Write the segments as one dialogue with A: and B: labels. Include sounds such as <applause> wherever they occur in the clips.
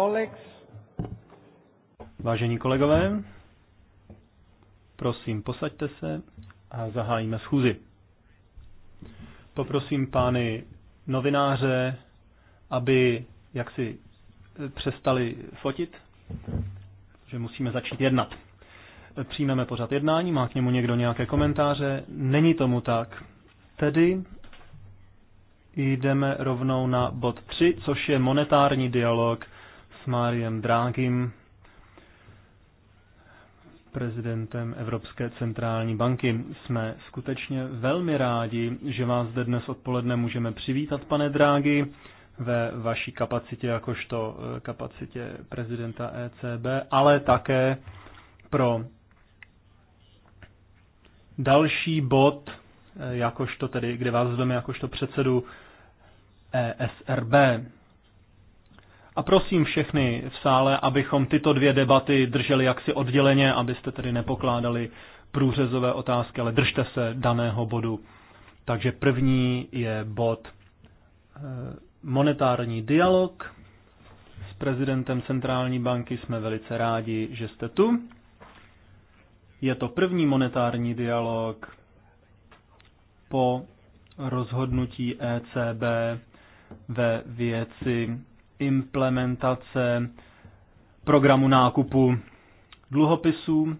A: colleagues. Vážení kolegové, prosím, posaďte se a zahájíme schůzi. Poprosím pány novináře, aby jaksi eh, přestali fotit, že musíme začít jednat. Přijmeme pořád jednání, má k němu někdo nějaké komentáře? Není tomu tak. Tedy jdeme rovnou na bod 3, což je monetární dialog s Máriem Drágim, prezidentem Evropské centrální banky. Jsme skutečně velmi rádi, že vás zde dnes odpoledne můžeme přivítat, pane Drági, ve vaší kapacitě jakožto eh, kapacitě prezidenta ECB, ale také pro další bod, eh, jakožto tedy, kde vás zveme jakožto předsedu ESRB. A prosím všechny v sále, abychom tyto dvě debaty drželi jaksi odděleně, abyste tedy nepokládali průřezové otázky, ale držte se daného bodu. Takže první je bod eh, monetární dialog. S prezidentem Centrální banky jsme velice rádi, že jste tu. Je to první monetární dialog po rozhodnutí ECB ve věci implementace programu nákupu dluhopisů,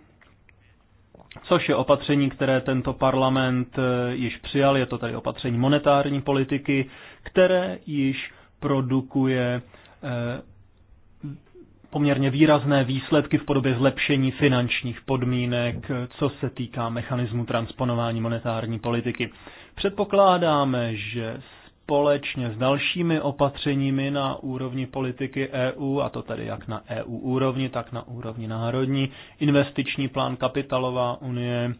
A: což je opatření, které tento parlament eh, již přijal, je to tady opatření monetární politiky, které již produkuje eh, poměrně výrazné výsledky v podobě zlepšení finančních podmínek, co se týká mechanismu transponování monetární politiky. Předpokládáme, že společně s dalšími opatřeními na úrovni politiky EU, a to tedy jak na EU úrovni, tak na úrovni národní, investiční plán kapitalová unie,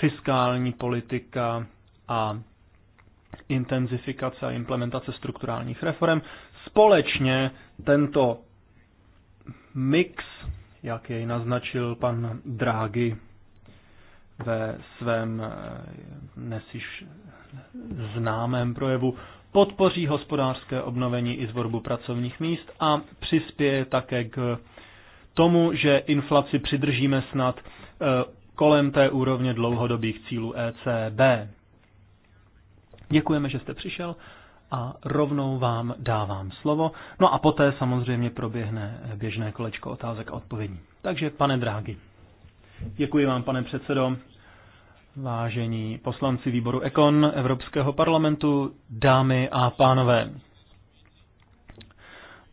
A: fiskální politika a intenzifikace a implementace strukturálních reform. Společně tento mix, jak jej naznačil pan Draghi, ve svém eh, dnes již známém projevu podpoří hospodářské obnovení i zvorbu pracovních míst a přispěje také k tomu, že inflaci přidržíme snad eh, kolem té úrovně dlouhodobých cílů ECB. Děkujeme, že jste přišel a rovnou vám dávám slovo. No a poté samozřejmě proběhne běžné kolečko otázek a odpovědí. Takže, pane Drági. Děkuji vám, pane předsedo. Vážení poslanci výboru Ekon Evropského parlamentu, dámy a pánové.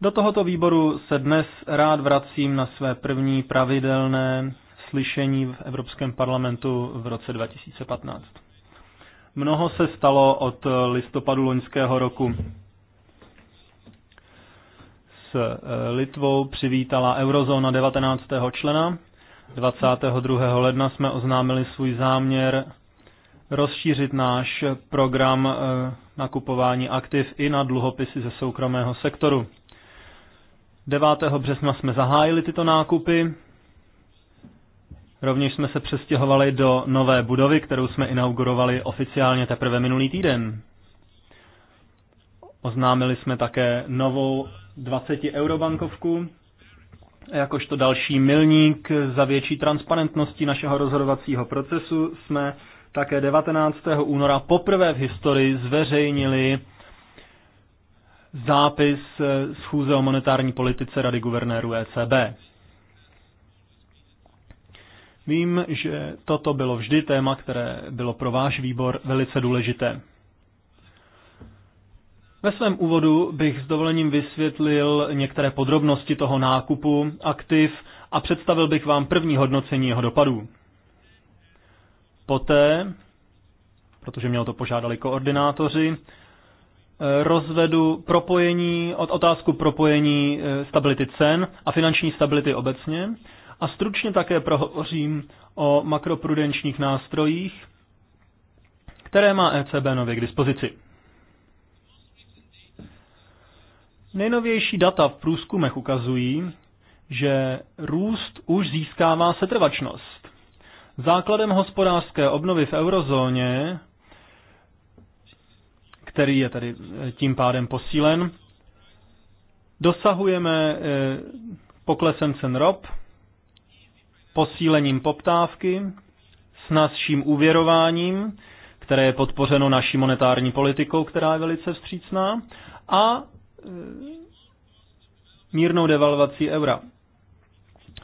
A: Do tohoto výboru se dnes rád vracím na své první pravidelné slyšení v Evropském parlamentu v roce 2015. Mnoho se stalo od listopadu loňského roku. S Litvou přivítala eurozóna 19. člena 22. ledna jsme oznámili svůj záměr rozšířit náš program eh, nakupování aktiv i na dluhopisy ze soukromého sektoru. 9. března jsme zahájili tyto nákupy. Rovněž jsme se přestěhovali do nové budovy, kterou jsme inaugurovali oficiálně teprve minulý týden. Oznámili jsme také novou 20 eurobankovku, Jakožto další milník za větší transparentnosti našeho rozhodovacího procesu jsme také 19. února poprvé v historii zveřejnili zápis schůze o monetární politice Rady guvernérů ECB. Vím, že toto bylo vždy téma, které bylo pro váš výbor velice důležité. Ve svém úvodu bych s dovolením vysvětlil některé podrobnosti toho nákupu aktiv a představil bych vám první hodnocení jeho dopadů. Poté, protože mě o to požádali koordinátoři, rozvedu propojení, od otázku propojení eh, stability cen a finanční stability obecně a stručně také prohovořím o makroprudenčních nástrojích, které má ECB nově k dispozici. Nejnovější data v průzkumech ukazují, že růst už získává setrvačnost. Základem hospodářské obnovy v eurozóně, který je tedy eh, tím pádem posílen, dosahujeme eh, poklesem cen rop, posílením poptávky, snazším úvěrováním, které je podpořeno naší monetární politikou, která je velice vstřícná, a Eh, mírnou devalvací eura.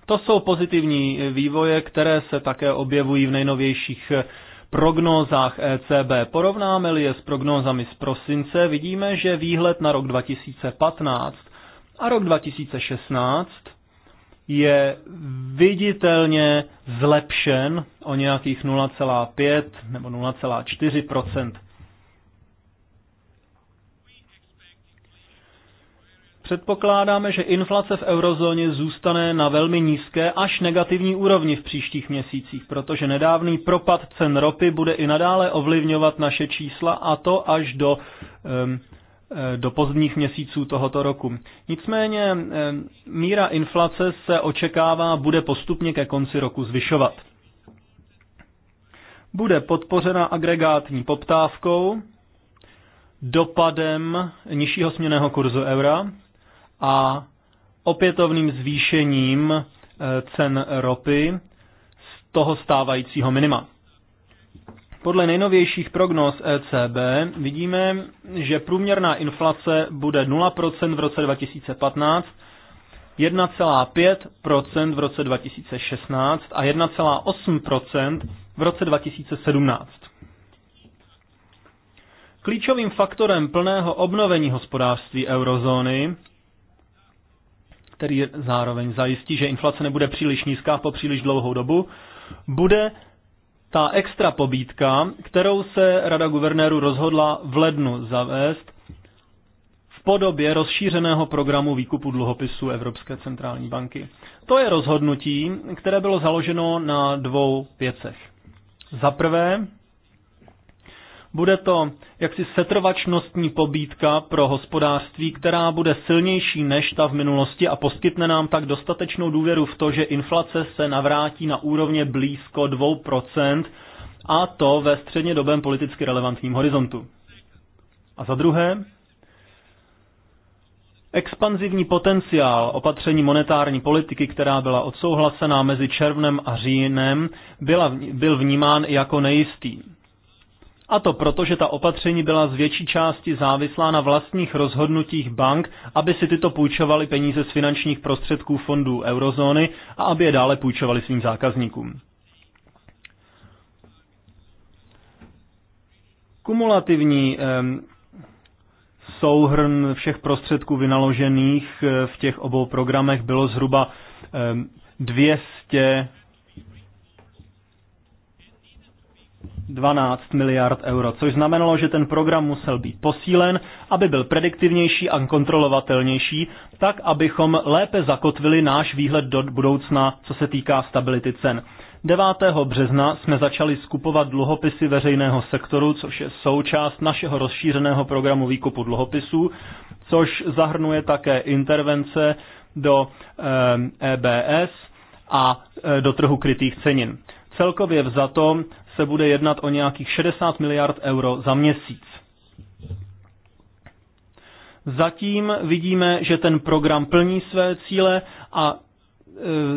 A: To jsou pozitivní vývoje, které se také objevují v nejnovějších eh, prognózách ECB. Porovnáme-li je s prognózami z prosince, vidíme, že výhled na rok 2015 a rok 2016 je viditelně zlepšen o nějakých 0,5 nebo 0,4 Předpokládáme, že inflace v eurozóně zůstane na velmi nízké až negativní úrovni v příštích měsících, protože nedávný propad cen ropy bude i nadále ovlivňovat naše čísla a to až do, eh, do pozdních měsíců tohoto roku. Nicméně míra inflace se očekává bude postupně ke konci roku zvyšovat. Bude podpořena agregátní poptávkou, dopadem nižšího směného kurzu eura, a opětovným zvýšením eh, cen ropy z toho stávajícího minima. Podle nejnovějších prognóz ECB vidíme, že průměrná inflace bude 0% v roce 2015, 1,5% v roce 2016 a 1,8% v roce 2017. Klíčovým faktorem plného obnovení hospodářství eurozóny který zároveň zajistí, že inflace nebude příliš nízká po příliš dlouhou dobu, bude ta extra pobídka, kterou se Rada guvernéru rozhodla v lednu zavést v podobě rozšířeného programu výkupu dluhopisů Evropské centrální banky. To je rozhodnutí, které bylo založeno na dvou věcech. Za prvé, bude to jaksi setrvačnostní pobídka pro hospodářství, která bude silnější než ta v minulosti a poskytne nám tak dostatečnou důvěru v to, že inflace se navrátí na úrovně blízko 2% a to ve střednědobém politicky relevantním horizontu. A za druhé, Expanzivní potenciál opatření monetární politiky, která byla odsouhlasená mezi červnem a říjnem, byla, byl vnímán jako nejistý. A to proto, že ta opatření byla z větší části závislá na vlastních rozhodnutích bank, aby si tyto půjčovaly peníze z finančních prostředků fondů eurozóny a aby je dále půjčovali svým zákazníkům. Kumulativní souhrn všech prostředků vynaložených eh, v těch obou programech bylo zhruba 200 12 miliard euro, což znamenalo, že ten program musel být posílen, aby byl prediktivnější a kontrolovatelnější, tak abychom lépe zakotvili náš výhled do budoucna, co se týká stability cen. 9. března jsme začali skupovat dluhopisy veřejného sektoru, což je součást našeho rozšířeného programu výkupu dluhopisů, což zahrnuje také intervence do EBS eh, e a eh, do trhu krytých cenin. Celkově vzato se bude jednat o nějakých 60 miliard euro za měsíc. Zatím vidíme, že ten program plní své cíle a e,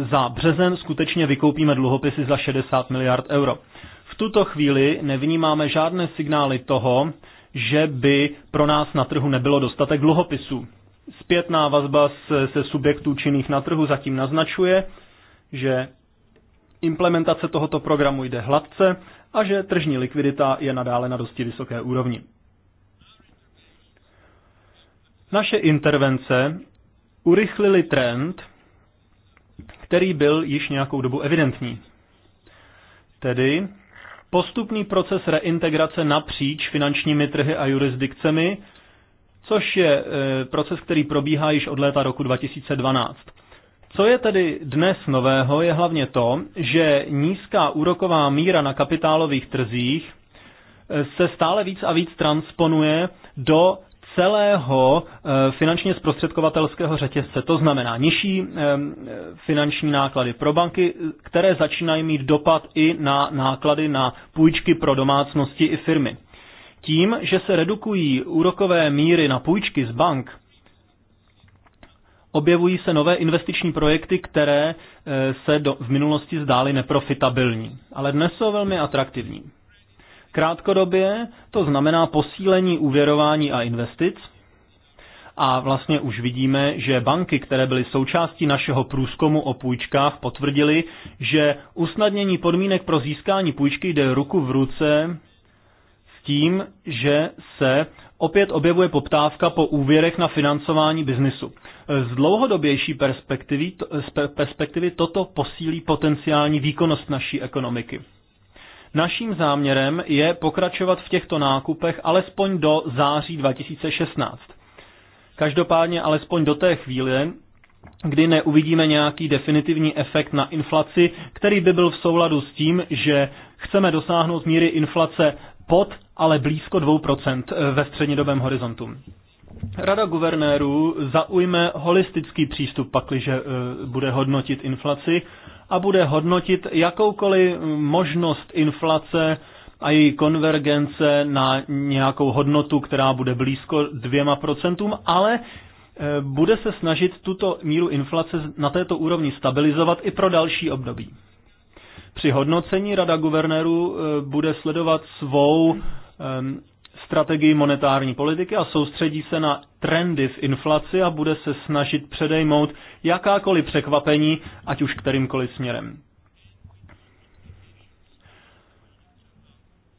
A: za březen skutečně vykoupíme dluhopisy za 60 miliard euro. V tuto chvíli nevnímáme žádné signály toho, že by pro nás na trhu nebylo dostatek dluhopisů. Zpětná vazba se, subjektů činných na trhu zatím naznačuje, že implementace tohoto programu jde hladce a že tržní likvidita je nadále na dosti vysoké úrovni. Naše intervence urychlily trend, který byl již nějakou dobu evidentní. Tedy postupný proces reintegrace napříč finančními trhy a jurisdikcemi, což je e, proces, který probíhá již od léta roku 2012. Co je tedy dnes nového, je hlavně to, že nízká úroková míra na kapitálových trzích eh, se stále víc a víc transponuje do celého eh, finančně zprostředkovatelského řetězce. To znamená nižší eh, finanční náklady pro banky, které začínají mít dopad i na náklady na půjčky pro domácnosti i firmy. Tím, že se redukují úrokové míry na půjčky z bank, objevují se nové investiční projekty, které eh, se do, v minulosti zdály neprofitabilní, ale dnes jsou velmi atraktivní. Krátkodobě to znamená posílení úvěrování a investic a vlastně už vidíme, že banky, které byly součástí našeho průzkumu o půjčkách, potvrdili, že usnadnění podmínek pro získání půjčky jde ruku v ruce s tím, že se opět objevuje poptávka po úvěrech na financování biznisu. Z dlouhodobější perspektivy, perspektivy toto posílí potenciální výkonnost naší ekonomiky. Naším záměrem je pokračovat v těchto nákupech alespoň do září 2016. Každopádně alespoň do té chvíle, kdy neuvidíme nějaký definitivní efekt na inflaci, který by byl v souladu s tím, že chceme dosáhnout míry inflace pod ale blízko 2% eh, ve střednědobém horizontu. Rada guvernérů zaujme holistický přístup, pakliže eh, bude hodnotit inflaci a bude hodnotit jakoukoliv eh, možnost inflace a její konvergence na nějakou hodnotu, která bude blízko dvěma procentům, ale bude se snažit tuto míru inflace na této úrovni stabilizovat i pro další období. Při hodnocení Rada guvernérů bude sledovat svou Ehm, strategii monetární politiky a soustředí se na trendy v inflaci a bude se snažit předejmout jakákoliv překvapení, ať už kterýmkoliv směrem.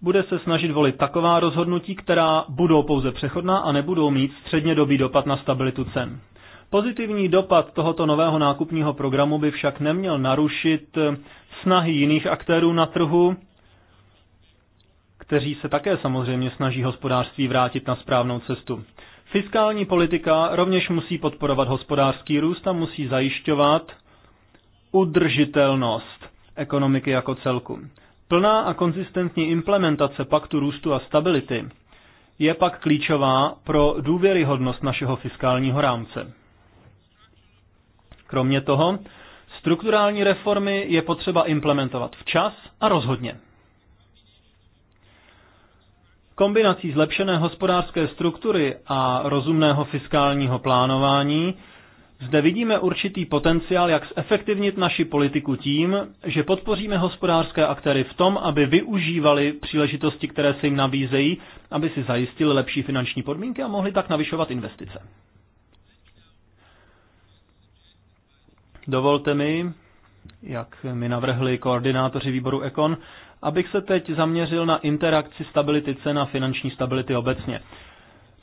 A: Bude se snažit volit taková rozhodnutí, která budou pouze přechodná a nebudou mít střednědobý dopad na stabilitu cen. Pozitivní dopad tohoto nového nákupního programu by však neměl narušit snahy jiných aktérů na trhu kteří se také samozřejmě snaží hospodářství vrátit na správnou cestu. Fiskální politika rovněž musí podporovat hospodářský růst a musí zajišťovat udržitelnost ekonomiky jako celku. Plná a konzistentní implementace paktu růstu a stability je pak klíčová pro důvěryhodnost našeho fiskálního rámce. Kromě toho, strukturální reformy je potřeba implementovat včas a rozhodně. Kombinací zlepšené hospodářské struktury a rozumného fiskálního plánování zde vidíme určitý potenciál, jak zefektivnit naši politiku tím, že podpoříme hospodářské aktéry v tom, aby využívali příležitosti, které se jim nabízejí, aby si zajistili lepší finanční podmínky a mohli tak navyšovat investice. Dovolte mi, jak mi navrhli koordinátoři výboru Ekon, abych se teď zaměřil na interakci stability cen a finanční stability obecně.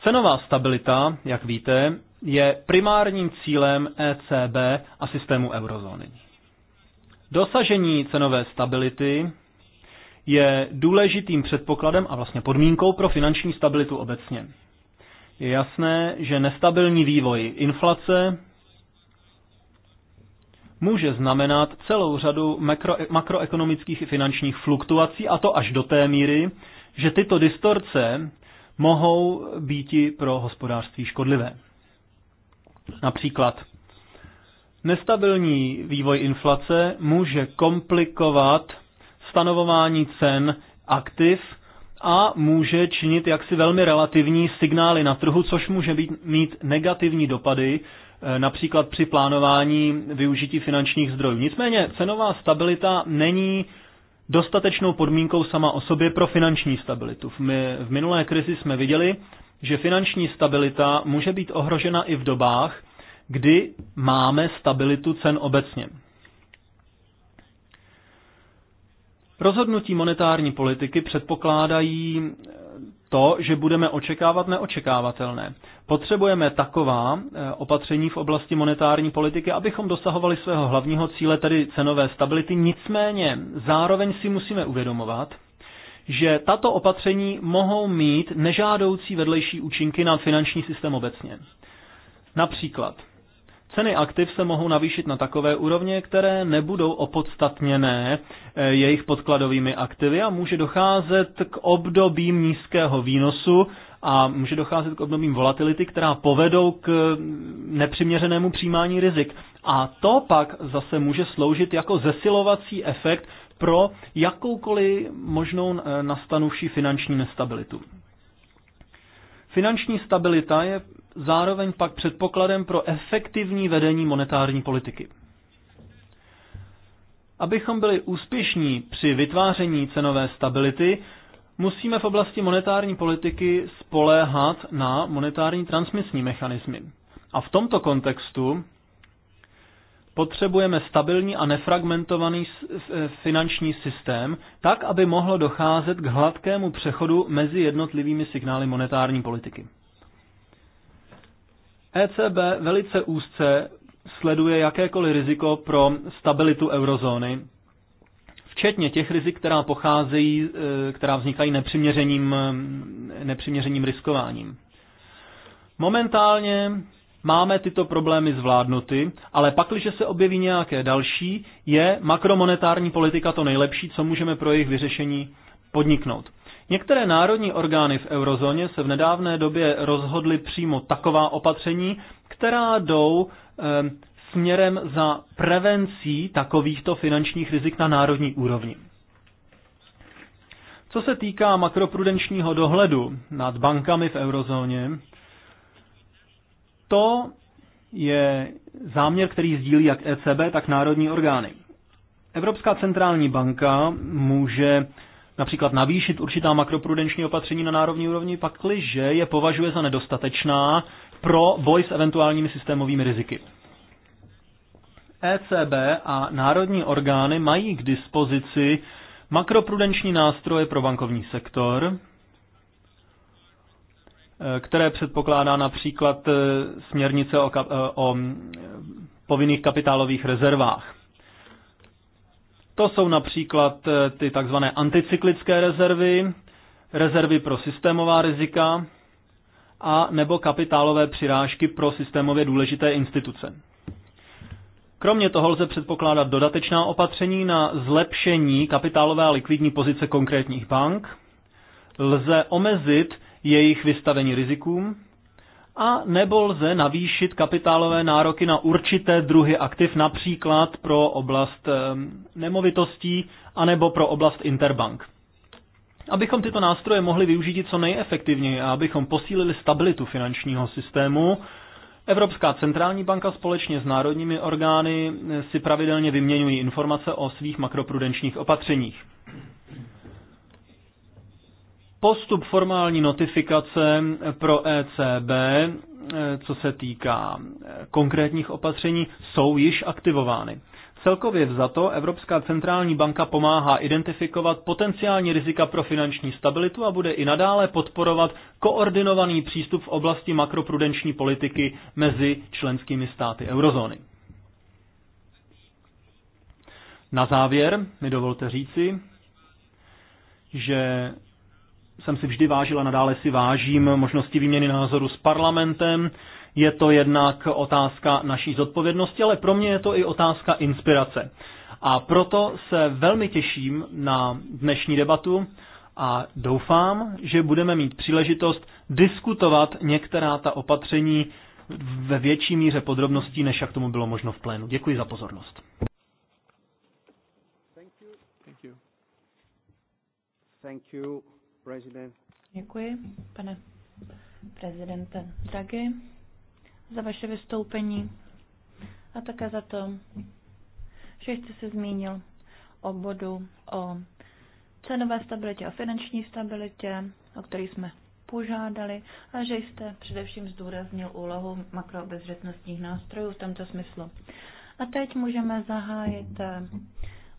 A: Cenová stabilita, jak víte, je primárním cílem ECB a systému eurozóny. Dosažení cenové stability je důležitým předpokladem a vlastně podmínkou pro finanční stabilitu obecně. Je jasné, že nestabilní vývoj inflace, může znamenat celou řadu makro, makroekonomických i finančních fluktuací, a to až do té míry, že tyto distorce mohou být pro hospodářství škodlivé. Například nestabilní vývoj inflace může komplikovat stanovování cen aktiv a může činit jaksi velmi relativní signály na trhu, což může být, mít negativní dopady Eh, například při plánování využití finančních zdrojů. Nicméně cenová stabilita není dostatečnou podmínkou sama o sobě pro finanční stabilitu. My V minulé krizi jsme viděli, že finanční stabilita může být ohrožena i v dobách, kdy máme stabilitu cen obecně. Rozhodnutí monetární politiky předpokládají to, že budeme očekávat neočekávatelné. Potřebujeme taková eh, opatření v oblasti monetární politiky, abychom dosahovali svého hlavního cíle, tedy cenové stability. Nicméně zároveň si musíme uvědomovat, že tato opatření mohou mít nežádoucí vedlejší účinky na finanční systém obecně. Například Ceny aktiv se mohou navýšit na takové úrovně, které nebudou opodstatněné eh, jejich podkladovými aktivy a může docházet k obdobím nízkého výnosu a může docházet k obdobím volatility, která povedou k eh, nepřiměřenému přijímání rizik. A to pak zase může sloužit jako zesilovací efekt pro jakoukoliv možnou eh, nastanuvší finanční nestabilitu. Finanční stabilita je zároveň pak předpokladem pro efektivní vedení monetární politiky. Abychom byli úspěšní při vytváření cenové stability, musíme v oblasti monetární politiky spoléhat na monetární transmisní mechanismy. A v tomto kontextu potřebujeme stabilní a nefragmentovaný finanční systém, tak, aby mohlo docházet k hladkému přechodu mezi jednotlivými signály monetární politiky. ECB velice úzce sleduje jakékoliv riziko pro stabilitu eurozóny, včetně těch rizik, která pocházejí, e, která vznikají nepřiměřením, nepřiměřením riskováním. Momentálně máme tyto problémy zvládnuty, ale pakliže se objeví nějaké další, je makromonetární politika to nejlepší, co můžeme pro jejich vyřešení podniknout. Některé národní orgány v eurozóně se v nedávné době rozhodly přímo taková opatření, která jdou e, směrem za prevencí takovýchto finančních rizik na národní úrovni. Co se týká makroprudenčního dohledu nad bankami v eurozóně, to je záměr, který sdílí jak ECB, tak národní orgány. Evropská centrální banka může například navýšit určitá makroprudenční opatření na národní úrovni, pakliže je považuje za nedostatečná pro boj s eventuálními systémovými riziky. ECB a národní orgány mají k dispozici makroprudenční nástroje pro bankovní sektor, e, které předpokládá například e, směrnice o, kap- e, o povinných kapitálových rezervách. To jsou například eh, ty takzvané anticyklické rezervy, rezervy pro systémová rizika a nebo kapitálové přirážky pro systémově důležité instituce. Kromě toho lze předpokládat dodatečná opatření na zlepšení kapitálové a likvidní pozice konkrétních bank, lze omezit jejich vystavení rizikům, a nebo lze navýšit kapitálové nároky na určité druhy aktiv, například pro oblast ehm, nemovitostí anebo pro oblast interbank. Abychom tyto nástroje mohli využít co nejefektivněji a abychom posílili stabilitu finančního systému, Evropská centrální banka společně s národními orgány si pravidelně vyměňují informace o svých makroprudenčních opatřeních. Postup formální notifikace pro ECB, eh, co se týká eh, konkrétních opatření, jsou již aktivovány. Celkově vzato Evropská centrální banka pomáhá identifikovat potenciální rizika pro finanční stabilitu a bude i nadále podporovat koordinovaný přístup v oblasti makroprudenční politiky mezi členskými státy eurozóny. Na závěr mi dovolte říci, že jsem si vždy vážil a nadále si vážím možnosti výměny názoru s parlamentem. Je to jednak otázka naší zodpovědnosti, ale pro mě je to i otázka inspirace. A proto se velmi těším na dnešní debatu a doufám, že budeme mít příležitost diskutovat některá ta opatření ve větší míře podrobností, než jak tomu bylo možno v plénu. Děkuji za pozornost. Thank you. Thank you. President.
B: Děkuji, pane prezidente Draghi, za vaše vystoupení a také za to, že jste se zmínil o bodu o cenové stabilitě, a finanční stabilitě, o který jsme požádali a že jste především zdůraznil úlohu makroobezřetnostních nástrojů v tomto smyslu. A teď můžeme zahájit eh,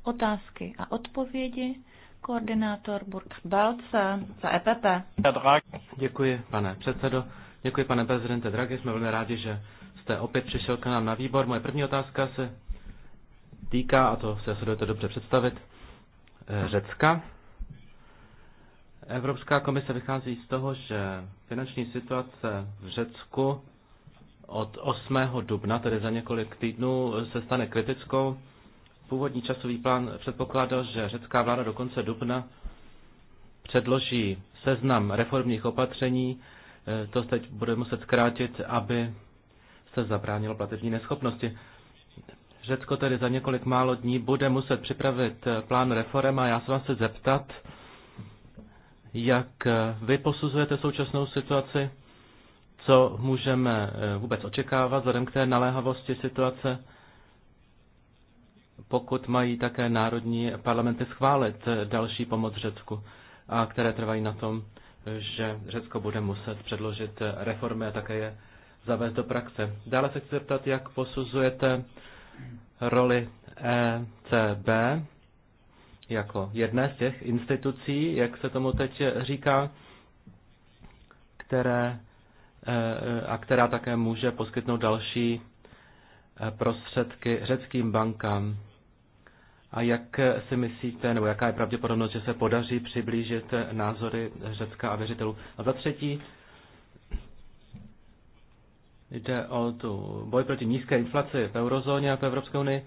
B: otázky a odpovědi koordinátor Burkhard Balce za EPP.
C: Děkuji, pane předsedo. Děkuji, pane prezidente Draghi. Jsme velmi rádi, že jste opět přišel k nám na výbor. Moje první otázka se týká, a to se asi jdete dobře představit, eh, Řecka. Evropská komise vychází z toho, že finanční situace v Řecku od 8. dubna, tedy za několik týdnů, se stane kritickou Původní časový plán předpokládal, že řecká vláda do konce dubna předloží seznam reformních opatření, eh, to teď bude muset zkrátit, aby se zabránilo platební neschopnosti. Řecko tedy za několik málo dní bude muset připravit eh, plán reform a já se vás chci zeptat, jak eh, vy posuzujete současnou situaci, co můžeme vůbec očekávat vzhledem k té naléhavosti situace pokud mají také národní parlamenty schválit eh, další pomoc Řecku, a které trvají na tom, že Řecko bude muset předložit eh, reformy a také je zavést do praxe. Dále se chci zeptat, jak posuzujete roli ECB jako jedné z těch institucí, jak se tomu teď říká, které, eh, a která také může poskytnout další prostředky řeckým bankám. A jak si myslíte, nebo jaká je pravděpodobnost, že se podaří přiblížit názory Řecka a věřitelů? A za třetí, jde o tu boj proti nízké inflaci v eurozóně a v Evropské unii.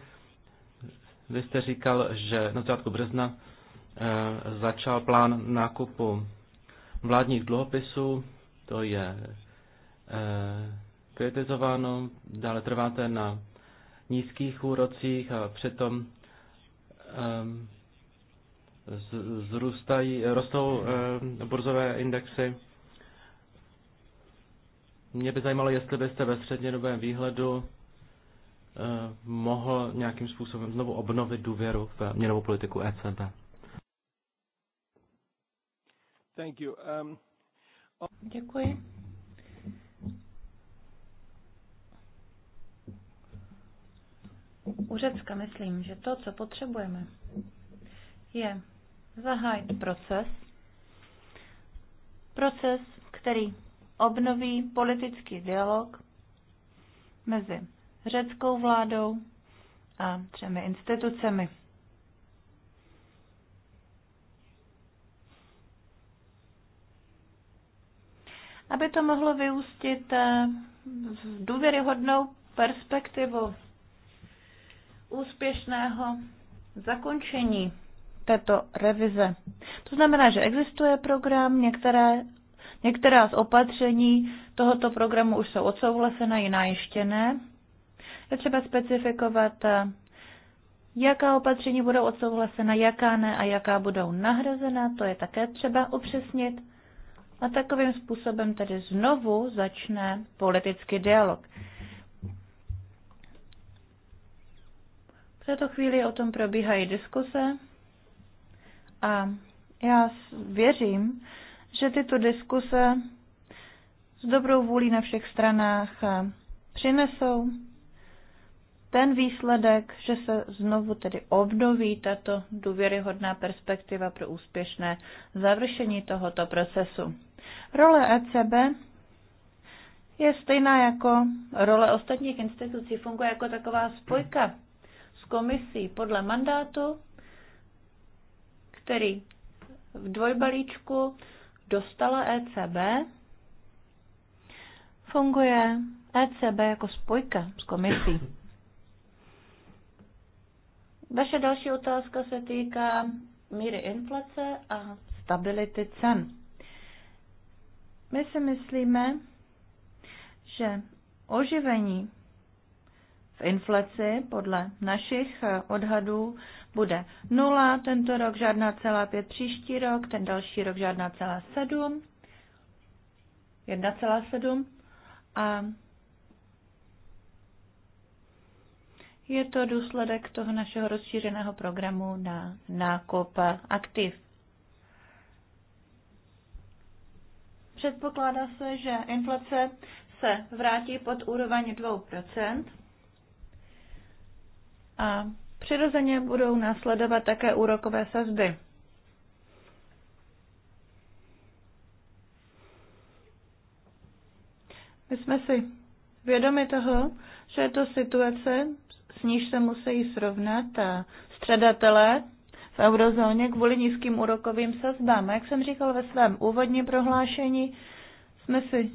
C: Vy jste říkal, že na začátku března eh, začal plán nákupu vládních dluhopisů, to je eh, kritizováno, dále trváte na nízkých úrocích a přitom Ehm, zrůstají, rostou ehm, burzové indexy. Mě by zajímalo, jestli byste ve střednědobém výhledu ehm, mohl nějakým způsobem znovu obnovit důvěru v měnovou politiku ECB.
A: Thank you. Um...
B: Děkuji. u Řecka myslím, že to, co potřebujeme, je zahájit proces, proces, který obnoví politický dialog mezi řeckou vládou a třemi institucemi. Aby to mohlo vyústit eh, v důvěryhodnou perspektivu úspěšného zakončení této revize. To znamená, že existuje program, některé, některá z opatření tohoto programu už jsou odsouhlasena, jiná ještě ne. Je třeba specifikovat, jaká opatření budou odsouhlasena, jaká ne a jaká budou nahrazena, to je také třeba upřesnit. A takovým způsobem tedy znovu začne politický dialog. V této chvíli o tom probíhají diskuse a já věřím, že tyto diskuse s dobrou vůlí na všech stranách eh, přinesou ten výsledek, že se znovu tedy obnoví tato důvěryhodná perspektiva pro úspěšné završení tohoto procesu. Role ECB je stejná jako role ostatních institucí, funguje jako taková spojka komisí podle mandátu, který v dvojbalíčku dostala ECB, funguje ECB jako spojka s komisí. Vaše další otázka se týká míry inflace a stability cen. My si myslíme, že oživení v inflaci podle našich eh, odhadů bude nula tento rok, žádná celá pět příští rok, ten další rok žádná celá sedm, 1,7 a je to důsledek toho našeho rozšířeného programu na nákup aktiv. Předpokládá se, že inflace se vrátí pod úroveň 2 a přirozeně budou následovat také úrokové sazby. My jsme si vědomi toho, že je to situace, s níž se musí srovnat a středatelé v eurozóně kvůli nízkým úrokovým sazbám. A jak jsem říkal ve svém úvodním prohlášení, jsme si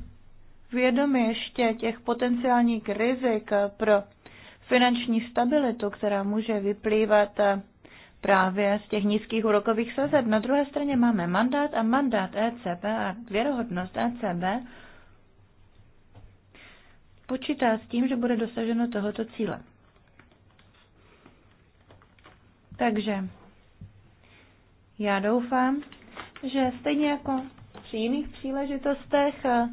B: vědomi ještě těch potenciálních rizik pro finanční stabilitu, která může vyplývat eh, právě z těch nízkých úrokových sazeb. Na druhé straně máme mandát a mandát ECB a věrohodnost ECB počítá s tím, že bude dosaženo tohoto cíle. Takže já doufám, že stejně jako při jiných příležitostech eh,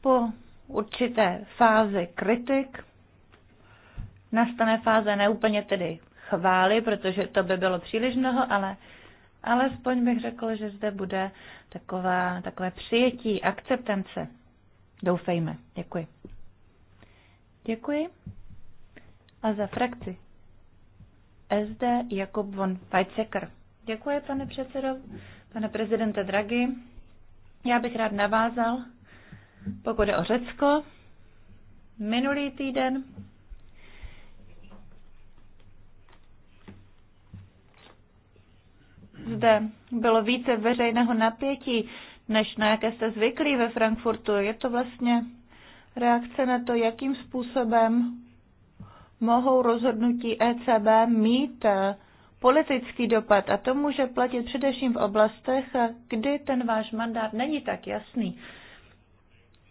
B: po určité fázi kritik nastane fáze neúplně tedy chvály, protože to by bylo příliš mnoho, ale alespoň bych řekl, že zde bude taková, takové přijetí, akceptance. Doufejme. Děkuji. Děkuji. A za frakci. SD Jakub von Weizsäcker. Děkuji, pane předsedo, pane prezidente Draghi. Já bych rád navázal, pokud je o Řecko. Minulý týden zde bylo více veřejného napětí, než na jaké jste zvyklí ve Frankfurtu. Je to vlastně reakce na to, jakým způsobem mohou rozhodnutí ECB mít eh, politický dopad. A to může platit především v oblastech, eh, kdy ten váš mandát není tak jasný.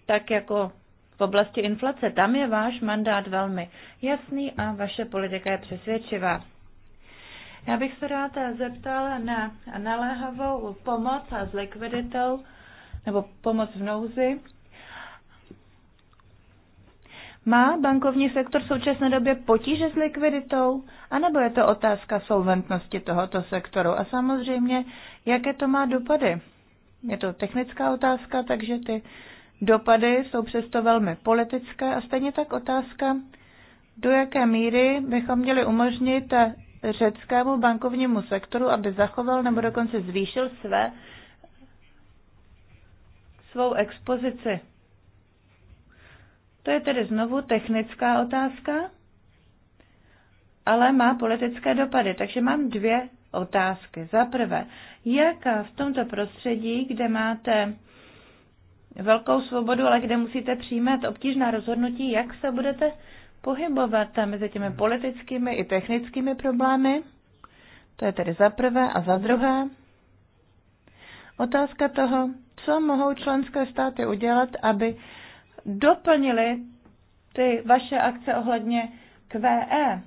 B: Tak jako v oblasti inflace, tam je váš mandát velmi jasný a vaše politika je přesvědčivá. Já bych se rád zeptal na naléhavou pomoc a s likviditou nebo pomoc v nouzi. Má bankovní sektor v současné době potíže s likviditou, anebo je to otázka solventnosti tohoto sektoru? A samozřejmě, jaké to má dopady? Je to technická otázka, takže ty dopady jsou přesto velmi politické a stejně tak otázka, do jaké míry bychom měli umožnit řeckému bankovnímu sektoru, aby zachoval nebo dokonce zvýšil své svou expozici. To je tedy znovu technická otázka, ale má politické dopady. Takže mám dvě otázky. Za prvé, jak v tomto prostředí, kde máte velkou svobodu, ale kde musíte přijímat obtížná rozhodnutí, jak se budete pohybovat mezi těmi politickými i technickými problémy. To je tedy za prvé a za druhé. Otázka toho, co mohou členské státy udělat, aby doplnili ty vaše akce ohledně QE.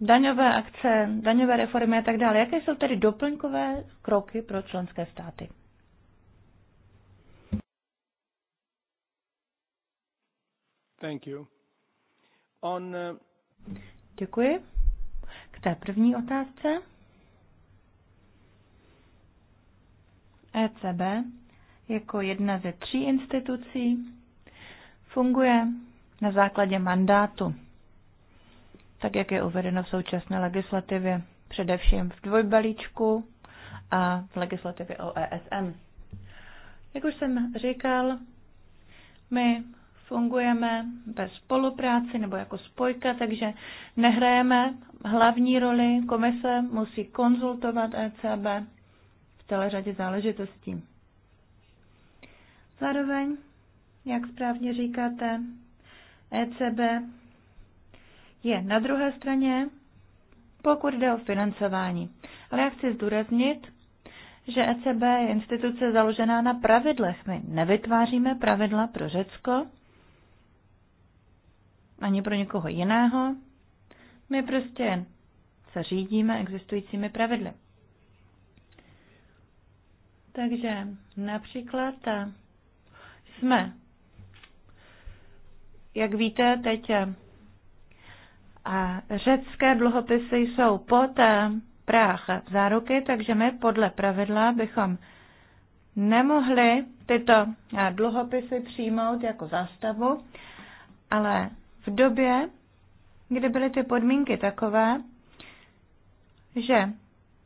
B: Daňové akce, daňové reformy a tak dále. Jaké jsou tedy doplňkové kroky pro členské státy?
A: Thank you. On, uh...
B: Děkuji. K té první otázce. ECB jako jedna ze tří institucí funguje na základě mandátu, tak jak je uvedeno v současné legislativě, především v dvojbalíčku a v legislativě o ESM. Jak už jsem říkal, my fungujeme ve spolupráci nebo jako spojka, takže nehrajeme hlavní roli. Komise musí konzultovat ECB v celé řadě záležitostí. Zároveň, jak správně říkáte, ECB je na druhé straně, pokud jde o financování. Ale já chci zdůraznit, že ECB je instituce založená na pravidlech. My nevytváříme pravidla pro Řecko, ani pro někoho jiného. My prostě se řídíme existujícími pravidly. Takže například eh, jsme, jak víte, teď eh, a řecké dluhopisy jsou pod eh, práh záruky, takže my podle pravidla bychom nemohli tyto dluhopisy přijmout jako zástavu, ale v době, kdy byly ty podmínky takové, že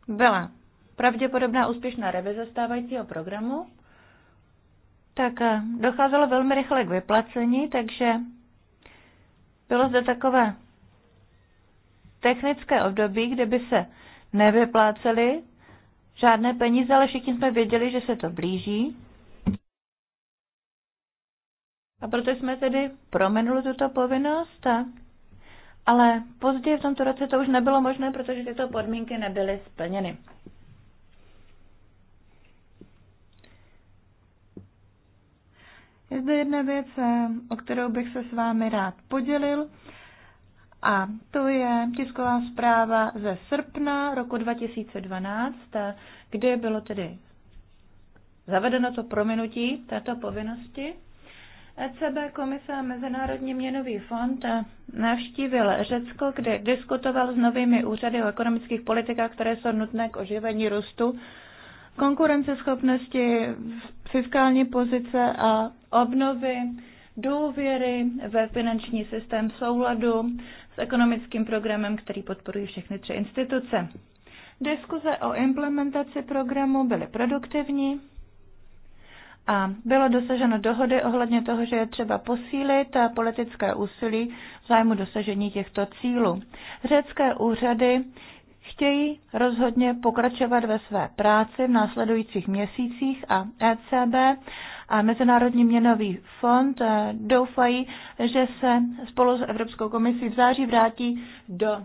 B: byla pravděpodobná úspěšná revize stávajícího programu, tak eh, docházelo velmi rychle k vyplacení, takže bylo zde takové technické období, kde by se nevyplácely žádné peníze, ale všichni jsme věděli, že se to blíží. A proto jsme tedy promenuli tuto povinnost, ale později v tomto roce to už nebylo možné, protože tyto podmínky nebyly splněny. Je zde jedna věc, eh, o kterou bych se s vámi rád podělil. A to je tisková zpráva ze srpna roku 2012, eh, kde bylo tedy zavedeno to prominutí této povinnosti. ECB, Komise a Mezinárodní měnový fond navštívil Řecko, kde diskutoval s novými úřady o ekonomických politikách, které jsou nutné k oživení růstu, konkurenceschopnosti, fiskální pozice a obnovy důvěry ve finanční systém v souladu s ekonomickým programem, který podporují všechny tři instituce. Diskuze o implementaci programu byly produktivní a bylo dosaženo dohody ohledně toho, že je třeba posílit politické úsilí v zájmu dosažení těchto cílů. Řecké úřady chtějí rozhodně pokračovat ve své práci v následujících měsících a ECB a Mezinárodní měnový fond eh, doufají, že se spolu s Evropskou komisí v září vrátí do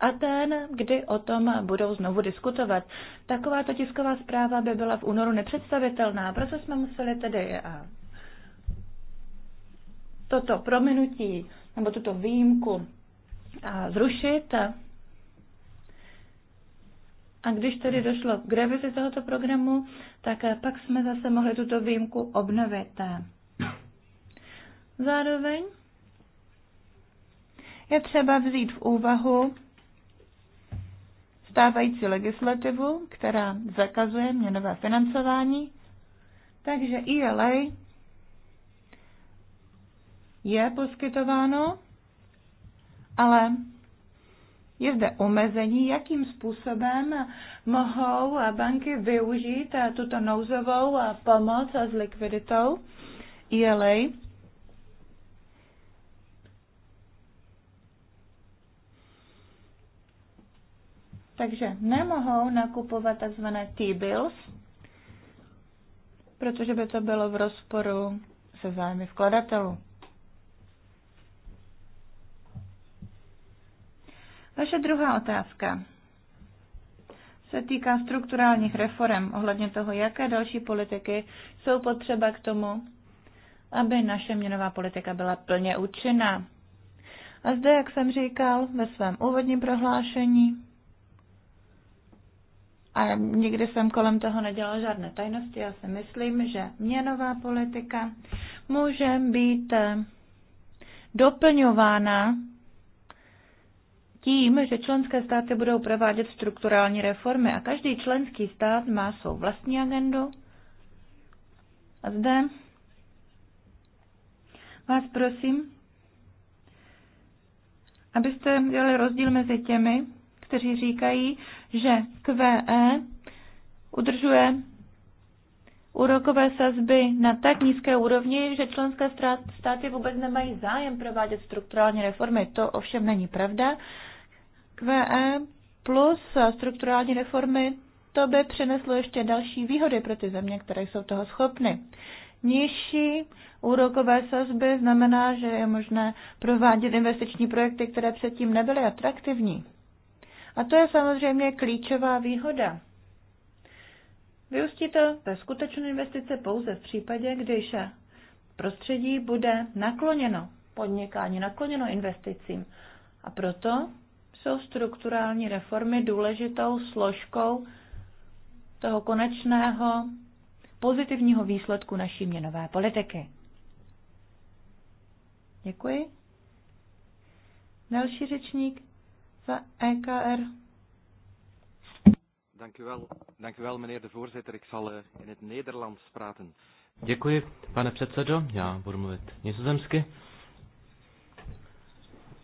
B: Aten, kdy o tom budou znovu diskutovat. Takováto tisková zpráva by byla v únoru nepředstavitelná, proto jsme museli tedy toto prominutí nebo tuto výjimku zrušit. A když tedy došlo k revizi tohoto programu, tak pak jsme zase mohli tuto výjimku obnovit. Zároveň je třeba vzít v úvahu stávající legislativu, která zakazuje měnové financování, takže ELA je poskytováno, ale je zde omezení, jakým způsobem mohou banky využít tuto nouzovou pomoc s likviditou ELA takže nemohou nakupovat tzv. T-bills, protože by to bylo v rozporu se zájmy vkladatelů. Vaše druhá otázka se týká strukturálních reform ohledně toho, jaké další politiky jsou potřeba k tomu, aby naše měnová politika byla plně účinná. A zde, jak jsem říkal ve svém úvodním prohlášení, a nikdy jsem kolem toho nedělala žádné tajnosti. Já si myslím, že měnová politika může být eh, doplňována tím, že členské státy budou provádět strukturální reformy a každý členský stát má svou vlastní agendu. A zde vás prosím, abyste dělali rozdíl mezi těmi, kteří říkají, že QE udržuje úrokové sazby na tak nízké úrovni, že členské státy vůbec nemají zájem provádět strukturální reformy. To ovšem není pravda. QE plus strukturální reformy to by přineslo ještě další výhody pro ty země, které jsou toho schopny. Nižší úrokové sazby znamená, že je možné provádět investiční projekty, které předtím nebyly atraktivní. A to je samozřejmě klíčová výhoda. Vyústí to ve skutečné investice pouze v případě, když prostředí bude nakloněno podnikání, nakloněno investicím. A proto jsou strukturální reformy důležitou složkou toho konečného pozitivního výsledku naší měnové politiky. Děkuji. Další řečník za EKR.
C: Dank u wel, dank u wel meneer de voorzitter. Ik zal eh, in het Nederlands praten. Děkuji, pane předsedo. Já budu mluvit nizozemsky.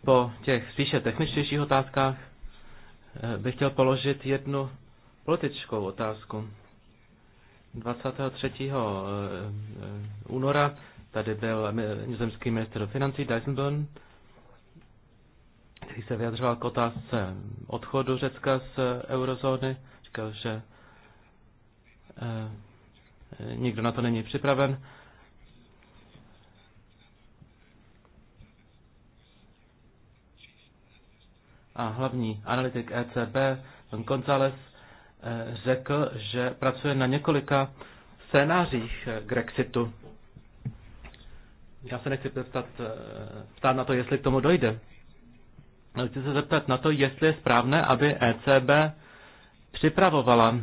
C: Po těch spíše techničtějších otázkách eh, bych chtěl položit jednu politickou otázku. 23. Eh, února tady byl nizozemský minister financí Dijsselbloem který se vyjadřoval k otázce odchodu Řecka z eurozóny. Říkal, že eh, nikdo na to není připraven. A hlavní analytik ECB, pan González, eh, řekl, že pracuje na několika scénářích eh, Grexitu. Já se nechci ptát, eh, ptát na to, jestli k tomu dojde. Chci se zeptat na to, jestli je správné, aby ECB připravovala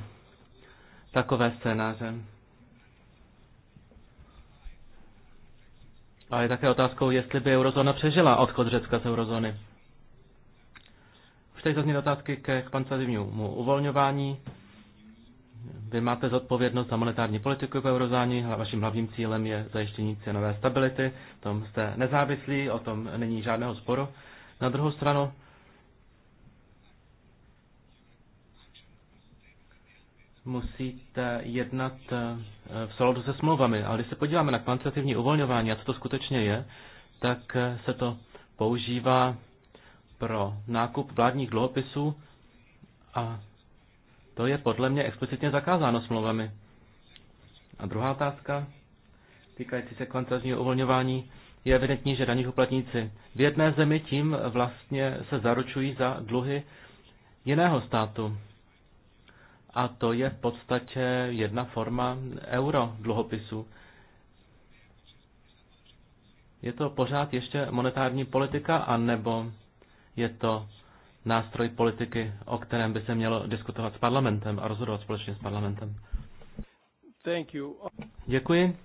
C: takové scénáře. A je také otázkou, jestli by eurozóna přežila odchod Řecka z eurozóny. Už teď zazněly otázky ke kvantitativnímu uvolňování. Vy máte zodpovědnost za monetární politiku v eurozóně, vaším hlavním cílem je zajištění cenové stability, tom jste nezávislí, o tom není žádného sporu. Na druhou stranu, musíte jednat eh, v souladu se smlouvami. Ale když se podíváme na kvantitativní uvolňování, a co to skutečně je, tak eh, se to používá pro nákup vládních dluhopisů a to je podle mě explicitně zakázáno smlouvami. A druhá otázka, týkající se kvantitativního uvolňování, je evidentní, že daní poplatníci v jedné zemi tím vlastně se zaručují za dluhy jiného státu. A to je v podstatě jedna forma euro dluhopisu. Je to pořád ještě monetární politika, anebo je to nástroj politiky, o kterém by se mělo diskutovat s parlamentem a rozhodovat společně s parlamentem? Děkuji.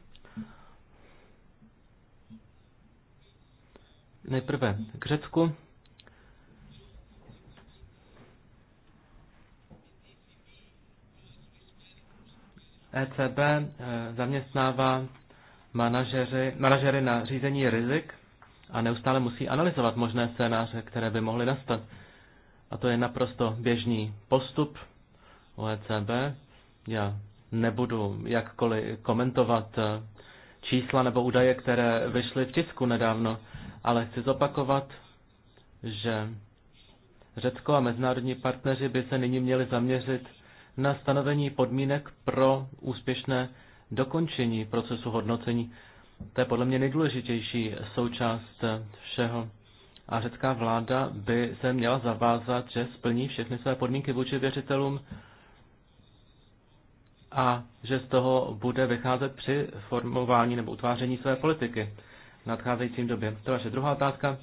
C: Nejprve k Řecku. ECB eh, zaměstnává manažery, manažery na řízení rizik a neustále musí analyzovat možné scénáře, které by mohly nastat. A to je naprosto běžný postup u ECB. Já nebudu jakkoliv komentovat eh, čísla nebo údaje, které vyšly v tisku nedávno ale chci zopakovat, že Řecko a mezinárodní partneři by se nyní měli zaměřit na stanovení podmínek pro úspěšné dokončení procesu hodnocení. To je podle mě nejdůležitější součást všeho. A řecká vláda by se měla zavázat, že splní všechny své podmínky vůči věřitelům a že z toho bude vycházet při formování nebo utváření své politiky nadcházejícím době. To je vaše druhá otázka.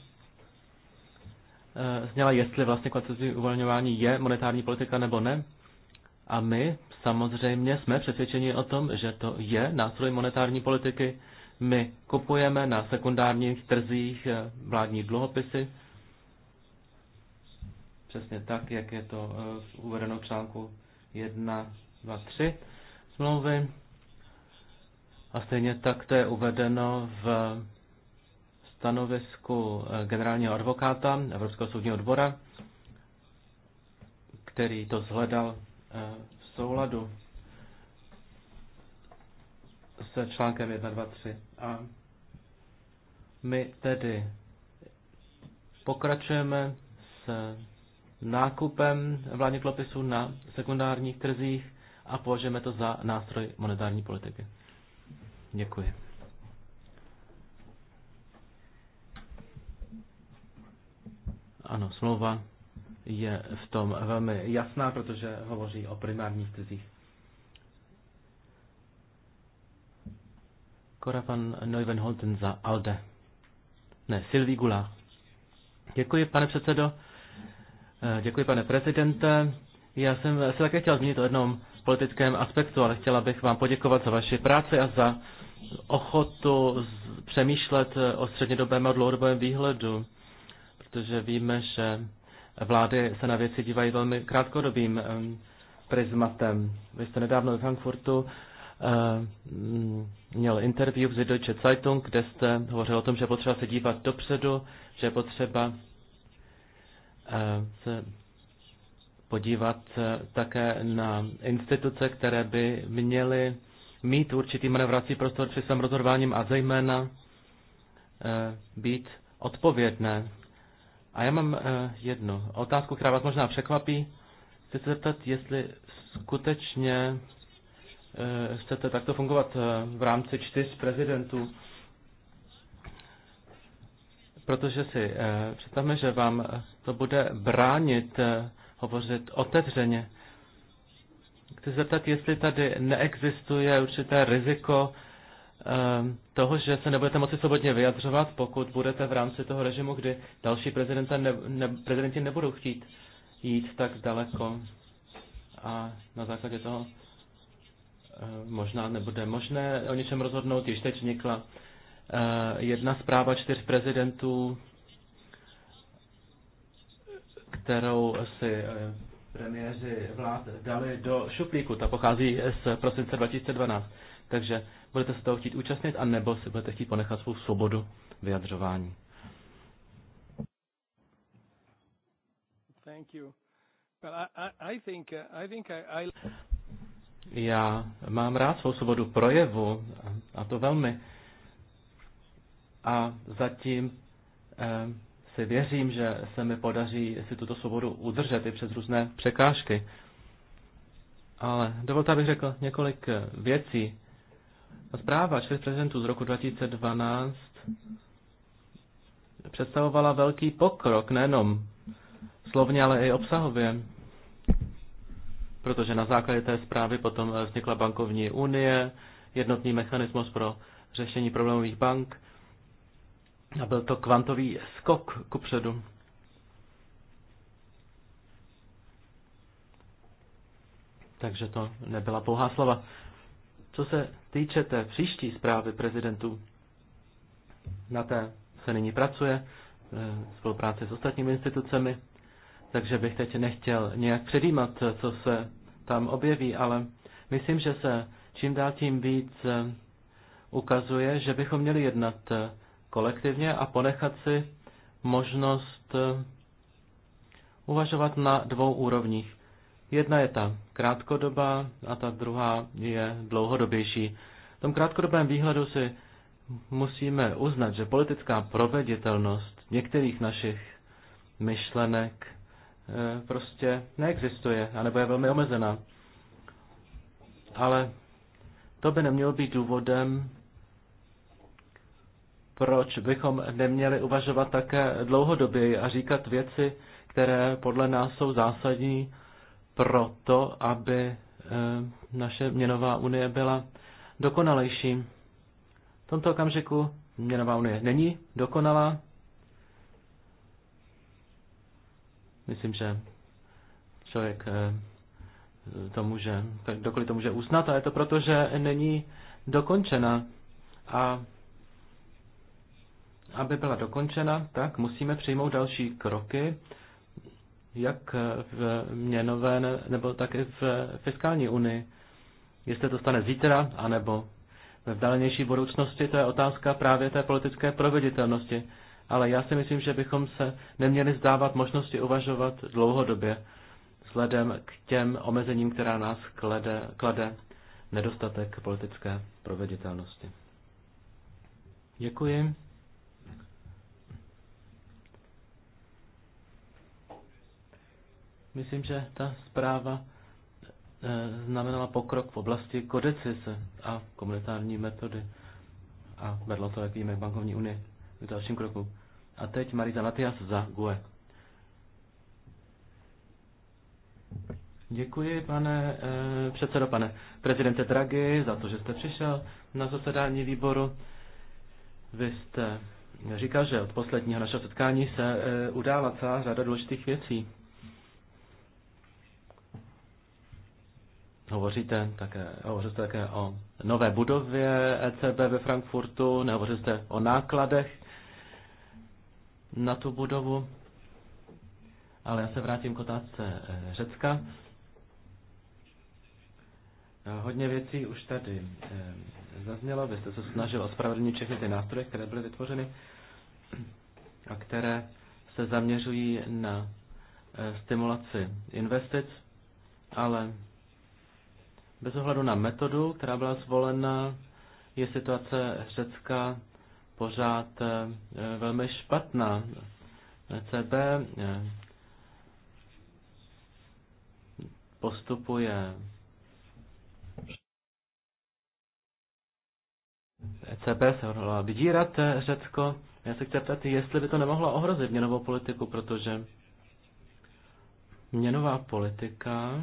C: Eh, zněla, jestli vlastně kvantitativní uvolňování je monetární politika nebo ne. A my samozřejmě jsme přesvědčeni o tom, že to je nástroj monetární politiky. My kupujeme na sekundárních trzích eh, vládní dluhopisy, přesně tak, jak je to eh, uvedeno v článku 1, 2, 3 smlouvy. A stejně tak to je uvedeno v stanovisku eh, generálního advokáta Evropského soudního dvora, který to zhledal eh, v souladu se článkem 1, 2, 3. A my tedy pokračujeme s nákupem vládních klopisů na sekundárních trzích a považujeme to za nástroj monetární politiky. Děkuji. Ano, slova je v tom velmi jasná, protože hovoří o primárních trzích. Kora van Neuvenholten za ALDE. Ne, Silvi Gula. Děkuji, pane předsedo. Eh, děkuji, pane prezidente. Já jsem se také chtěl zmínit o jednom politickém aspektu, ale chtěla bych vám poděkovat za vaši práci a za ochotu přemýšlet o střednědobém a dlouhodobém výhledu protože víme, že vlády se na věci dívají velmi krátkodobým prismatem. Vy jste nedávno ve Frankfurtu měl interview v Deutsche Zeitung, kde jste hovořil o tom, že potřeba se dívat dopředu, že je potřeba eh, se podívat eh, také na instituce, které by měly mít určitý manevrací prostor při svém rozhodováním a zejména eh, být odpovědné a já mám eh, jednu otázku, která vás možná překvapí. Chci se zeptat, jestli skutečně eh, chcete takto fungovat eh, v rámci čtyř prezidentů. Protože si představme, že vám to bude bránit hovořit otevřeně. Chci zeptat, jestli tady neexistuje určité riziko Eh, toho, že se nebudete moci svobodně vyjadřovat, pokud budete v rámci toho režimu, kdy další prezidenta ne, ne, prezidenti nebudou chtít jít tak daleko. A na základě toho eh, možná nebude možné o něčem rozhodnout. Již teď vznikla eh, jedna zpráva čtyř prezidentů, kterou si premiéři vlád dali do šuplíku. Ta pochází z prosince 2012. Takže budete se toho chtít účastnit, anebo si budete chtít ponechat svou svobodu vyjadřování. Thank you. Well, I, I think, uh, I think I, I... Já mám rád svou svobodu projevu, a to velmi. A zatím eh, si věřím, že se mi podaří si tuto svobodu udržet i přes různé překážky. Ale dovolte, abych řekl několik eh, věcí zpráva čtyř prezidentů z roku 2012 představovala velký pokrok, nejenom slovně, ale i obsahově. Protože na základě té zprávy potom vznikla bankovní unie, jednotný mechanismus pro řešení problémových bank a byl to kvantový skok kupředu. Takže to nebyla pouhá slova. Co se týče té příští zprávy prezidentů, na té se nyní pracuje, eh, spolupráce s ostatními institucemi, takže bych teď nechtěl nějak předjímat, eh, co se tam objeví, ale myslím, že se čím dál tím víc eh, ukazuje, že bychom měli jednat kolektivně a ponechat si možnost uvažovat na dvou úrovních. Jedna je ta krátkodoba a ta druhá je dlouhodobější. V tom krátkodobém výhledu si musíme uznat, že politická proveditelnost některých našich myšlenek eh, prostě neexistuje, anebo je velmi omezená. Ale to by nemělo být důvodem, proč bychom neměli uvažovat také dlouhodobě a říkat věci, které podle nás jsou zásadní proto, aby eh, naše měnová unie byla dokonalejší. V tomto okamžiku měnová unie není dokonalá. Myslím, že člověk eh, to může, dokoliv to může uznat, a je to proto, že není dokončena. A aby byla dokončena, tak musíme přijmout další kroky jak v měnové nebo také v fiskální unii. Jestli to stane zítra, anebo ve vzdálenější budoucnosti, to je otázka právě té politické proveditelnosti. Ale já si myslím, že bychom se neměli zdávat možnosti uvažovat dlouhodobě vzhledem k těm omezením, která nás klede, klade nedostatek politické proveditelnosti. Děkuji. Myslím, že ta zpráva eh, znamenala pokrok v oblasti kodecise a komunitární metody a vedlo to, jak víme, k bankovní unii k dalším kroku. A teď Marita Natias za GUE. Děkuji, pane eh, předsedo, pane prezidente Draghi, za to, že jste přišel na zasedání výboru. Vy jste říkal, že od posledního našeho setkání se eh, udála celá řada důležitých věcí. Hovoříte také, hovoříte také o nové budově ECB ve Frankfurtu, hovoříte o nákladech na tu budovu, ale já se vrátím k otázce eh, Řecka. Eh, hodně věcí už tady eh, zaznělo, vy jste se snažil ospravedlnit všechny ty nástroje, které byly vytvořeny a které se zaměřují na stimulaci investic, ale bez ohledu na metodu, která byla zvolena, je situace Řecka pořád eh, velmi špatná. ECB eh, postupuje ECB se hodlá vydírat eh, Řecko. Já se chci ptát, jestli by to nemohlo ohrozit měnovou politiku, protože měnová politika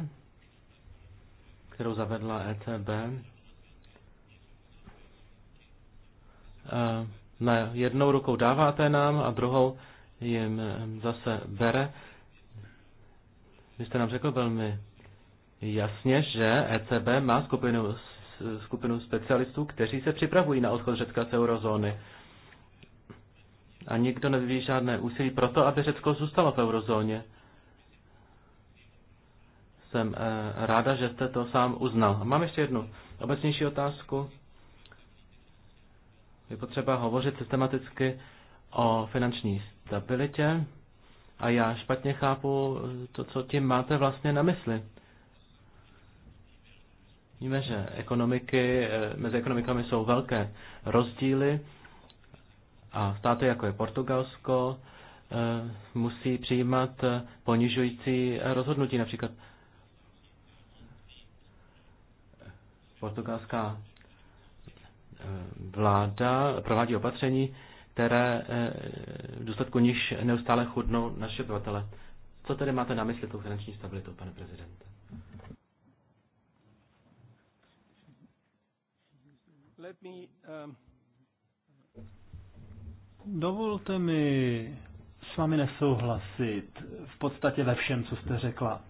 C: kterou zavedla ECB, na jednou rukou dáváte nám a druhou jim zase bere. Vy jste nám řekl velmi jasně, že ECB má skupinu, skupinu specialistů, kteří se připravují na odchod Řecka z eurozóny. A nikdo nevyvíjí žádné úsilí pro to, aby Řecko zůstalo v eurozóně jsem eh, ráda, že jste to sám uznal. A mám ještě jednu obecnější otázku. Je potřeba hovořit systematicky o finanční stabilitě a já špatně chápu to, co tím máte vlastně na mysli. Víme, že ekonomiky, eh, mezi ekonomikami jsou velké rozdíly a státy, jako je Portugalsko, eh, musí přijímat ponižující rozhodnutí. Například portugalská eh, vláda provádí opatření, které eh, v důsledku níž neustále chudnou naše obyvatele. Co tedy máte na mysli tou finanční stabilitou, pane prezidente?
A: Let me, um... Dovolte mi s vámi nesouhlasit v podstatě ve všem, co jste řekla.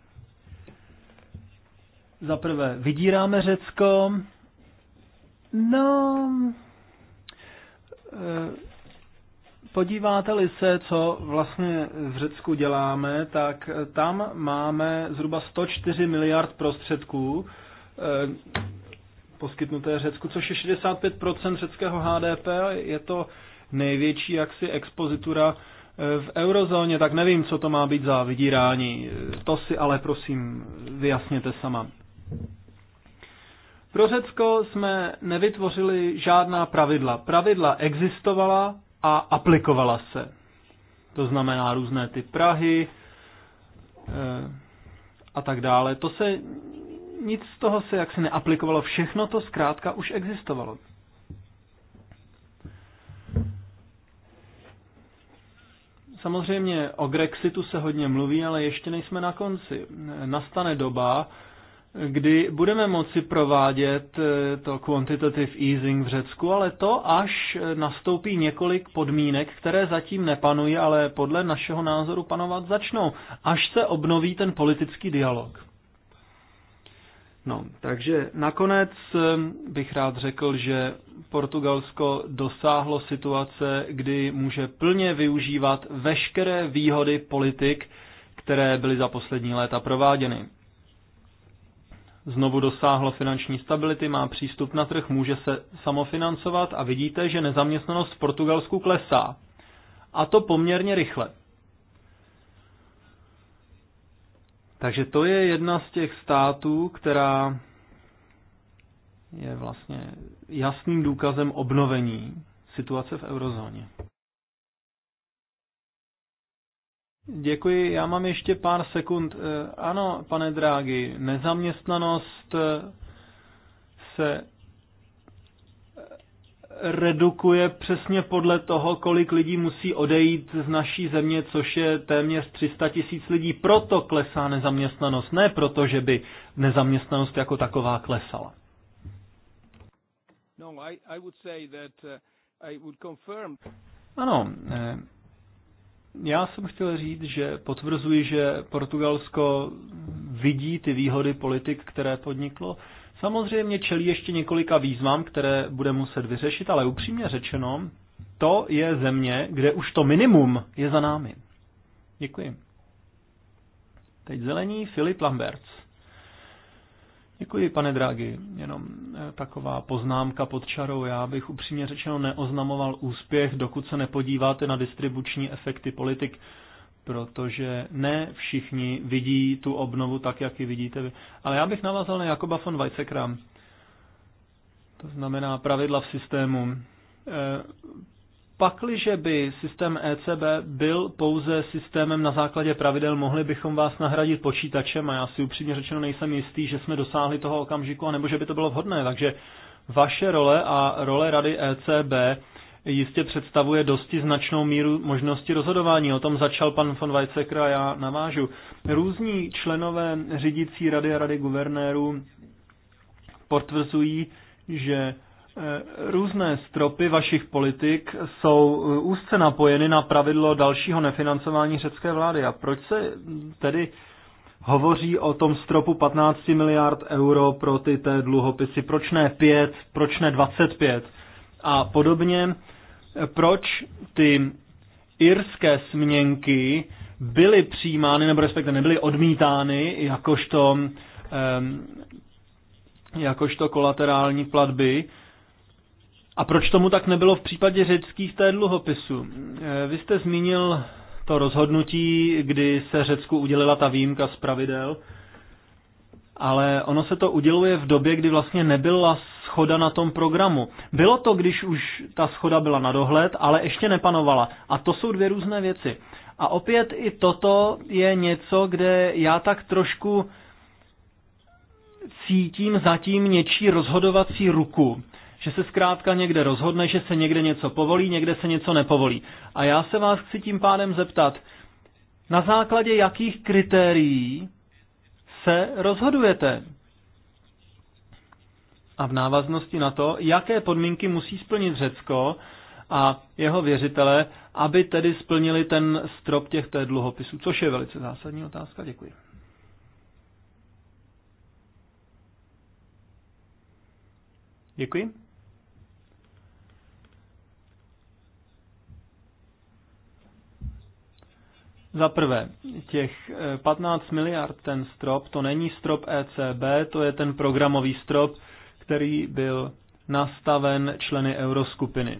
A: Za prvé, vydíráme Řecko. No, eh, podíváte-li se, co vlastně v Řecku děláme, tak tam máme zhruba 104 miliard prostředků eh, poskytnuté Řecku, což je 65% řeckého HDP. Je to největší jaksi expozitura eh, v eurozóně, tak nevím, co to má být za vydírání. To si ale prosím vyjasněte sama. Pro Řecko jsme nevytvořili žádná pravidla. Pravidla existovala a aplikovala se. To znamená různé ty Prahy eh, a tak dále. To se, nic z toho se jaksi neaplikovalo. Všechno to zkrátka už existovalo. Samozřejmě o Grexitu se hodně mluví, ale ještě nejsme na konci. Nastane doba, kdy budeme moci provádět eh, to quantitative easing v Řecku, ale to až eh, nastoupí několik podmínek, které zatím nepanují, ale podle našeho názoru panovat začnou, až se obnoví ten politický dialog. No, takže nakonec eh, bych rád řekl, že Portugalsko dosáhlo situace, kdy může plně využívat veškeré výhody politik, které byly za poslední léta prováděny znovu dosáhlo finanční stability, má přístup na trh, může se samofinancovat a vidíte, že nezaměstnanost v Portugalsku klesá. A to poměrně rychle. Takže to je jedna z těch států, která je vlastně jasným důkazem obnovení situace v eurozóně. Děkuji, já mám ještě pár sekund. Eh, ano, pane Drági, nezaměstnanost eh, se eh, redukuje přesně podle toho, kolik lidí musí odejít z naší země, což je téměř 300 tisíc lidí. Proto klesá nezaměstnanost, ne proto, že by nezaměstnanost jako taková klesala. No, uh, ano, já jsem chtěl říct, že potvrzuji, že Portugalsko vidí ty výhody politik, které podniklo. Samozřejmě čelí ještě několika výzvám, které bude muset vyřešit, ale upřímně řečeno, to je země, kde už to minimum je za námi. Děkuji. Teď zelení Filip Lamberts. Děkuji, pane Draghi. Jenom eh, taková poznámka pod čarou. Já bych upřímně řečeno neoznamoval úspěch, dokud se nepodíváte na distribuční efekty politik, protože ne všichni vidí tu obnovu tak, jak ji vidíte vy. Ale já bych navázal na Jakoba von Weizsäckera. To znamená pravidla v systému. Eh, Pakliže by systém ECB byl pouze systémem na základě pravidel, mohli bychom vás nahradit počítačem a já si upřímně řečeno nejsem jistý, že jsme dosáhli toho okamžiku, anebo že by to bylo vhodné. Takže vaše role a role rady ECB jistě představuje dosti značnou míru možnosti rozhodování. O tom začal pan von Weizsäcker a já navážu. Různí členové řídící rady a rady guvernérů potvrzují, že Eh, různé stropy vašich politik jsou eh, úzce napojeny na pravidlo dalšího nefinancování řecké vlády. A proč se tedy hovoří o tom stropu 15 miliard euro pro ty té dluhopisy? Proč ne 5, proč ne 25? A podobně, eh, proč ty irské směnky byly přijímány, nebo respektive nebyly odmítány, jakožto, jakožto kolaterální platby, a proč tomu tak nebylo v případě řeckých té dluhopisu? Eh, vy jste zmínil to rozhodnutí, kdy se Řecku udělila ta výjimka z pravidel, ale ono se to uděluje v době, kdy vlastně nebyla schoda na tom programu. Bylo to, když už ta schoda byla na dohled, ale ještě nepanovala. A to jsou dvě různé věci. A opět i toto je něco, kde já tak trošku cítím zatím něčí rozhodovací ruku, že se zkrátka někde rozhodne, že se někde něco povolí, někde se něco nepovolí. A já se vás chci tím pádem zeptat, na základě jakých kritérií se rozhodujete? A v návaznosti na to, jaké podmínky musí splnit Řecko a jeho věřitele, aby tedy splnili ten strop těch té dluhopisů, což je velice zásadní otázka. Děkuji. Děkuji. Za prvé, těch 15 eh, miliard, ten strop, to není strop ECB, to je ten programový strop, který byl nastaven členy euroskupiny.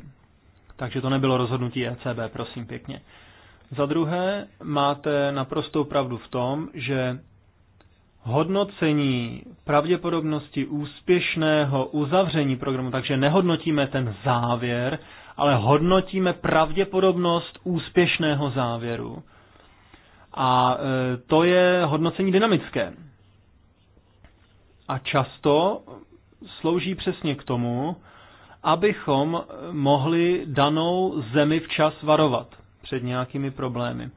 A: Takže to nebylo rozhodnutí ECB, prosím pěkně. Za druhé, máte naprostou pravdu v tom, že hodnocení pravděpodobnosti úspěšného uzavření programu, takže nehodnotíme ten závěr, ale hodnotíme pravděpodobnost úspěšného závěru. A e, to je hodnocení dynamické. A často slouží přesně k tomu, abychom mohli danou zemi včas varovat před nějakými problémy.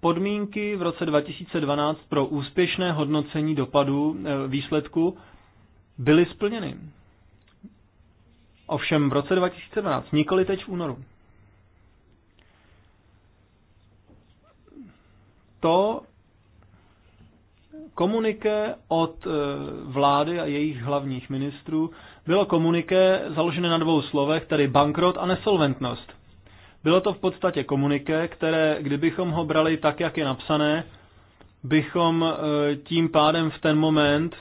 A: Podmínky v roce 2012 pro úspěšné hodnocení dopadu e, výsledku byly splněny. Ovšem v roce 2012, nikoli teď v únoru. to komuniké od eh, vlády a jejich hlavních ministrů bylo komuniké založené na dvou slovech, tedy bankrot a nesolventnost. Bylo to v podstatě komuniké, které, kdybychom ho brali tak, jak je napsané, bychom eh, tím pádem v ten moment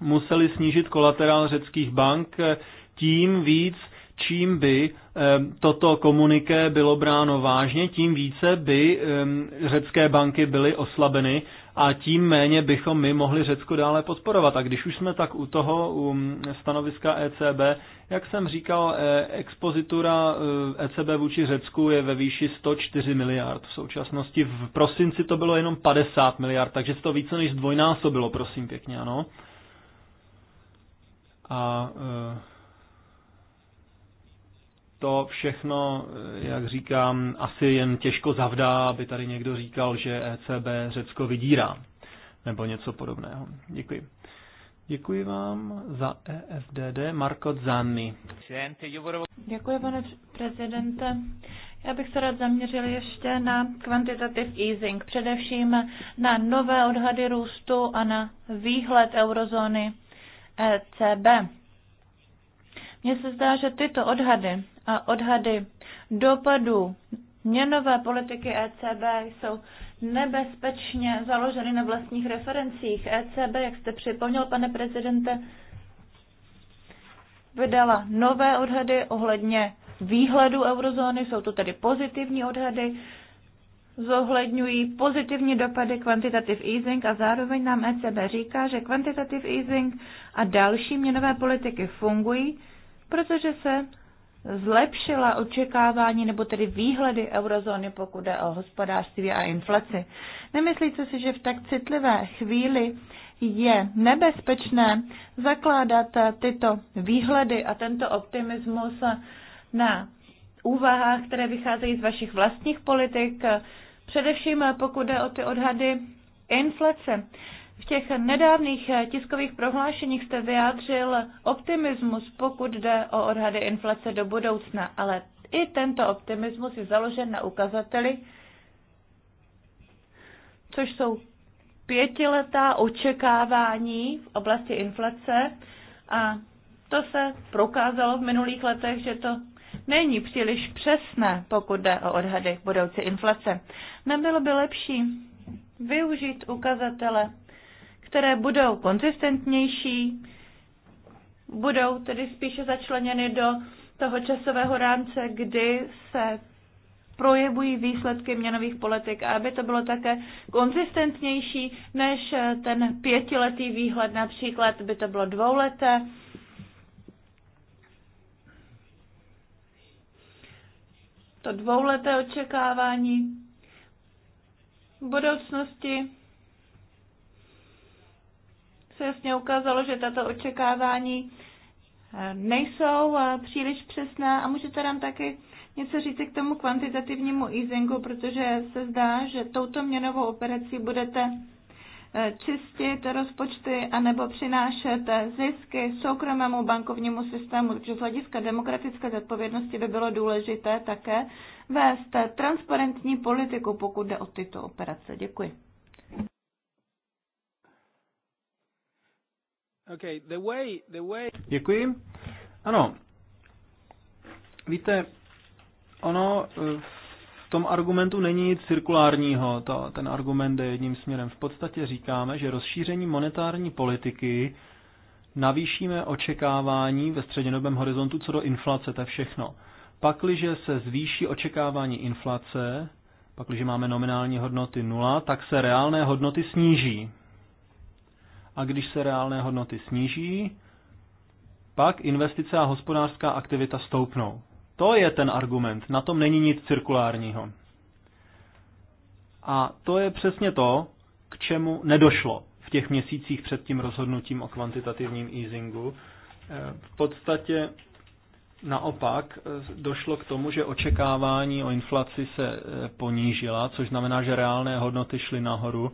A: museli snížit kolaterál řeckých bank eh, tím víc, čím by toto komuniké bylo bráno vážně, tím více by řecké banky byly oslabeny a tím méně bychom my mohli Řecko dále podporovat. A když už jsme tak u toho, u stanoviska ECB, jak jsem říkal, e, expozitura ECB e vůči Řecku je ve výši 104 miliard v současnosti. V prosinci to bylo jenom 50 miliard, takže se to více než zdvojnásobilo, prosím pěkně, ano. A e, to všechno, eh, jak říkám, asi jen těžko zavdá, aby tady někdo říkal, že ECB Řecko vydírá nebo něco podobného. Děkuji. Děkuji vám za EFDD. Marko Zanny.
B: Děkuji, pane prezidente. Já bych se rád zaměřil ještě na quantitative easing, především na nové odhady růstu a na výhled eurozóny ECB. Mně se zdá, že tyto odhady a odhady dopadů měnové politiky ECB jsou nebezpečně založeny na vlastních referencích. ECB, jak jste připomněl, pane prezidente, vydala nové odhady ohledně výhledu eurozóny, jsou to tedy pozitivní odhady, zohledňují pozitivní dopady quantitative easing a zároveň nám ECB říká, že quantitative easing a další měnové politiky fungují, protože se zlepšila očekávání nebo tedy výhledy eurozóny, pokud jde o hospodářství a inflaci. Nemyslíte si, že v tak citlivé chvíli je nebezpečné zakládat tyto výhledy a tento optimismus na úvahách, které vycházejí z vašich vlastních politik, především pokud jde o ty odhady inflace. V těch nedávných eh, tiskových prohlášeních jste vyjádřil optimismus, pokud jde o odhady inflace do budoucna, ale i tento optimismus je založen na ukazateli, což jsou pětiletá očekávání v oblasti inflace a to se prokázalo v minulých letech, že to není příliš přesné, pokud jde o odhady budoucí inflace. Nebylo by lepší využít ukazatele které budou konzistentnější, budou tedy spíše začleněny do toho časového rámce, kdy se projevují výsledky měnových politik a aby to bylo také konzistentnější než ten pětiletý výhled, například by to bylo dvouleté. To dvouleté očekávání v budoucnosti se jasně ukázalo, že tato očekávání eh, nejsou eh, příliš přesná a můžete nám taky něco říct k tomu kvantitativnímu easingu, protože se zdá, že touto měnovou operací budete eh, čistit rozpočty anebo přinášet zisky soukromému bankovnímu systému. protože z hlediska demokratické zodpovědnosti by bylo důležité také vést transparentní politiku, pokud jde o tyto operace. Děkuji.
A: Děkuji. Ano. Víte, ono eh, v tom argumentu není nic cirkulárního. To, ten argument je jedním směrem. V podstatě říkáme, že rozšíření monetární politiky navýšíme očekávání ve střednědobém horizontu co do inflace, to je všechno. Pakliže se zvýší očekávání inflace, pakliže máme nominální hodnoty nula, tak se reálné hodnoty sníží a když se reálné hodnoty sníží, pak investice a hospodářská aktivita stoupnou. To je ten argument, na tom není nic cirkulárního. A to je přesně to, k čemu nedošlo v těch měsících před tím rozhodnutím o kvantitativním easingu. E, v podstatě naopak e, došlo k tomu, že očekávání o inflaci se e, ponížila, což znamená, že reálné hodnoty šly nahoru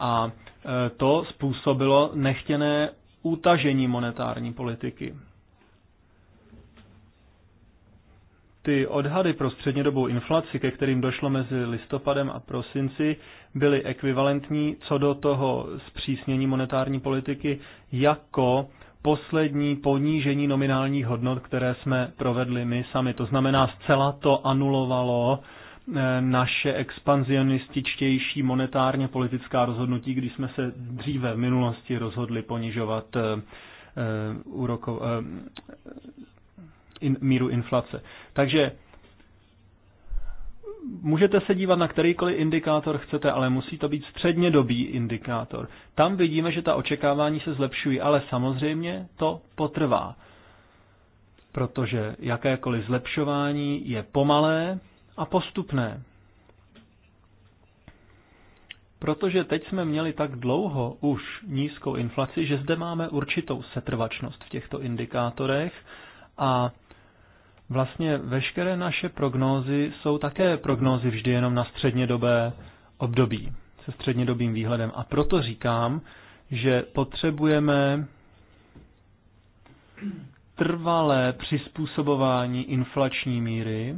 A: a e, to způsobilo nechtěné utažení monetární politiky. Ty odhady pro střednědobou inflaci, ke kterým došlo mezi listopadem a prosinci, byly ekvivalentní co do toho zpřísnění monetární politiky jako poslední ponížení nominálních hodnot, které jsme provedli my sami. To znamená, zcela to anulovalo Eh, naše expanzionističtější monetárně politická rozhodnutí, když jsme se dříve v minulosti rozhodli ponižovat eh, eh, úroko, in, míru inflace. Takže můžete se dívat na kterýkoliv indikátor chcete, ale musí to být dobý indikátor. Tam vidíme, že ta očekávání se zlepšují, ale samozřejmě to potrvá. Protože jakékoliv zlepšování je pomalé, a postupné. Protože teď jsme měli tak dlouho už nízkou inflaci, že zde máme určitou setrvačnost v těchto indikátorech a vlastně veškeré naše prognózy jsou také prognózy vždy jenom na střednědobé období, se střednědobým výhledem. A proto říkám, že potřebujeme trvalé přizpůsobování inflační míry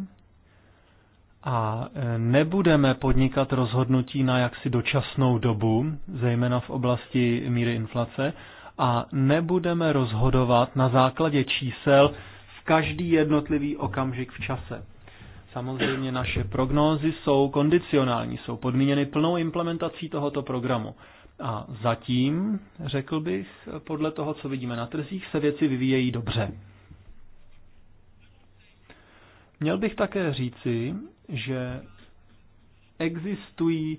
A: a e, nebudeme podnikat rozhodnutí na jaksi dočasnou dobu, zejména v oblasti míry inflace, a nebudeme rozhodovat na základě čísel v každý jednotlivý okamžik v čase. Samozřejmě naše prognózy jsou kondicionální, jsou podmíněny plnou implementací tohoto programu. A zatím, řekl bych, podle toho, co vidíme na trzích, se věci vyvíjejí dobře. Měl bych také říci, že existují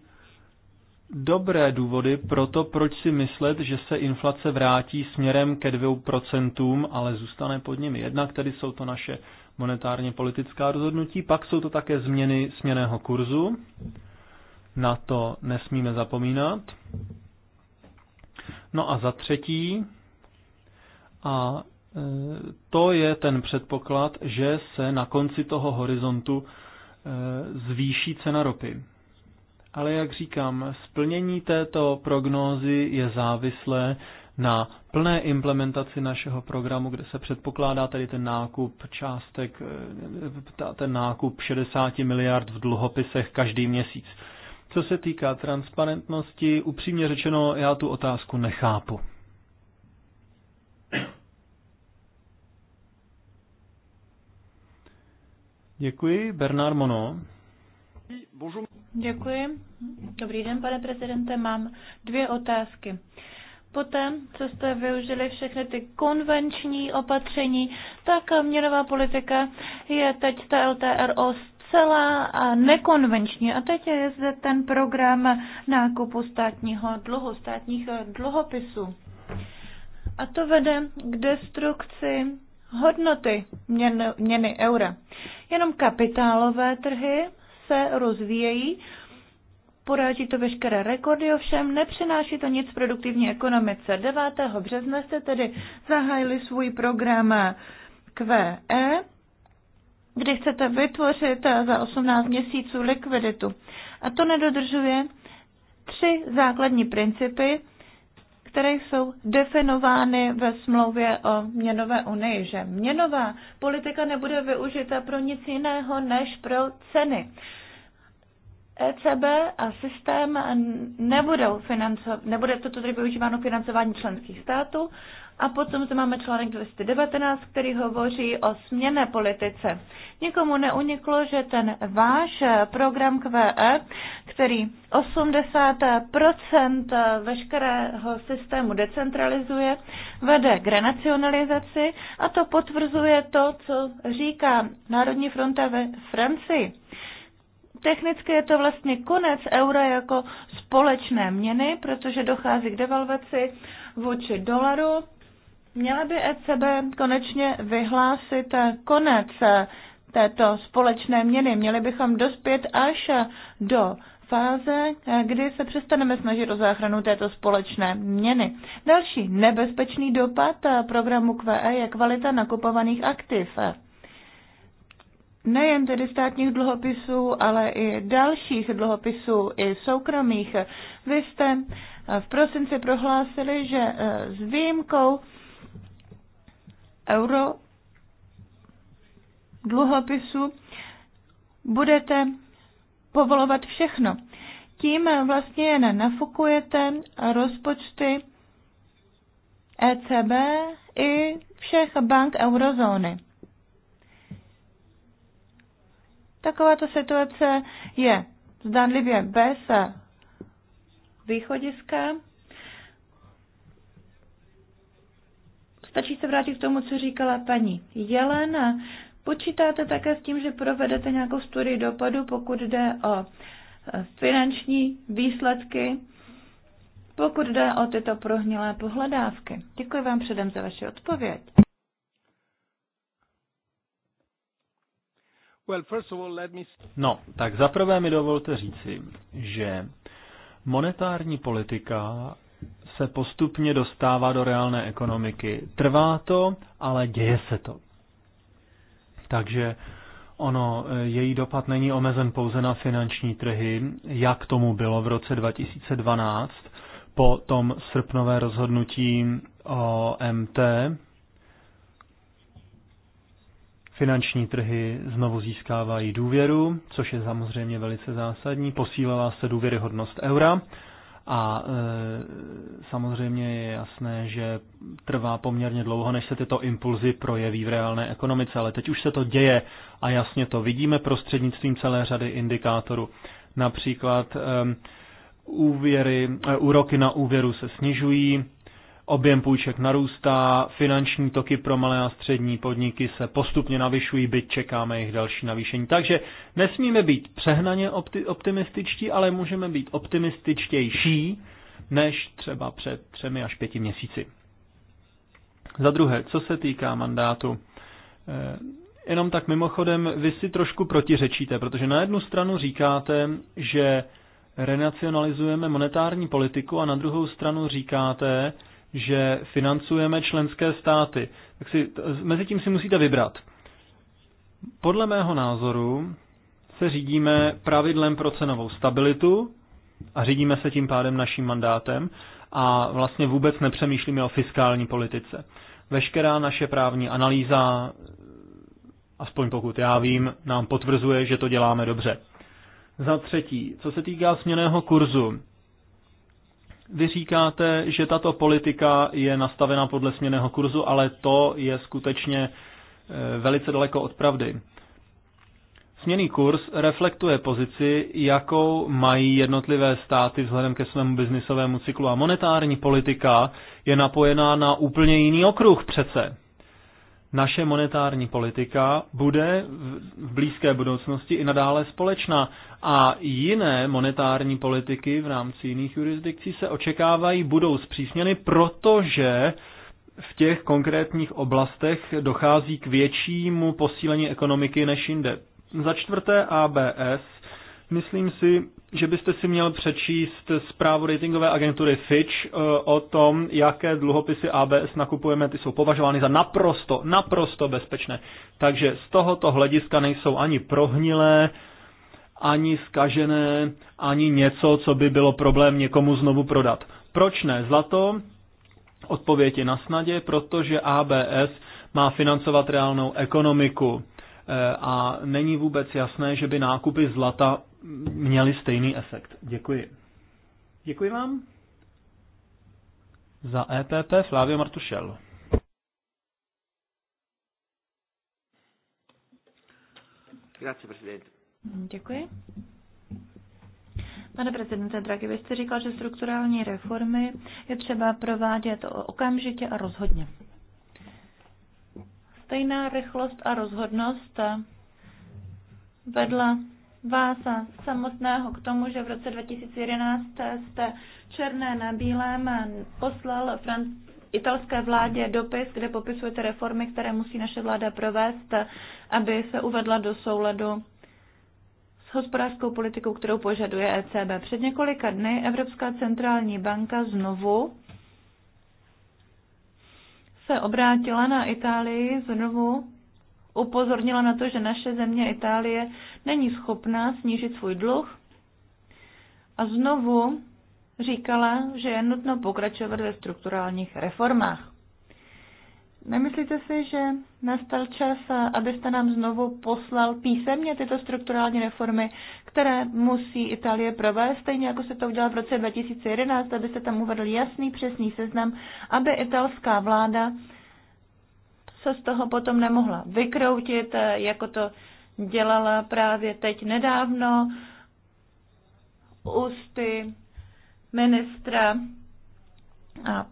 A: dobré důvody pro to, proč si myslet, že se inflace vrátí směrem ke 2%, ale zůstane pod nimi. Jednak tedy jsou to naše monetárně politická rozhodnutí, pak jsou to také změny směného kurzu, na to nesmíme zapomínat. No a za třetí, a e, to je ten předpoklad, že se na konci toho horizontu Eh, zvýší cena ropy. Ale jak říkám, splnění této prognózy je závislé na plné implementaci našeho programu, kde se předpokládá tedy ten nákup částek, eh, ten nákup 60 miliard v dluhopisech každý měsíc. Co se týká transparentnosti, upřímně řečeno, já tu otázku nechápu. Děkuji, Bernard Mono.
B: Děkuji. Dobrý den, pane prezidente. Mám dvě otázky. Poté, co jste využili všechny ty konvenční opatření, tak měnová politika je teď ta LTRO zcela a nekonvenční. A teď je zde ten program nákupu státního dluhu, státních dluhopisů. A to vede k destrukci hodnoty měn, měny eura. Jenom kapitálové trhy se rozvíjejí, poráží to veškeré rekordy, ovšem nepřináší to nic produktivní ekonomice. 9. března jste tedy zahájili svůj program QE, kdy chcete vytvořit za 18 měsíců likviditu. A to nedodržuje tři základní principy, které jsou definovány ve smlouvě o měnové unii, že měnová politika nebude využita pro nic jiného než pro ceny. ECB a systém nebudou financov- nebude toto tedy využíváno financování členských států, a potom zde máme článek 219, který hovoří o směné politice. Nikomu neuniklo, že ten váš program QE, který 80% veškerého systému decentralizuje, vede k renacionalizaci a to potvrzuje to, co říká Národní fronta ve Francii. Technicky je to vlastně konec eura jako společné měny, protože dochází k devalvaci vůči dolaru Měla by ECB konečně vyhlásit konec této společné měny. Měli bychom dospět až do fáze, kdy se přestaneme snažit o záchranu této společné měny. Další nebezpečný dopad programu QE je kvalita nakupovaných aktiv. Nejen tedy státních dluhopisů, ale i dalších dluhopisů, i soukromých. Vy jste v prosinci prohlásili, že s výjimkou euro dluhopisu budete povolovat všechno. Tím vlastně jen nafukujete rozpočty ECB i všech bank eurozóny. Takováto situace je zdánlivě bez východiska Stačí se vrátit k tomu, co říkala paní Jelena. Počítáte také s tím, že provedete nějakou studii dopadu, pokud jde o e, finanční výsledky, pokud jde o tyto prohnilé pohledávky. Děkuji vám předem za vaši odpověď.
A: No, tak zaprvé mi dovolte říci, že monetární politika se postupně dostává do reálné ekonomiky. Trvá to, ale děje se to. Takže ono, e, její dopad není omezen pouze na finanční trhy, jak tomu bylo v roce 2012 po tom srpnové rozhodnutí o MT. Finanční trhy znovu získávají důvěru, což je samozřejmě velice zásadní. Posílila se důvěryhodnost eura a e, samozřejmě je jasné, že trvá poměrně dlouho, než se tyto impulzy projeví v reálné ekonomice, ale teď už se to děje a jasně to vidíme prostřednictvím celé řady indikátorů. Například e, úvěry, e, úroky na úvěru se snižují, Objem půjček narůstá, finanční toky pro malé a střední podniky se postupně navyšují, byť čekáme jejich další navýšení. Takže nesmíme být přehnaně opti- optimističtí, ale můžeme být optimističtější než třeba před třemi až pěti měsíci. Za druhé, co se týká mandátu, eh, jenom tak mimochodem, vy si trošku protiřečíte, protože na jednu stranu říkáte, že renacionalizujeme monetární politiku a na druhou stranu říkáte, že financujeme členské státy. Tak si, mezi tím si musíte vybrat. Podle mého názoru se řídíme pravidlem pro cenovou stabilitu a řídíme se tím pádem naším mandátem a vlastně vůbec nepřemýšlíme o fiskální politice. Veškerá naše právní analýza, aspoň pokud já vím, nám potvrzuje, že to děláme dobře. Za třetí, co se týká směného kurzu, vy říkáte, že tato politika je nastavena podle směného kurzu, ale to je skutečně e, velice daleko od pravdy. Směný kurz reflektuje pozici, jakou mají jednotlivé státy vzhledem ke svému biznisovému cyklu a monetární politika je napojená na úplně jiný okruh přece naše monetární politika bude v blízké budoucnosti i nadále společná a jiné monetární politiky v rámci jiných jurisdikcí se očekávají budou zpřísněny, protože v těch konkrétních oblastech dochází k většímu posílení ekonomiky než jinde. Za čtvrté ABS, myslím si, že byste si měl přečíst zprávu ratingové agentury Fitch eh, o tom, jaké dluhopisy ABS nakupujeme, ty jsou považovány za naprosto, naprosto bezpečné. Takže z tohoto hlediska nejsou ani prohnilé, ani skažené, ani něco, co by bylo problém někomu znovu prodat. Proč ne zlato? Odpověď je na snadě, protože ABS má financovat reálnou ekonomiku eh, a není vůbec jasné, že by nákupy zlata měly stejný efekt. Děkuji. Děkuji vám. Za EPP Flávio Martušel.
B: Děkuji. Pane prezidente Draghi, vy jste říkal, že strukturální reformy je třeba provádět okamžitě a rozhodně. Stejná rychlost a rozhodnost vedla vás samotného k tomu, že v roce 2011 jste černé na bílém poslal Franc- italské vládě dopis, kde popisujete reformy, které musí naše vláda provést, aby se uvedla do souladu s hospodářskou politikou, kterou požaduje ECB. Před několika dny Evropská centrální banka znovu se obrátila na Itálii, znovu upozornila na to, že naše země Itálie není schopná snížit svůj dluh a znovu říkala, že je nutno pokračovat ve strukturálních reformách. Nemyslíte si, že nastal čas, abyste nám znovu poslal písemně tyto strukturální reformy, které musí Itálie provést, stejně jako se to udělal v roce 2011, abyste tam uvedl jasný, přesný seznam, aby italská vláda se z toho potom nemohla vykroutit, jako to dělala právě teď nedávno ústy ministra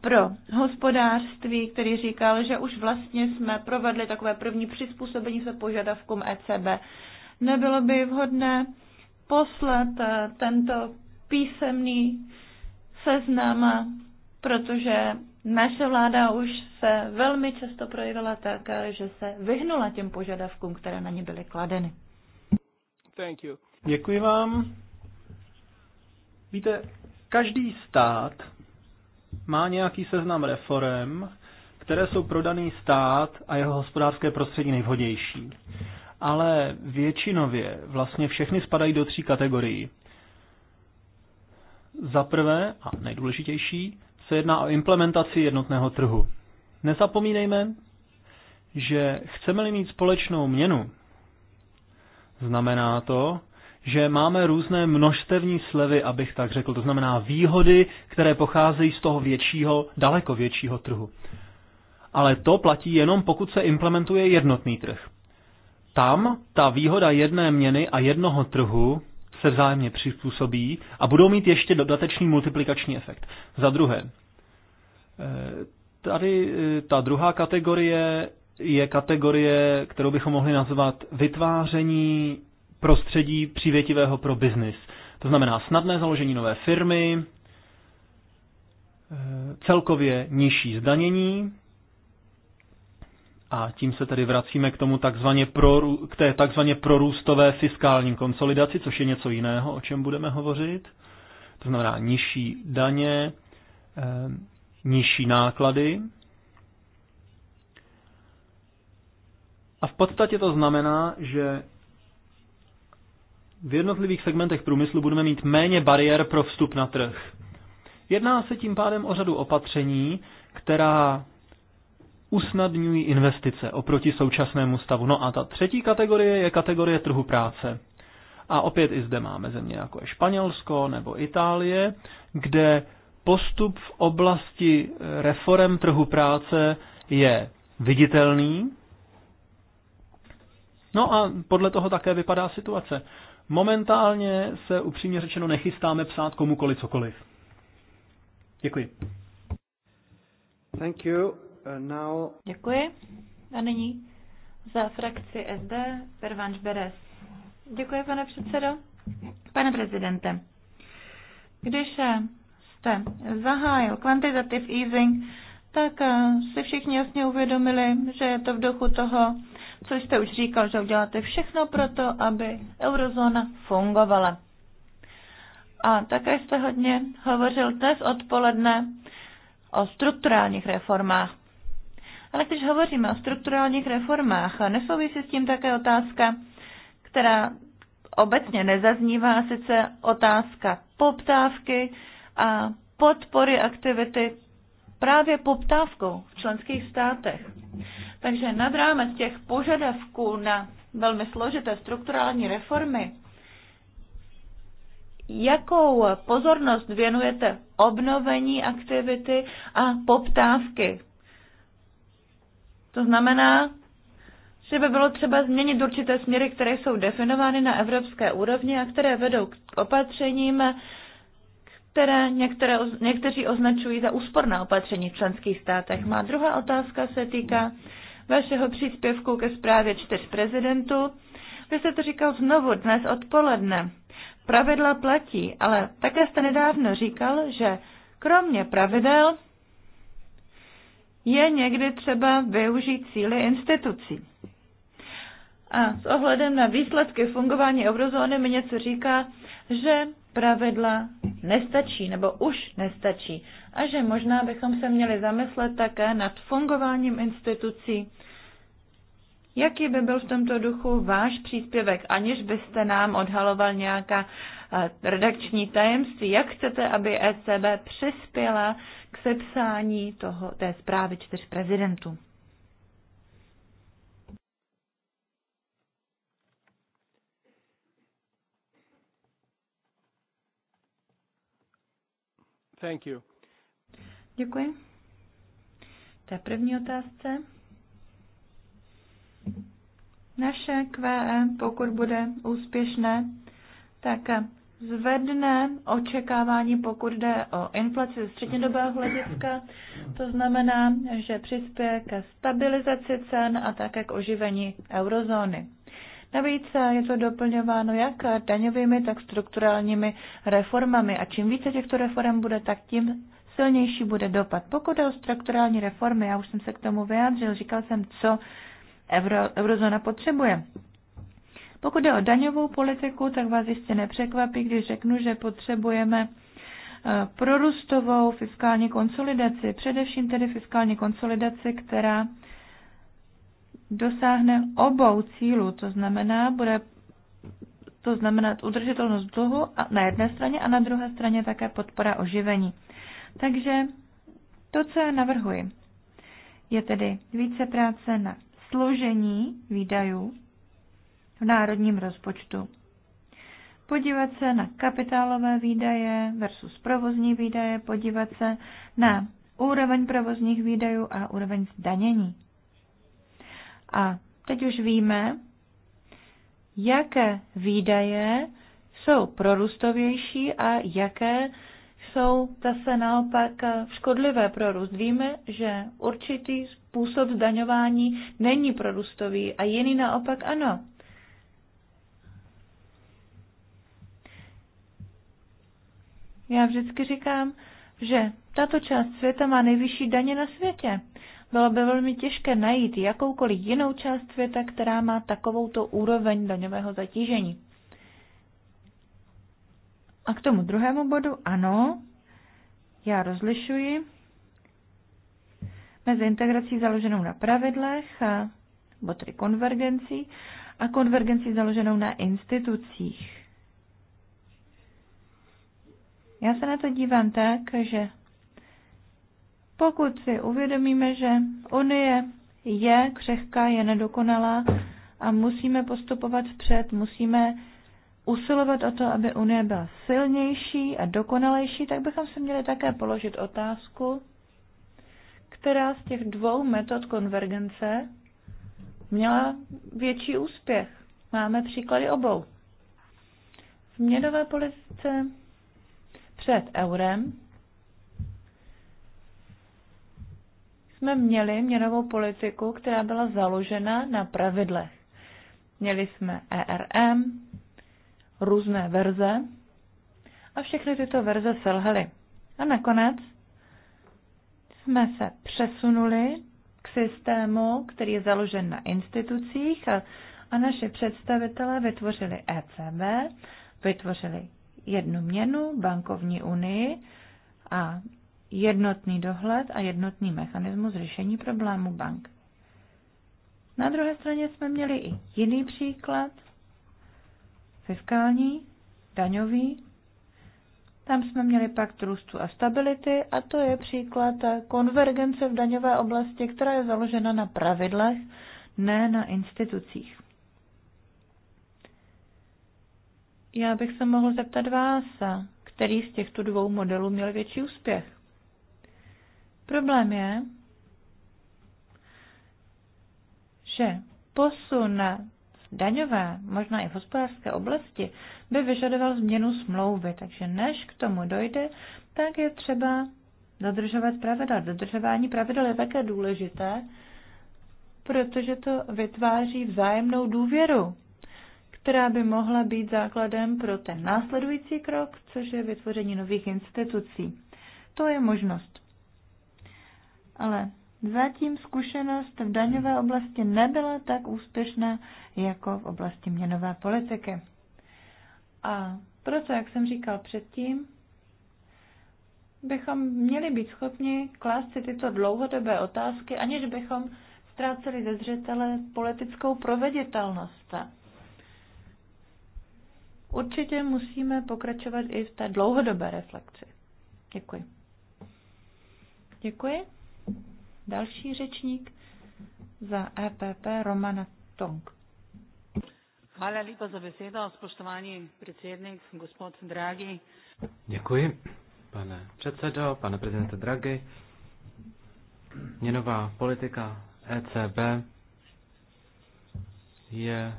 B: pro hospodářství, který říkal, že už vlastně jsme provedli takové první přizpůsobení se požadavkům ECB. Nebylo by vhodné poslat eh, tento písemný seznam, protože naše vláda už se velmi často projevila tak, že se vyhnula těm požadavkům, které na ně byly kladeny. Thank you. Děkuji vám. Víte, každý
A: stát má nějaký seznam reform, které jsou pro daný stát a jeho hospodářské prostředí nejvhodnější. Ale většinově vlastně všechny spadají do tří kategorií. Za prvé, a nejdůležitější, se jedná o implementaci jednotného trhu. Nezapomínejme, že chceme-li mít společnou měnu, znamená to, že máme různé množstevní slevy, abych tak řekl, to znamená výhody, které pocházejí z toho většího, daleko většího trhu. Ale to platí jenom pokud se implementuje jednotný trh. Tam ta výhoda jedné měny a jednoho trhu se vzájemně přizpůsobí a budou mít ještě dodatečný multiplikační efekt. Za druhé, eh, tady eh, ta druhá kategorie je kategorie, kterou bychom mohli nazvat vytváření prostředí přívětivého pro biznis. To znamená snadné založení nové firmy, eh, celkově nižší zdanění, a tím se tedy vracíme k tomu takzvaně pro, k té takzvaně prorůstové fiskální konsolidaci, což je něco jiného, o čem budeme hovořit. To znamená nižší daně, eh, nižší náklady. A v podstatě to znamená, že v jednotlivých segmentech průmyslu budeme mít méně bariér pro vstup na trh. Jedná se tím pádem o řadu opatření, která usnadňují investice oproti současnému stavu. No a ta třetí kategorie je kategorie trhu práce. A opět i zde máme země jako je Španělsko nebo Itálie, kde postup v oblasti eh, reform trhu práce je viditelný. No a podle toho také vypadá situace. Momentálně se upřímně řečeno nechystáme psát komukoli cokoliv. Děkuji. Thank you now...
B: Děkuji. A nyní za frakci SD Pervanč Beres. Děkuji, pane předsedo. Pane prezidente, když jste zahájil quantitative easing, tak eh, si všichni jasně uvědomili, že je to v duchu toho, co jste už říkal, že uděláte všechno pro to, aby eurozóna fungovala. A také jste hodně hovořil dnes odpoledne o strukturálních reformách. Ale když hovoříme o strukturálních reformách, nesouvisí s tím také otázka, která obecně nezaznívá, sice otázka poptávky a podpory aktivity právě poptávkou v členských státech. Takže nad rámec těch požadavků na velmi složité strukturální reformy, jakou pozornost věnujete obnovení aktivity a poptávky to znamená, že by bylo třeba změnit určité směry, které jsou definovány na evropské úrovni a které vedou k opatřením, které některé, někteří označují za úsporná opatření v členských státech. Má druhá otázka se týká vašeho příspěvku ke zprávě čtyř prezidentů. Vy jste to říkal znovu dnes odpoledne. Pravidla platí, ale také jste nedávno říkal, že kromě pravidel je někdy třeba využít síly institucí. A s ohledem na výsledky fungování eurozóny mi něco říká, že pravidla nestačí nebo už nestačí a že možná bychom se měli zamyslet také nad fungováním institucí. Jaký by byl v tomto duchu váš příspěvek, aniž byste nám odhaloval nějaká eh, redakční tajemství? Jak chcete, aby ECB přispěla k sepsání toho, té zprávy čtyř prezidentů. Thank you. Děkuji. To je první otázce. Naše QE, pokud bude úspěšné, tak zvedne očekávání, pokud jde o inflaci ze střednědobého hlediska. To znamená, že přispěje ke stabilizaci cen a také k oživení eurozóny. Navíc je to doplňováno jak daňovými, tak strukturálními reformami a čím více těchto reform bude, tak tím silnější bude dopad. Pokud jde o strukturální reformy, já už jsem se k tomu vyjádřil, říkal jsem, co euro, eurozóna potřebuje. Pokud jde o daňovou politiku, tak vás jistě nepřekvapí, když řeknu, že potřebujeme eh, prorůstovou fiskální konsolidaci, především tedy fiskální konsolidaci, která dosáhne obou cílů, to znamená, bude to znamená udržitelnost dluhu na jedné straně a na druhé straně také podpora oživení. Takže to, co já navrhuji, je tedy více práce na složení výdajů v národním rozpočtu. Podívat se na kapitálové výdaje versus provozní výdaje, podívat se na úroveň provozních výdajů a úroveň zdanění. A teď už víme, jaké výdaje jsou prorůstovější a jaké jsou zase naopak škodlivé pro růst. Víme, že určitý způsob zdaňování není prorůstový a jiný naopak ano. Já vždycky říkám, že tato část světa má nejvyšší daně na světě. Bylo by velmi těžké najít jakoukoliv jinou část světa, která má takovouto úroveň daňového zatížení. A k tomu druhému bodu, ano, já rozlišuji mezi integrací založenou na pravidlech, a, botry konvergencí, a konvergencí založenou na institucích. Já se na to dívám tak, že pokud si uvědomíme, že Unie je křehká, je nedokonalá a musíme postupovat vpřed, musíme usilovat o to, aby Unie byla silnější a dokonalejší, tak bychom se měli také položit otázku, která z těch dvou metod konvergence měla větší úspěch. Máme příklady obou. V měnové politice před eurem jsme měli měnovou politiku, která byla založena na pravidlech. Měli jsme ERM, různé verze a všechny tyto verze selhaly. A nakonec jsme se přesunuli k systému, který je založen na institucích a, a naše představitelé vytvořili ECB, vytvořili jednu měnu, bankovní unii a jednotný dohled a jednotný mechanismus řešení problému bank. Na druhé straně jsme měli i jiný příklad, fiskální, daňový. Tam jsme měli pakt růstu a stability a to je příklad konvergence v daňové oblasti, která je založena na pravidlech, ne na institucích. Já bych se mohl zeptat vás, který z těchto dvou modelů měl větší úspěch. Problém je, že posun v daňové, možná i v hospodářské oblasti, by vyžadoval změnu smlouvy, takže než k tomu dojde, tak je třeba dodržovat pravidla. Dodržování pravidel je také důležité, protože to vytváří vzájemnou důvěru která by mohla být základem pro ten následující krok, což je vytvoření nových institucí. To je možnost. Ale zatím zkušenost v daňové oblasti nebyla tak úspěšná jako v oblasti měnové politiky. A proto, jak jsem říkal předtím, bychom měli být schopni klást si tyto dlouhodobé otázky, aniž bychom ztráceli ze zřetele politickou proveditelnost. Určitě musíme pokračovat i v té dlouhodobé reflexi. Děkuji. Děkuji. Další řečník za EPP Romana Tong. Hvala lepa za besedo, spoštovani predsednik, gospod Dragi.
C: Děkuji, pane předsedo, pane prezidente Dragi. Měnová politika ECB je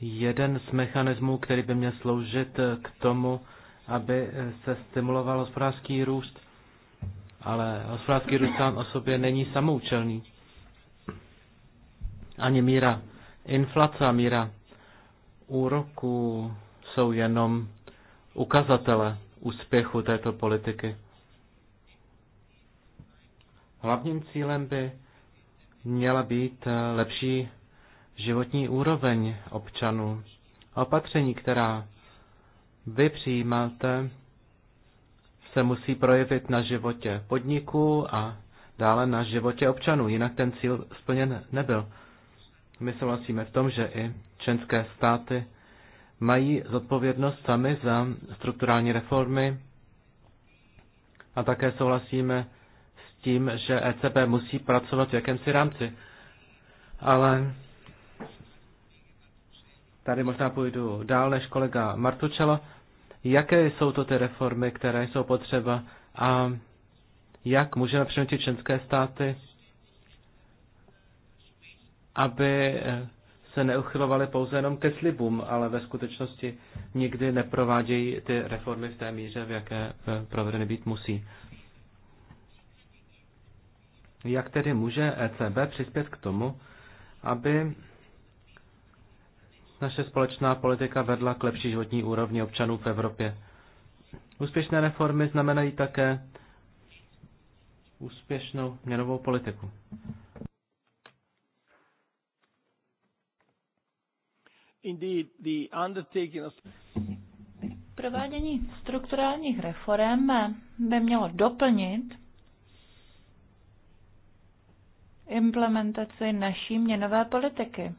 C: jeden z mechanismů, který by měl sloužit k tomu, aby se stimuloval hospodářský růst, ale hospodářský růst sám o sobě není samoučelný. Ani míra inflace a míra úroku jsou jenom ukazatele úspěchu této politiky. Hlavním cílem by měla být lepší životní úroveň občanů. Opatření, která vy přijímáte, se musí projevit na životě podniků a dále na životě občanů, jinak ten cíl splněn nebyl. My souhlasíme v tom, že i členské státy mají zodpovědnost sami za strukturální reformy a také souhlasíme s tím, že ECB musí pracovat v jakémsi rámci. Ale tady možná půjdu dál než kolega Martučelo, jaké jsou to ty reformy, které jsou potřeba a jak můžeme přinutit členské státy, aby se neuchylovaly pouze jenom ke slibům, ale ve skutečnosti nikdy neprovádějí ty reformy v té míře, v jaké eh, provedeny být musí. Jak tedy může ECB přispět k tomu, aby naše společná politika vedla k lepší životní úrovni občanů v Evropě. Úspěšné reformy znamenají také úspěšnou měnovou politiku.
A: Indeed, the undertaking
B: of... Provádění strukturálních reform by mělo doplnit implementaci naší měnové politiky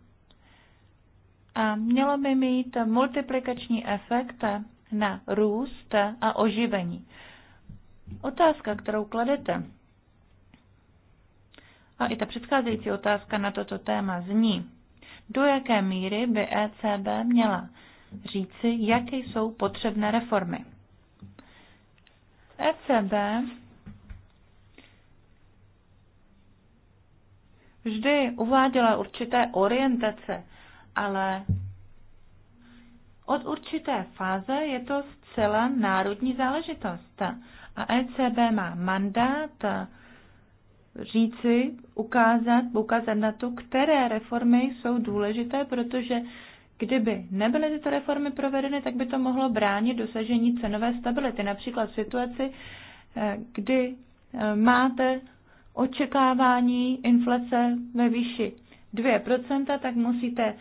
B: a mělo by mít multiplikační efekt na růst a oživení. Otázka, kterou kladete, a i ta předcházející otázka na toto téma zní, do jaké míry by ECB měla říci, jaké jsou potřebné reformy. ECB vždy uváděla určité orientace ale od určité fáze je to zcela národní záležitost. A ECB má mandát říci, ukázat, ukázat na to, které reformy jsou důležité, protože Kdyby nebyly tyto reformy provedeny, tak by to mohlo bránit dosažení cenové stability. Například v situaci, kdy máte očekávání inflace ve výši 2%, tak musíte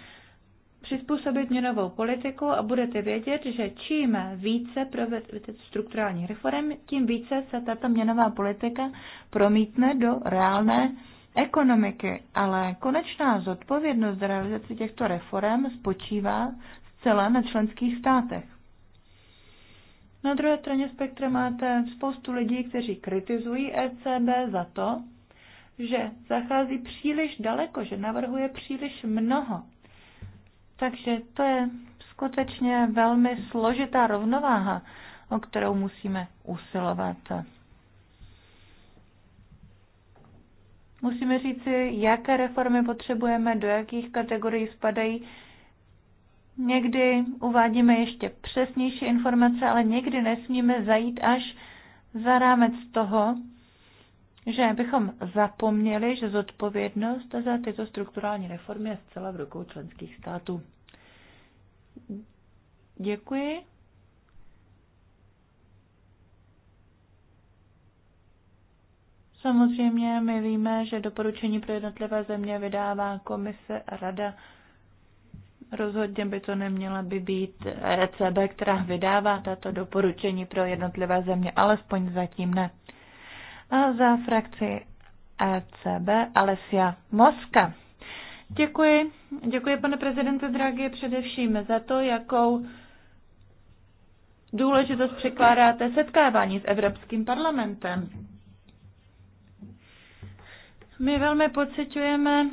B: přizpůsobit měnovou politiku a budete vědět, že čím více provedete strukturální reform, tím více se tato měnová politika promítne do reálné ekonomiky. Ale konečná zodpovědnost za realizaci těchto reform spočívá zcela na členských státech. Na druhé straně spektra máte spoustu lidí, kteří kritizují ECB za to, že zachází příliš daleko, že navrhuje příliš mnoho takže to je skutečně velmi složitá rovnováha, o kterou musíme usilovat. Musíme říci, jaké reformy potřebujeme, do jakých kategorií spadají. Někdy uvádíme ještě přesnější informace, ale někdy nesmíme zajít až za rámec toho, že bychom zapomněli, že zodpovědnost za tyto strukturální reformy je zcela v rukou členských států. Děkuji. Samozřejmě my víme, že doporučení pro jednotlivé země vydává komise a rada. Rozhodně by to neměla by být ECB, která vydává tato doporučení pro jednotlivé země, alespoň zatím ne. A za frakci ECB Alessia Moska. Děkuji. Děkuji, pane prezidente Draghi, především za to, jakou důležitost překládáte setkávání s Evropským parlamentem. My velmi pocitujeme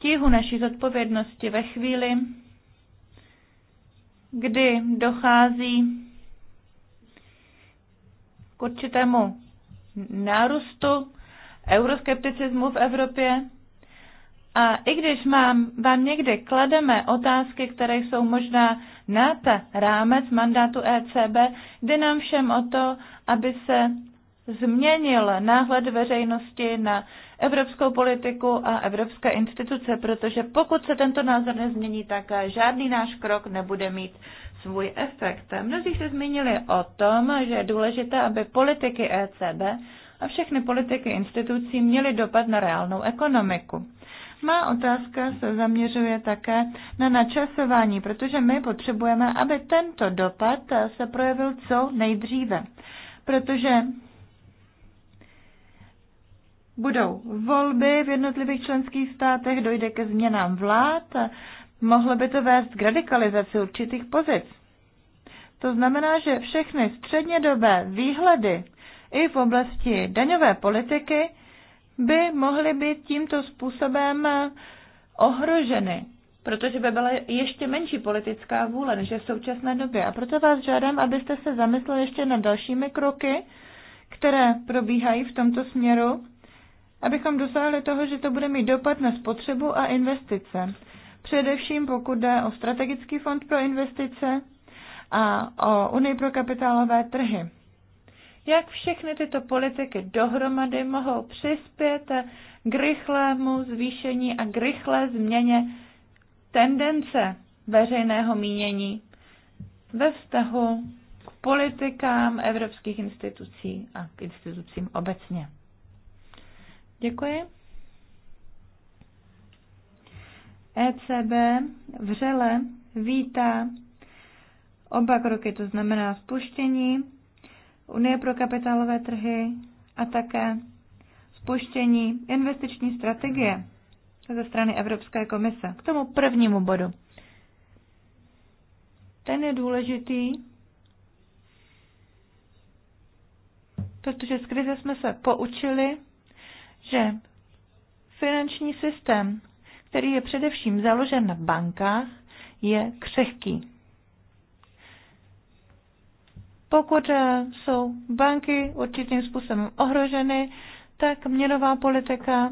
B: tíhu naší zodpovědnosti ve chvíli, kdy dochází k určitému nárůstu euroskepticismu v Evropě. A i když mám, vám někdy klademe otázky, které jsou možná nad rámec mandátu ECB, jde nám všem o to, aby se změnil náhled veřejnosti na evropskou politiku a evropské instituce, protože pokud se tento názor nezmění, tak žádný náš krok nebude mít svůj efekt. Mnozí se zmínili o tom, že je důležité, aby politiky ECB a všechny politiky institucí měly dopad na reálnou ekonomiku. Má otázka se zaměřuje také na načasování, protože my potřebujeme, aby tento dopad se projevil co nejdříve, protože budou volby v jednotlivých členských státech, dojde ke změnám vlád, Mohlo by to vést k radikalizaci určitých pozic. To znamená, že všechny střednědobé výhledy i v oblasti daňové politiky by mohly být tímto způsobem ohroženy, protože by byla ještě menší politická vůle než je v současné době. A proto vás žádám, abyste se zamysleli ještě nad dalšími kroky, které probíhají v tomto směru, abychom dosáhli toho, že to bude mít dopad na spotřebu a investice především pokud jde o strategický fond pro investice a o Unii pro kapitálové trhy. Jak všechny tyto politiky dohromady mohou přispět k rychlému zvýšení a k rychlé změně tendence veřejného mínění ve vztahu k politikám evropských institucí a k institucím obecně. Děkuji. ECB vřele vítá oba kroky, to znamená spuštění Unie pro kapitálové trhy a také spuštění investiční strategie ze strany Evropské komise. K tomu prvnímu bodu. Ten je důležitý, protože z krize jsme se poučili, že finanční systém který je především založen na bankách, je křehký. Pokud eh, jsou banky určitým způsobem ohroženy, tak měnová politika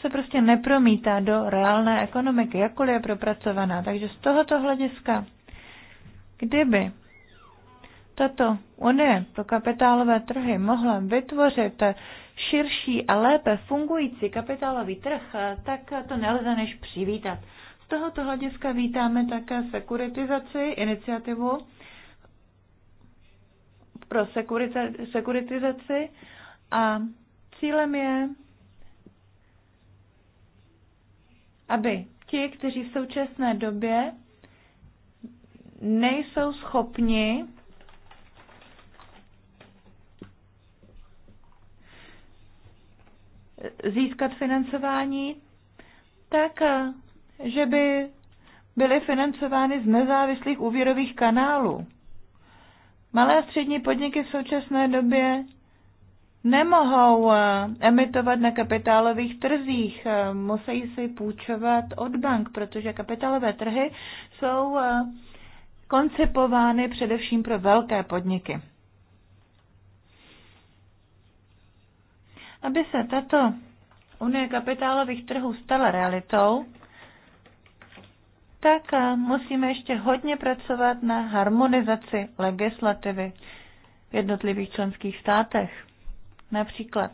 B: se prostě nepromítá do reálné ekonomiky, jakkoliv je propracovaná. Takže z tohoto hlediska, kdyby tato unie pro kapitálové trhy mohla vytvořit širší a lépe fungující kapitálový trh, tak to nelze než přivítat. Z tohoto hlediska vítáme také sekuritizaci, iniciativu pro sekuritizaci a cílem je, aby ti, kteří v současné době nejsou schopni získat financování, tak eh, že by byly financovány z nezávislých úvěrových kanálů. Malé a střední podniky v současné době nemohou eh, emitovat na kapitálových trzích, eh, musí si půjčovat od bank, protože kapitálové trhy jsou koncipovány především pro velké podniky. Aby se tato unie kapitálových trhů stala realitou, tak eh, musíme ještě hodně pracovat na harmonizaci legislativy v jednotlivých členských státech. Například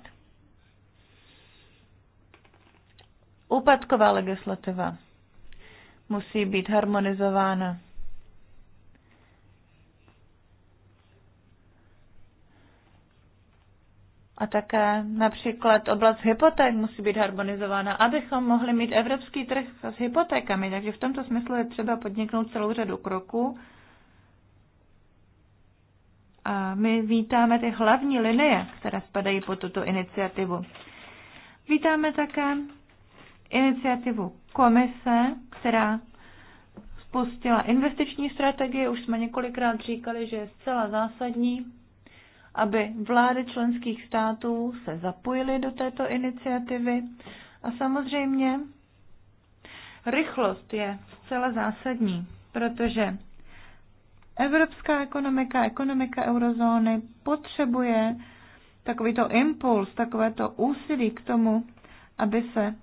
B: úpadková legislativa musí být harmonizována. A také například oblast hypoték musí být harmonizována, abychom mohli mít evropský trh s hypotékami. Takže v tomto smyslu je třeba podniknout celou řadu kroků. A my vítáme ty hlavní linie, které spadají pod tuto iniciativu. Vítáme také iniciativu komise, která spustila investiční strategii. Už jsme několikrát říkali, že je zcela zásadní aby vlády členských států se zapojily do této iniciativy. A samozřejmě rychlost je zcela zásadní, protože evropská ekonomika, ekonomika eurozóny potřebuje takovýto impuls, takovéto úsilí k tomu, aby se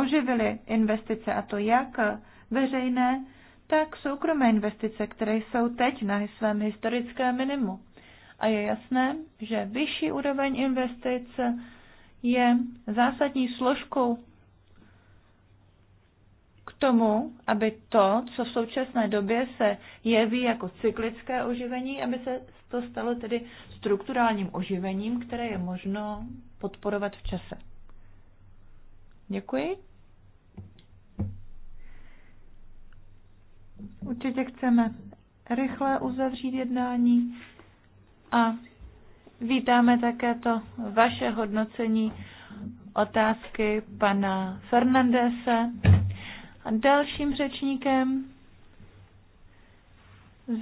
B: oživily investice, a to jak veřejné, tak soukromé investice, které jsou teď na svém historickém minimu. A je jasné, že vyšší úroveň investic je zásadní složkou k tomu, aby to, co v současné době se jeví jako cyklické oživení, aby se to stalo tedy strukturálním oživením, které je možno podporovat v čase. Děkuji. Určitě chceme rychle uzavřít jednání. A vítáme také to vaše hodnocení otázky pana Fernandese. A dalším řečníkem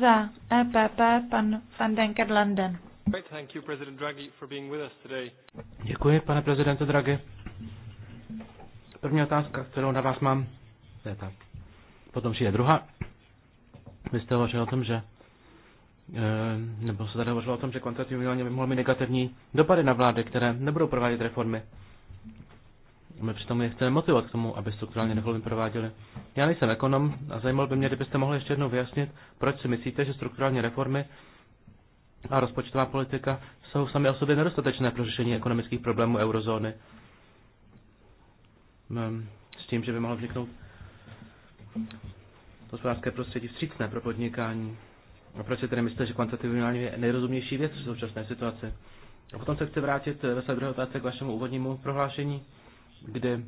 B: za EPP pan van Landen.
C: Děkuji, pane prezidente Draghi. První otázka, kterou na vás mám, je ta. Potom přijde druhá. Vy jste hovořil o tom, že Eh, nebo se tady hovořilo o tom, že kvantitativní uvolnění by mohlo mít negativní dopady na vlády, které nebudou provádět reformy. My přitom je chceme motivovat k tomu, aby strukturálně reformy prováděly. Já nejsem ekonom a zajímal by mě, kdybyste mohli ještě jednou vyjasnit, proč si myslíte, že strukturální reformy a rozpočtová politika jsou sami o sobě nedostatečné pro řešení ekonomických problémů eurozóny. Ehm, s tím, že by mohlo vzniknout hospodářské prostředí vstřícné pro podnikání. A proč si tedy myslíte, že kvantitativní je nejrozumější věc v současné situaci? A potom se chci vrátit eh, ve své druhé otázce k vašemu úvodnímu prohlášení, kdy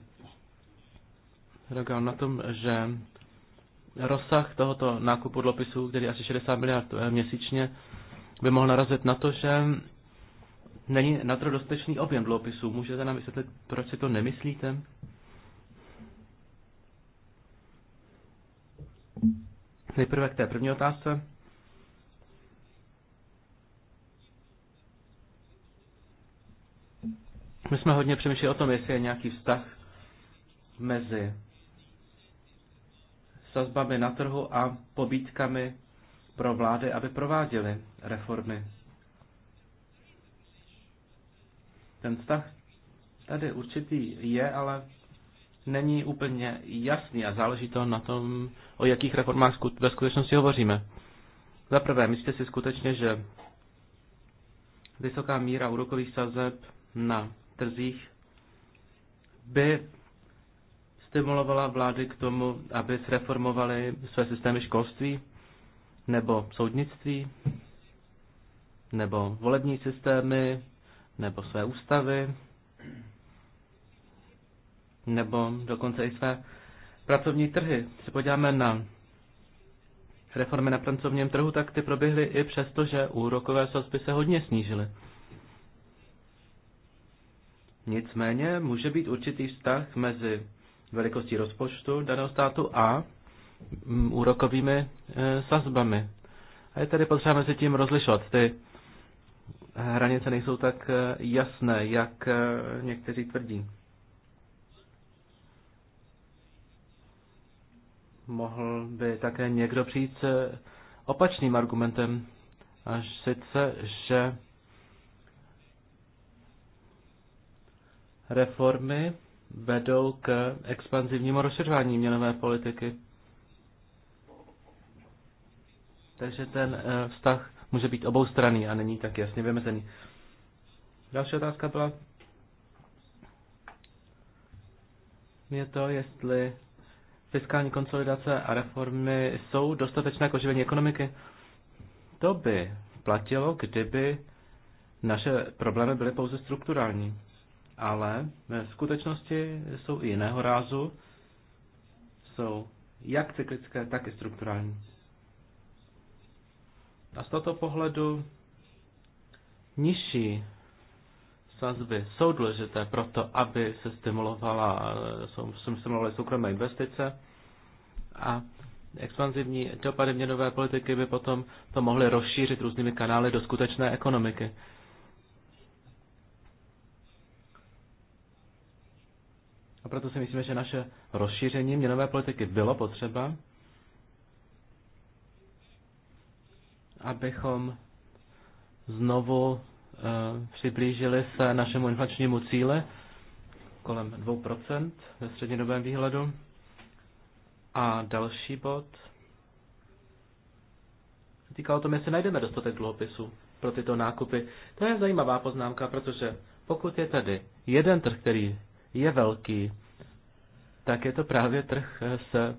C: reagoval na tom, že rozsah tohoto nákupu dluhopisů, který asi 60 miliard eh, měsíčně, by mohl narazit na to, že není na to dostatečný objem dlopisů. Můžete nám vysvětlit, proč si to nemyslíte? Nejprve k té první otázce. My jsme hodně přemýšleli o tom, jestli je nějaký vztah mezi sazbami na trhu a pobítkami pro vlády, aby prováděly reformy. Ten vztah tady určitý je, ale není úplně jasný a záleží to na tom, o jakých reformách ve skutečnosti hovoříme. Za prvé, myslíte si skutečně, že vysoká míra úrokových sazeb na trzích by stimulovala vlády k tomu, aby zreformovaly své systémy školství nebo soudnictví nebo volební systémy nebo své ústavy nebo dokonce i své pracovní trhy. Když se podíváme na reformy na pracovním trhu, tak ty proběhly i přesto, že úrokové sazby se hodně snížily. Nicméně může být určitý vztah mezi velikostí rozpočtu daného státu a mm, úrokovými e, sazbami. A je tedy potřeba mezi tím rozlišovat. Ty hranice nejsou tak e, jasné, jak e, někteří tvrdí. Mohl by také někdo přijít s opačným argumentem, až sice, že reformy vedou k expanzivnímu rozšiřování měnové politiky. Takže ten eh, vztah může být oboustranný a není tak jasně vymezený. Další otázka byla je to, jestli fiskální konsolidace a reformy jsou dostatečné k oživení ekonomiky. To by platilo, kdyby naše problémy byly pouze strukturální ale ve skutečnosti jsou i jiného rázu, jsou jak cyklické, tak i strukturální. A z tohoto pohledu nižší sazby jsou důležité pro to, aby se stimulovala, jsou stimulovaly soukromé investice a expanzivní dopady měnové politiky by potom to mohly rozšířit různými kanály do skutečné ekonomiky. proto si myslíme, že naše rozšíření měnové politiky bylo potřeba, abychom znovu e, přiblížili se našemu inflačnímu cíle kolem 2% ve střednědobém výhledu. A další bod týká o tom, jestli najdeme dostatek dluhopisů pro tyto nákupy. To je zajímavá poznámka, protože pokud je tady jeden trh, který je velký, tak je to právě trh s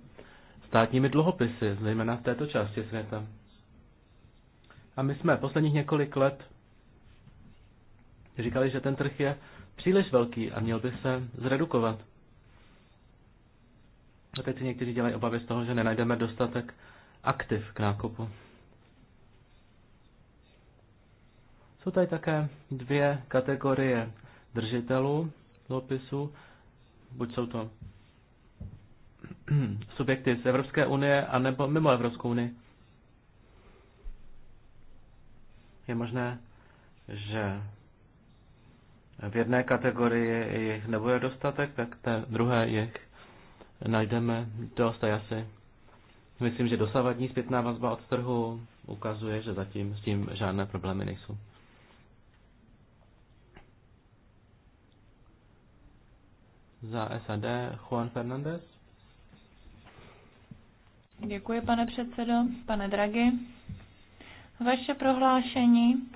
C: státními dluhopisy, zejména v této části světa. A my jsme posledních několik let říkali, že ten trh je příliš velký a měl by se zredukovat. A teď si někteří dělají obavy z toho, že nenajdeme dostatek aktiv k nákupu. Jsou tady také dvě kategorie držitelů dopisu, Buď jsou to <clears throat> subjekty z Evropské unie, anebo mimo Evropskou unii. Je možné, že v jedné kategorii jich nebude dostatek, tak té druhé jich najdeme dost. A já si myslím, že dosavadní zpětná vazba od trhu ukazuje, že zatím s tím žádné problémy nejsou. Za SAD Juan Fernandez.
B: Děkuji, pane předsedo, pane Dragi. Vaše prohlášení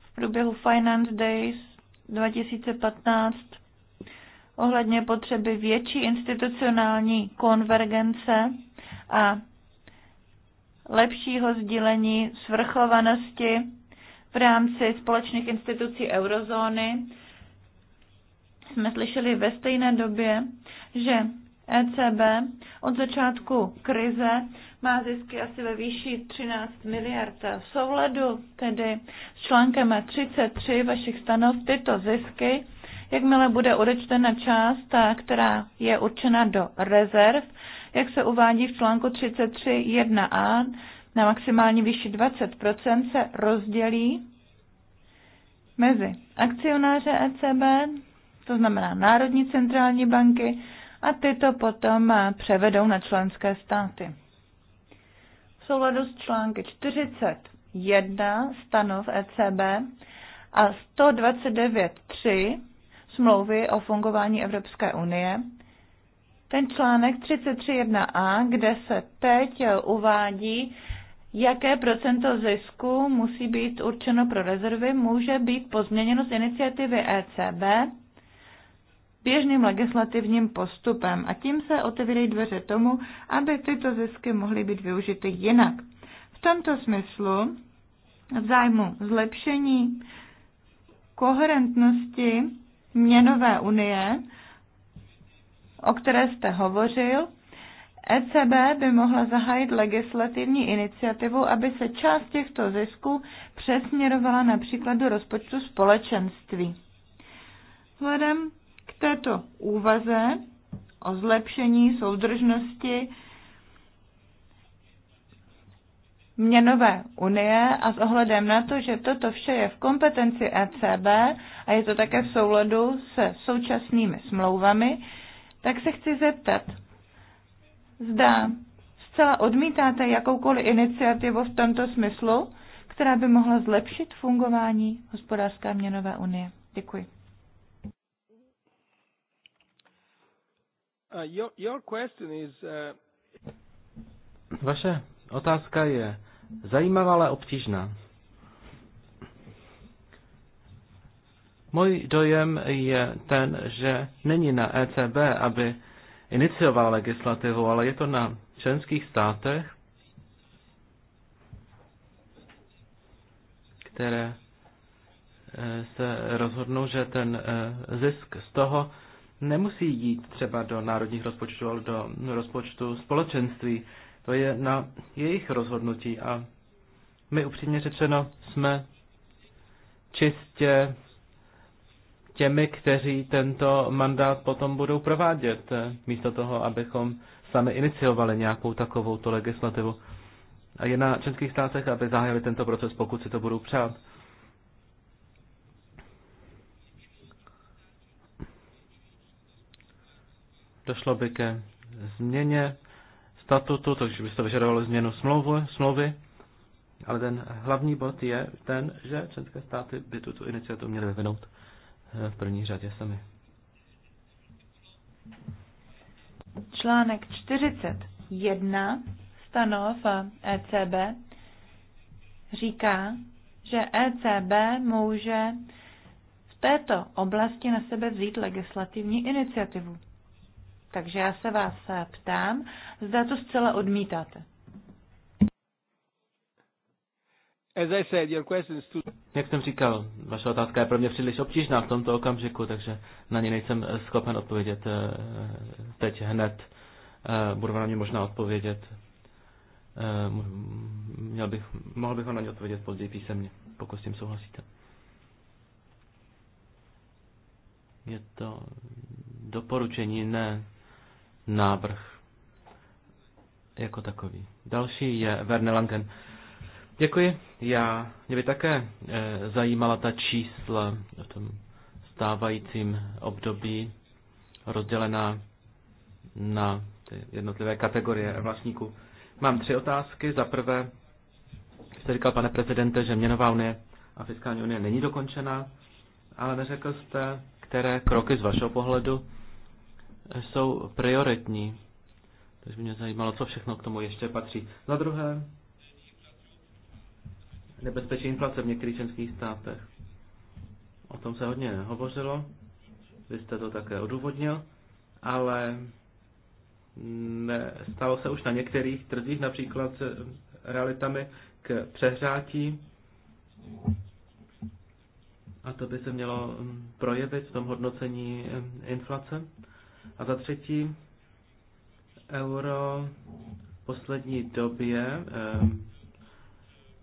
B: v průběhu Finance Days 2015 ohledně potřeby větší institucionální konvergence a lepšího sdílení svrchovanosti v rámci společných institucí eurozóny jsme slyšeli ve stejné době, že ECB od začátku krize má zisky asi ve výši 13 miliard. V souladu tedy s článkem 33 vašich stanov tyto zisky, jakmile bude odečtena část, která je určena do rezerv, jak se uvádí v článku 33.1a, na maximální výši 20% se rozdělí mezi akcionáře ECB, to znamená Národní centrální banky, a ty to potom eh, převedou na členské státy. V souladu s články 41 stanov ECB a 129.3 smlouvy o fungování Evropské unie, ten článek 33.1a, kde se teď uvádí, jaké procento zisku musí být určeno pro rezervy, může být pozměněno z iniciativy ECB běžným legislativním postupem a tím se otevírají dveře tomu, aby tyto zisky mohly být využity jinak. V tomto smyslu v zájmu zlepšení koherentnosti měnové unie, o které jste hovořil, ECB by mohla zahájit legislativní iniciativu, aby se část těchto zisků přesměrovala například do rozpočtu společenství. Vzhledem této úvaze o zlepšení soudržnosti měnové unie a s ohledem na to, že toto vše je v kompetenci ECB a je to také v souladu se současnými smlouvami, tak se chci zeptat, zda zcela odmítáte jakoukoliv iniciativu v tomto smyslu, která by mohla zlepšit fungování hospodářské měnové unie. Děkuji.
A: Uh, uh,
C: Vaše otázka je zajímavá, ale obtížná. Můj dojem je ten, že není na ECB, aby iniciovala legislativu, ale je to na členských státech, které eh, se rozhodnou, že ten eh, zisk z toho nemusí jít třeba do národních rozpočtů, ale do rozpočtu společenství. To je na jejich rozhodnutí a my upřímně řečeno jsme čistě těmi, kteří tento mandát potom budou provádět, místo toho, abychom sami iniciovali nějakou takovou legislativu. A je na českých státech, aby zahájili tento proces, pokud si to budou přát. došlo by ke změně statutu, takže by se vyžadovalo změnu smlouvy, smlouvy, ale ten hlavní bod je ten, že členské státy by tuto iniciativu měly vyvinout eh, v první řadě sami.
B: Článek 41 stanov ECB eh, e říká, že ECB může v této oblasti na sebe vzít legislativní iniciativu. Takže já se vás ptám, zda to zcela odmítáte.
C: Jak jsem říkal, vaše otázka je pro mě příliš obtížná v tomto okamžiku, takže na ně nejsem schopen odpovědět eh, teď hned. Eh, Budu na ně možná odpovědět. Eh, měl bych, mohl bych vám na ně odpovědět později písemně, pokud s tím souhlasíte. Je to doporučení, ne návrh jako takový. Další je Verne Langen. Děkuji. Já, mě by také e, zajímala ta čísla v tom stávajícím období rozdělená na ty jednotlivé kategorie vlastníků. Mám tři otázky. Za prvé, jste říkal, pane prezidente, že měnová unie a fiskální unie není dokončená, ale neřekl jste, které kroky z vašeho pohledu jsou prioritní. Takže by mě zajímalo, co všechno k tomu ještě patří. Za druhé, nebezpečí inflace v některých členských státech. O tom se hodně hovořilo, vy jste to také odůvodnil, ale ne, stalo se už na některých trzích například realitami k přehrátí a to by se mělo projevit v tom hodnocení inflace. A za třetí, euro v poslední době eh,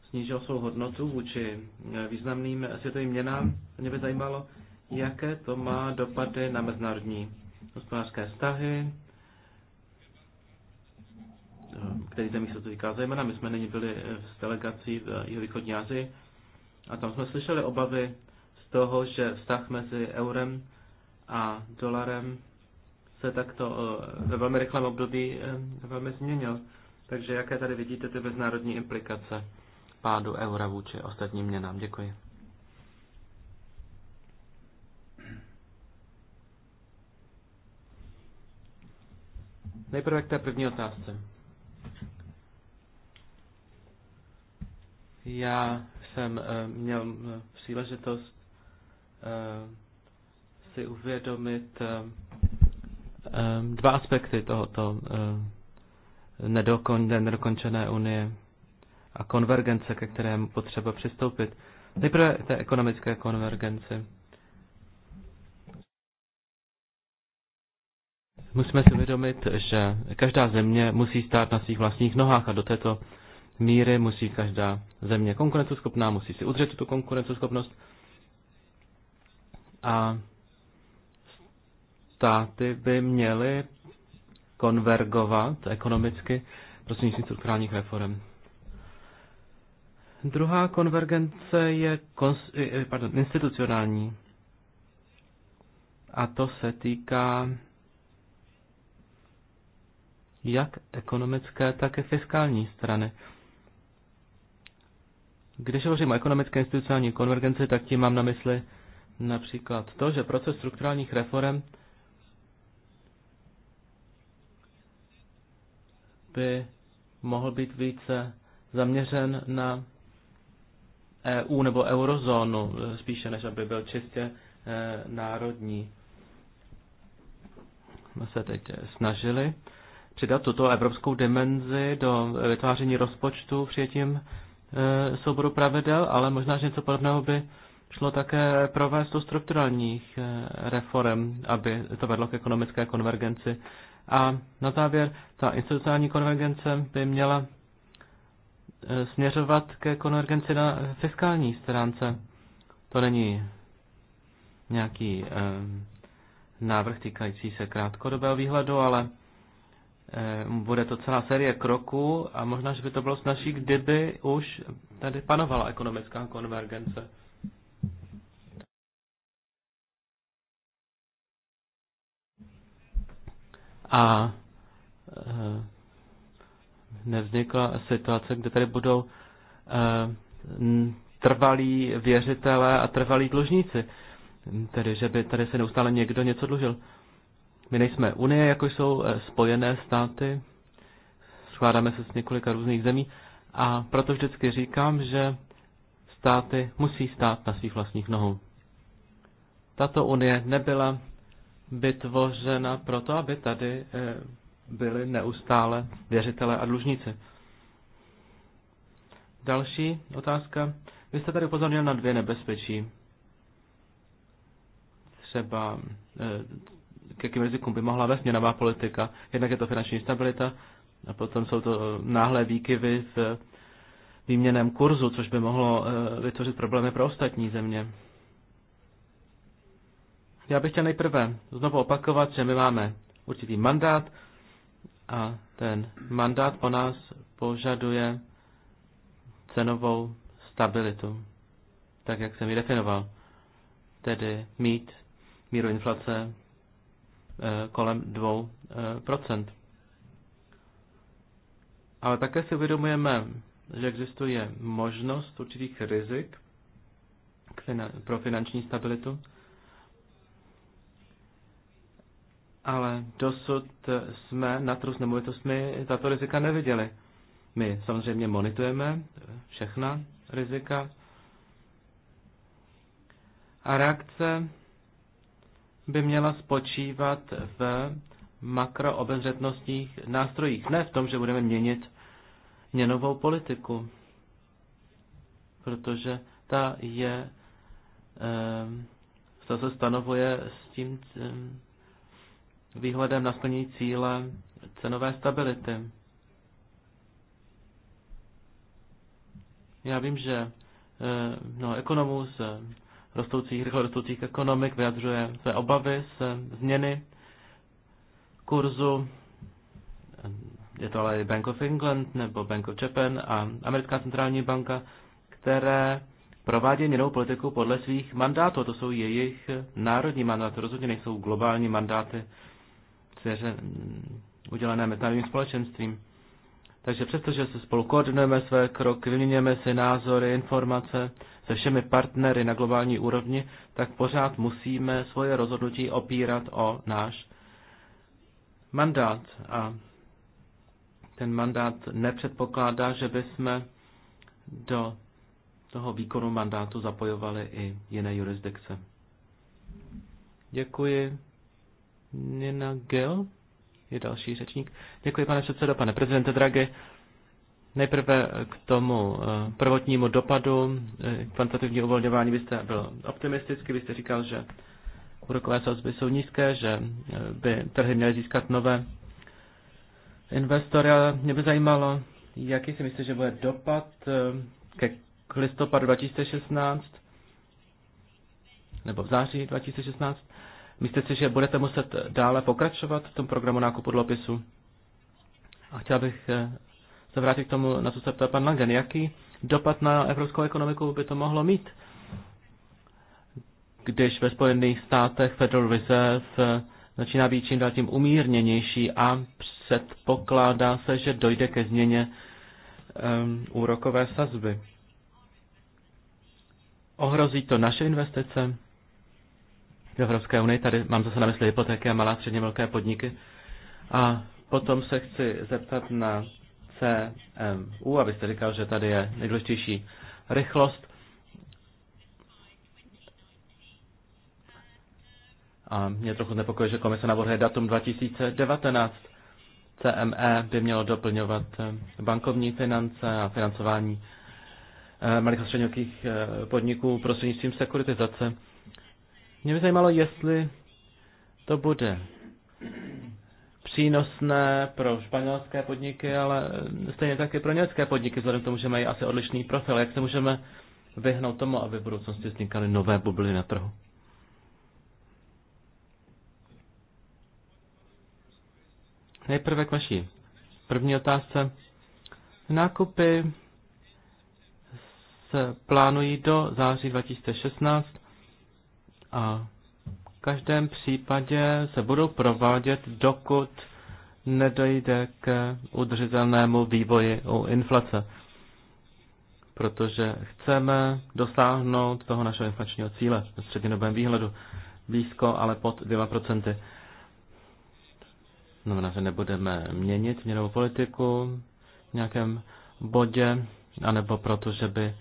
C: snížil svou hodnotu vůči eh, významným světovým měnám. Mě by zajímalo, jaké to má dopady na mezinárodní hospodářské vztahy, eh, který zemí se to týká zejména. My jsme nyní byli s delegací v jihovýchodní Asii a tam jsme slyšeli obavy z toho, že vztah mezi eurem a dolarem se takto eh, ve velmi rychlém období eh, velmi změnil. Takže jaké tady vidíte ty mezinárodní implikace pádu eura vůči ostatním měnám? Děkuji. Nejprve k té první otázce. Já jsem eh, měl příležitost si uvědomit Ehm, dva aspekty tohoto ehm, nedokončené unie a konvergence, ke kterému potřeba přistoupit. Nejprve té ekonomické konvergenci. Musíme si uvědomit, že každá země musí stát na svých vlastních nohách a do této míry musí každá země konkurenceschopná, musí si udržet tu konkurenceschopnost. A státy by měly konvergovat ekonomicky prostřednictvím strukturálních reform. Druhá konvergence je kons, pardon, institucionální. A to se týká jak ekonomické, tak i fiskální strany. Když hovořím o ekonomické institucionální konvergenci, tak tím mám na mysli například to, že proces strukturálních reform by mohl být více zaměřen na EU nebo eurozónu, spíše než aby byl čistě eh, národní. My se teď snažili přidat tuto evropskou dimenzi do vytváření rozpočtu přijetím eh, souboru pravidel, ale možná, že něco podobného by šlo také provést do strukturálních eh, reform, aby to vedlo k ekonomické konvergenci a na závěr, ta institucionální konvergence by měla e, směřovat ke konvergenci na fiskální stránce. To není nějaký eh, návrh týkající se krátkodobého výhledu, ale eh, bude to celá série kroků a možná, že by to bylo snažší, kdyby už tady panovala ekonomická konvergence. a eh, nevznikla situace, kde tady budou eh, trvalí věřitelé a trvalí dlužníci. Tedy, že by tady se neustále někdo něco dlužil. My nejsme Unie, jako jsou eh, spojené státy, skládáme se z několika různých zemí a proto vždycky říkám, že státy musí stát na svých vlastních nohou. Tato unie nebyla vytvořena proto, aby tady eh, byli neustále věřitelé a dlužníci. Další otázka. Vy jste tady upozornil na dvě nebezpečí. Třeba eh, k jakým rizikům by mohla vést měnová politika. Jednak je to finanční stabilita a potom jsou to eh, náhlé výkyvy v výměném kurzu, což by mohlo vytvořit problémy pro ostatní země. Já bych chtěl nejprve znovu opakovat, že my máme určitý mandát a ten mandát po nás požaduje cenovou stabilitu, tak jak jsem ji definoval, tedy mít míru inflace eh, kolem 2%. Eh, Ale také si uvědomujeme, že existuje možnost určitých rizik pro finanční stabilitu ale dosud jsme na trhu s nemovitostmi tato rizika neviděli. My samozřejmě monitorujeme všechna rizika a reakce by měla spočívat v makroobezřetnostních nástrojích, ne v tom, že budeme měnit měnovou politiku, protože ta je, eh, co se stanovuje s tím eh, výhledem na splnění cíle cenové stability. Já vím, že no, ekonomů z rostoucích, rychle rostoucích ekonomik vyjadřuje své obavy z změny kurzu. Je to ale i Bank of England nebo Bank of Japan a Americká centrální banka, které provádějí měnou politiku podle svých mandátů. To jsou jejich národní mandáty, rozhodně nejsou globální mandáty svěře, mm, udělené mezinárodním společenstvím. Takže přestože se spolu koordinujeme své kroky, vyměňujeme si názory, informace se všemi partnery na globální úrovni, tak pořád musíme svoje rozhodnutí opírat o náš mandát. A ten mandát nepředpokládá, že bychom do toho výkonu mandátu zapojovali i jiné jurisdikce. Děkuji. Nina Gil je další řečník. Děkuji, pane předsedo, pane prezidente Draghi. Nejprve k tomu eh, prvotnímu dopadu eh, kvantitativní uvolňování. Vy jste byl optimistický, vy jste říkal, že úrokové sazby jsou nízké, že eh, by trhy měly získat nové investory. Ale mě by zajímalo, jaký si myslíte, že bude dopad ke listopadu 2016 nebo v září 2016 Myslíte si, že budete muset dále pokračovat v tom programu nákupu dlopisu? A chtěl bych eh, se vrátit k tomu, na co se ptal pan Langen. Jaký dopad na evropskou ekonomiku by to mohlo mít, když ve Spojených státech Federal Reserve eh, začíná být čím dál tím umírněnější a předpokládá se, že dojde ke změně um, úrokové sazby. Ohrozí to naše investice? v Evropské unii. Tady mám zase na mysli hypotéky a malá středně velké podniky. A potom se chci zeptat na CMU, abyste říkal, že tady je nejdůležitější rychlost. A mě trochu nepokojí, že komise navrhuje datum 2019. CME by mělo doplňovat eh, bankovní finance a financování eh, malých a středních eh, podniků prostřednictvím sekuritizace. Mě by zajímalo, jestli to bude přínosné pro španělské podniky, ale stejně také pro německé podniky, vzhledem k tomu, že mají asi odlišný profil. Jak se můžeme vyhnout tomu, aby v budoucnosti vznikaly nové bubliny na trhu? Nejprve k vaší první otázce. Nákupy se plánují do září 2016. A v každém případě se budou provádět, dokud nedojde k udržitelnému vývoji u inflace. Protože chceme dosáhnout toho našeho inflačního cíle v střednědobém výhledu blízko, ale pod 2%. Znamená, že nebudeme měnit měnovou politiku v nějakém bodě, anebo proto, že by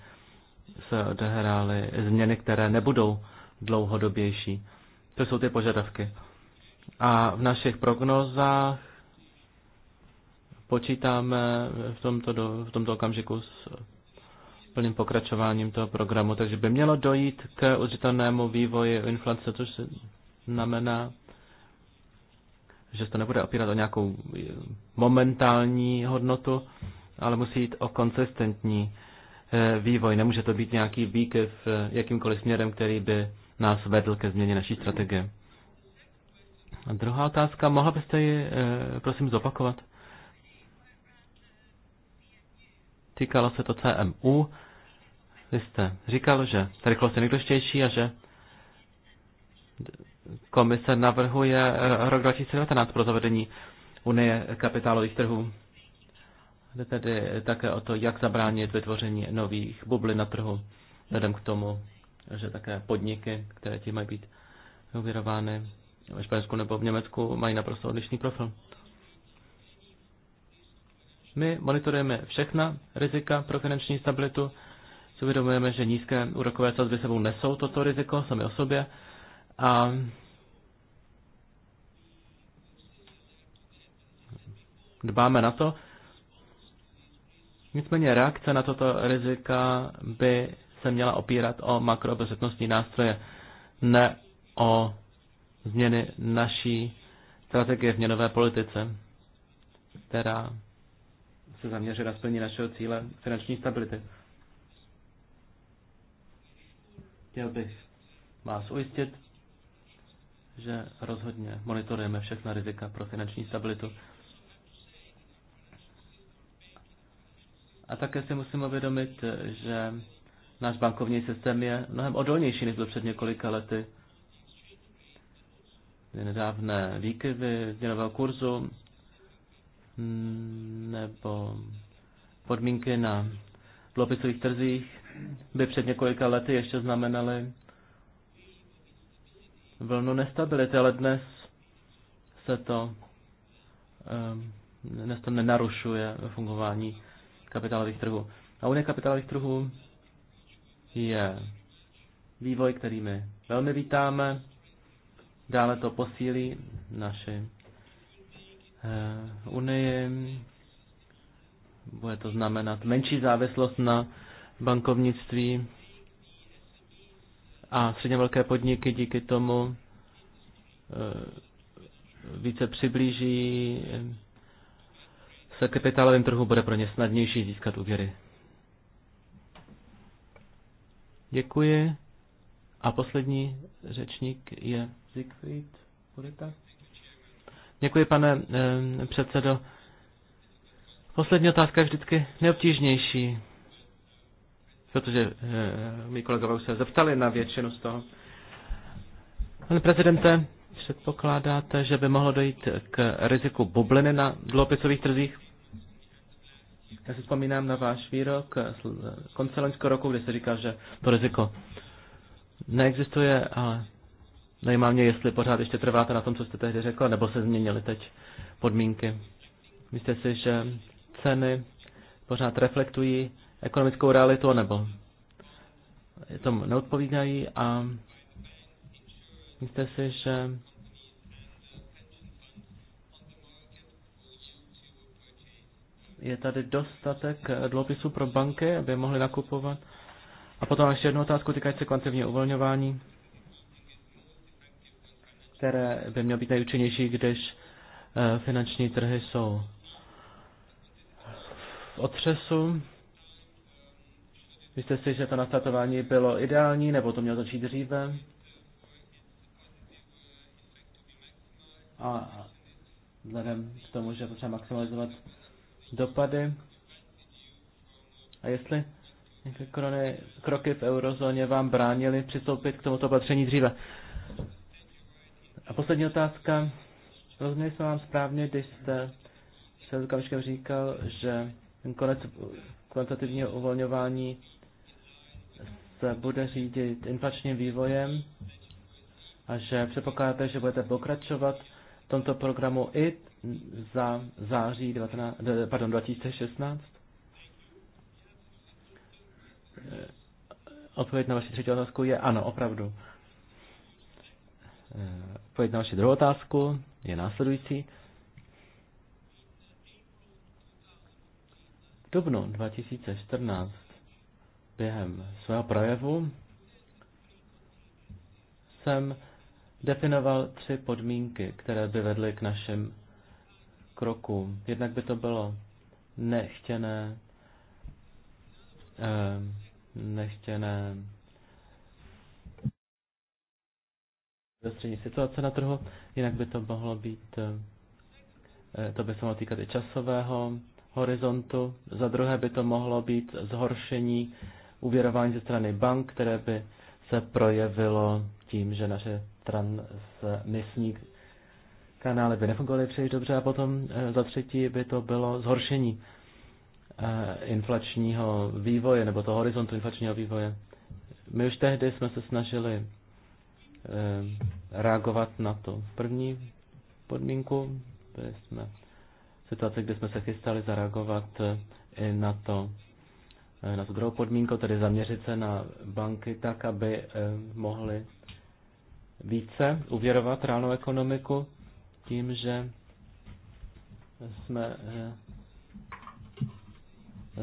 C: se odehrály změny, které nebudou dlouhodobější. To jsou ty požadavky. A v našich prognozách počítáme v tomto, do, v tomto okamžiku s plným pokračováním toho programu, takže by mělo dojít k udržitelnému vývoji inflace, což znamená, že se to nebude opírat o nějakou momentální hodnotu, ale musí jít o konsistentní eh, vývoj. Nemůže to být nějaký výkyv eh, jakýmkoliv směrem, který by nás vedl ke změně naší strategie. A druhá otázka, mohla byste ji, eh, prosím, zopakovat? Týkalo se to CMU. Vy jste říkal, že rychlost je nejdůležitější a že komise navrhuje eh, rok 2019 pro zavedení Unie kapitálových trhů. Jde tedy také o to, jak zabránit vytvoření nových bublin na trhu, vzhledem k tomu, že také podniky, které ti mají být uvěrovány ve Španělsku nebo v Německu, mají naprosto odlišný profil. My monitorujeme všechna rizika pro finanční stabilitu, si uvědomujeme, že nízké úrokové sazby sebou nesou toto riziko sami o sobě a dbáme na to. Nicméně reakce na toto rizika by se měla opírat o makroobezřetnostní nástroje, ne o změny naší strategie v měnové politice, která se zaměřuje na splnění našeho cíle finanční stability. Chtěl bych vás ujistit, že rozhodně monitorujeme všechna rizika pro finanční stabilitu. A také si musím uvědomit, že náš bankovní systém je mnohem odolnější, než byl před několika lety. Nedávné výkyvy měnového kurzu mm, nebo podmínky na dlopisových trzích by před několika lety ještě znamenaly vlnu nestability, ale dnes se to ehm, dnes to nenarušuje fungování kapitálových trhů. A unie kapitálových trhů je vývoj, který my velmi vítáme. Dále to posílí naši eh, unii. Bude to znamenat menší závislost na bankovnictví a středně velké podniky díky tomu eh, více přiblíží se kapitálovým trhu, bude pro ně snadnější získat úvěry. Děkuji. A poslední řečník je Siegfried Purita. Děkuji, pane eh, předsedo. Poslední otázka je vždycky neobtížnější, protože eh, mý kolegové už se zeptali na většinu z toho. Pane prezidente, předpokládáte, že by mohlo dojít k riziku bubliny na dlouhopisových trzích? Já si vzpomínám na váš výrok z konce loňského roku, kde se říká, že to riziko neexistuje, ale zajímá mě, jestli pořád ještě trváte na tom, co jste tehdy řekl, nebo se změnily teď podmínky. Myslíte si, že ceny pořád reflektují ekonomickou realitu, nebo tomu neodpovídají a myslíte si, že je tady dostatek eh, dluhopisů pro banky, aby mohly nakupovat. A potom ještě jednu otázku týkající se kvantivního uvolňování, které by mělo být nejúčinnější, když eh, finanční trhy jsou v otřesu. Myslíte si, že to nastartování bylo ideální, nebo to mělo začít dříve? A vzhledem k tomu, že potřeba maximalizovat dopady a jestli nějaké krony, kroky v eurozóně vám bránily přistoupit k tomuto opatření dříve. A poslední otázka. Rozuměli jsme vám správně, když jste před okamžikem říkal, že ten konec kvantitativního uvolňování se bude řídit inflačním vývojem a že předpokládáte, že budete pokračovat tomto programu i za září 19, pardon, 2016. Eh, odpověď na vaši třetí otázku je ano, opravdu. Eh, odpověď na vaši druhou otázku je následující. V dubnu 2014 během svého projevu jsem definoval tři podmínky, které by vedly k našim krokům. Jednak by to bylo nechtěné, eh, nechtěné zastření situace na trhu, jinak by to mohlo být, eh, eh, to by se mohlo týkat i časového horizontu, za druhé by to mohlo být zhoršení uvěrování ze strany bank, které by se projevilo tím, že naše transmisní kanály by nefungovaly příliš dobře a potom eh, za třetí by to bylo zhoršení eh, inflačního vývoje nebo toho horizontu inflačního vývoje. My už tehdy jsme se snažili eh, reagovat na to. První podmínku byli jsme situace, kde jsme se chystali zareagovat i na to, na tu druhou podmínku, tedy zaměřit se na banky tak, aby mohly více uvěrovat reálnou ekonomiku tím, že jsme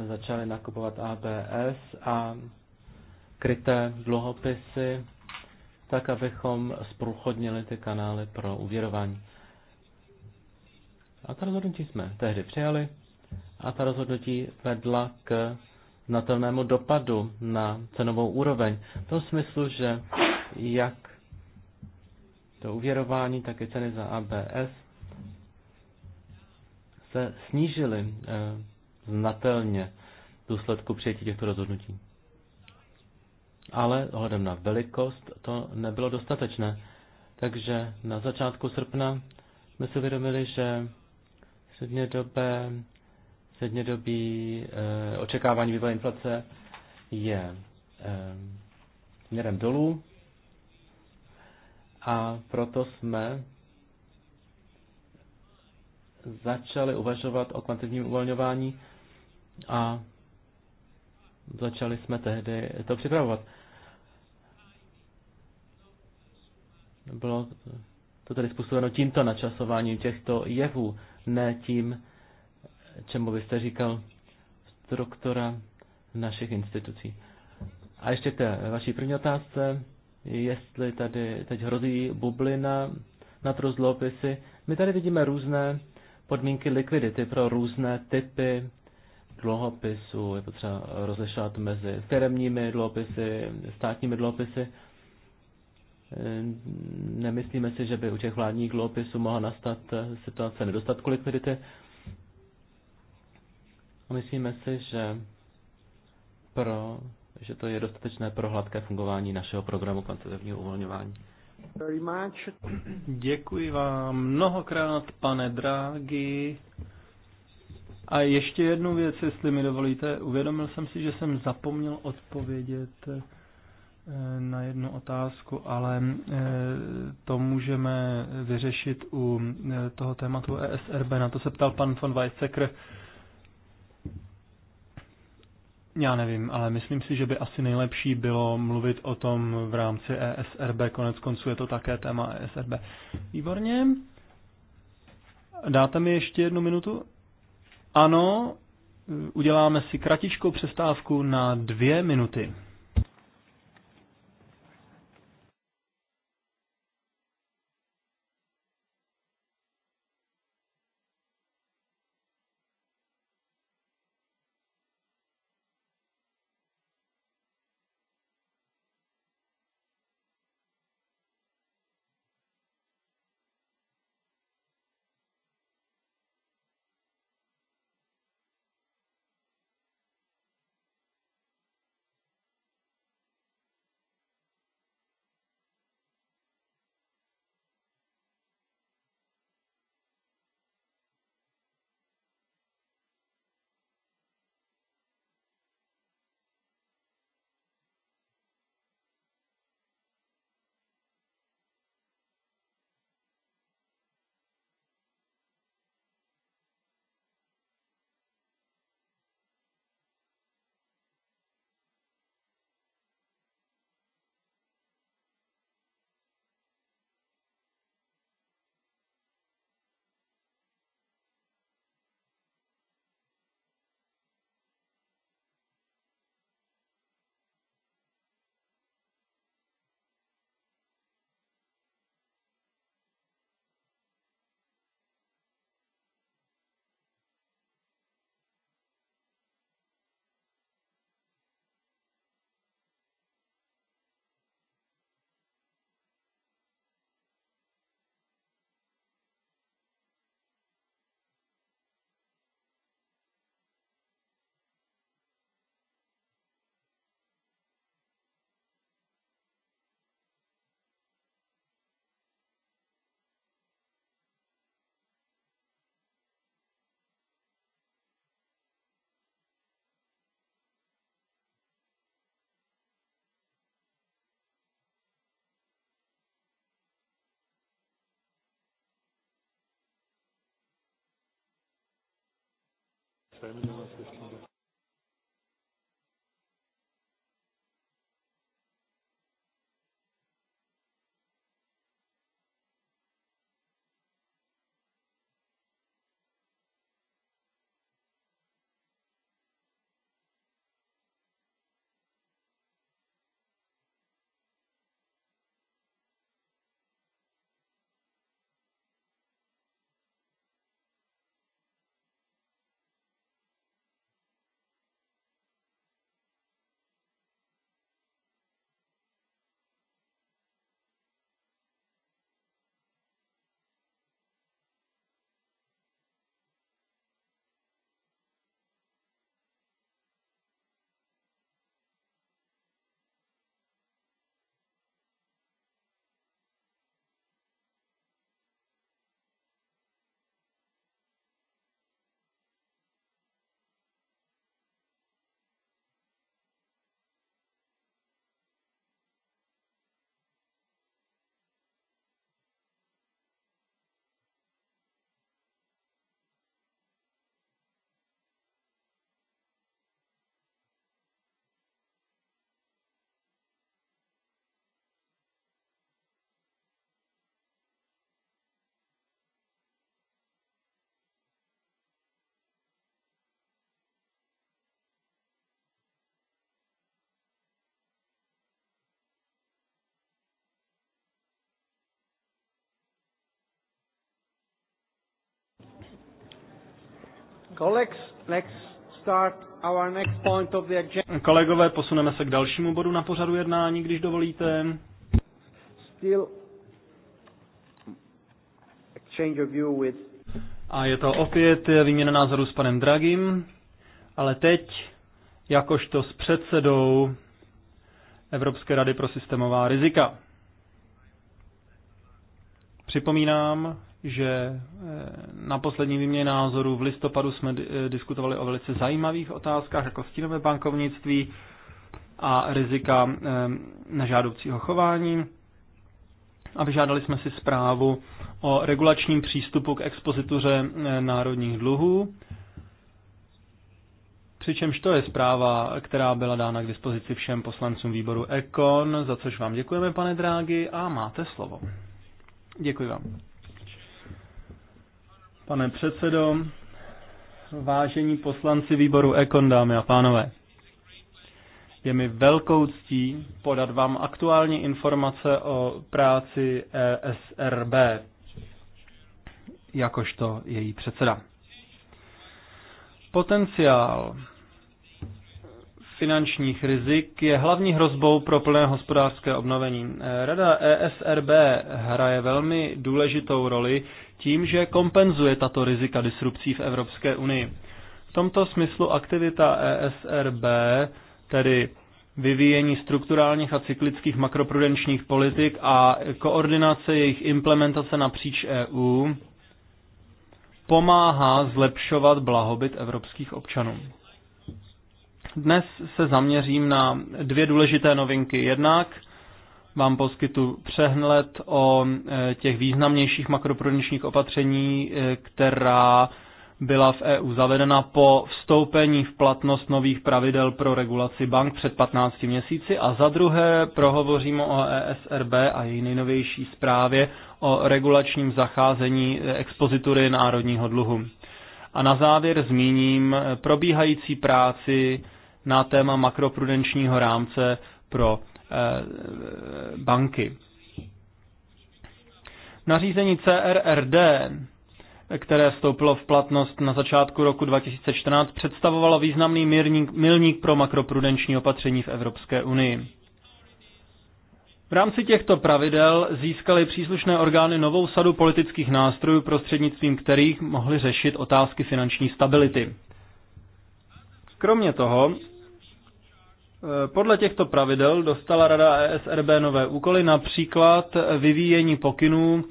C: eh, začali nakupovat ABS a kryté dluhopisy, tak abychom zprůchodnili ty kanály pro uvěrování. A ta rozhodnutí jsme tehdy přijali a ta rozhodnutí vedla k znatelnému dopadu na cenovou úroveň. V tom smyslu, že jak to uvěrování, tak ceny za ABS se snížily eh, znatelně v důsledku přijetí těchto rozhodnutí. Ale ohledem na velikost to nebylo dostatečné. Takže na začátku srpna jsme si uvědomili, že střednědobé, střednědobí e, očekávání vývoje inflace je e, směrem dolů a proto jsme začali uvažovat o kvantivním uvolňování a začali jsme tehdy to připravovat. Bylo to tedy způsobeno tímto načasováním těchto jevů, ne tím, čemu byste říkal struktura našich institucí. A ještě k té vaší první otázce jestli tady teď hrozí bublina na trhu My tady vidíme různé podmínky likvidity pro různé typy dluhopisů. Je potřeba rozlišovat mezi firmními dluhopisy, státními dluhopisy. Nemyslíme si, že by u těch vládních dluhopisů mohla nastat situace nedostatku likvidity. A myslíme si, že pro že to je dostatečné pro hladké fungování našeho
A: programu kvantitativního uvolňování.
C: Děkuji
A: vám mnohokrát, pane Drági. A ještě jednu věc, jestli mi dovolíte. Uvědomil jsem si, že jsem zapomněl odpovědět eh, na jednu otázku, ale eh, to můžeme vyřešit u eh, toho tématu ESRB. Na to se ptal pan von Weizsäcker. Já nevím, ale myslím si, že by asi nejlepší bylo mluvit o tom v rámci ESRB. Konec konců je to také téma ESRB. Výborně. Dáte mi ještě jednu minutu? Ano, uděláme si kratičkou přestávku na dvě minuty. Zwei Minuten Kolegové, posuneme se k dalšímu bodu na pořadu jednání, když dovolíte. Still exchange of view with... A je to opět výměna názoru s panem Dragim, ale teď jakožto s předsedou Evropské rady pro systémová rizika. Připomínám, že eh, na poslední výměně názorů v listopadu jsme eh, diskutovali o velice zajímavých otázkách, jako stínové bankovnictví a rizika eh, nežádoucího chování. A vyžádali jsme si zprávu o regulačním přístupu k expozituře národních dluhů, Přičemž to je zpráva, která byla dána k dispozici všem poslancům výboru Ekon, za což vám děkujeme, pane Drági, a máte slovo. Děkuji vám. Pane předsedo, vážení poslanci výboru Ekon, dámy a pánové. Je mi velkou ctí podat vám aktuální informace o práci ESRB, jakožto její předseda. Potenciál finančních rizik je hlavní hrozbou pro plné hospodářské obnovení. Rada ESRB hraje velmi důležitou roli tím, že kompenzuje tato rizika disrupcí v Evropské unii. V tomto smyslu aktivita ESRB, tedy vyvíjení strukturálních a cyklických makroprudenčních politik a koordinace jejich implementace napříč EU, pomáhá zlepšovat blahobyt evropských občanů. Dnes se zaměřím na dvě důležité novinky. Jednak vám poskytu přehled o e, těch významnějších makroprudenčních opatření, e, která byla v EU zavedena po vstoupení v platnost nových pravidel pro regulaci bank před 15 měsíci a za druhé prohovoříme o ESRB a její nejnovější zprávě o regulačním zacházení expozitury národního dluhu. A na závěr zmíním e, probíhající práci na téma makroprudenčního rámce pro Eh, banky. Nařízení CRRD, které vstoupilo v platnost na začátku roku 2014, představovalo významný milník, milník pro makroprudenční opatření v Evropské unii. V rámci těchto pravidel získaly příslušné orgány novou sadu politických nástrojů, prostřednictvím kterých mohly řešit otázky finanční stability. Kromě toho Eh, podle těchto pravidel dostala Rada ESRB nové úkoly, například vyvíjení pokynů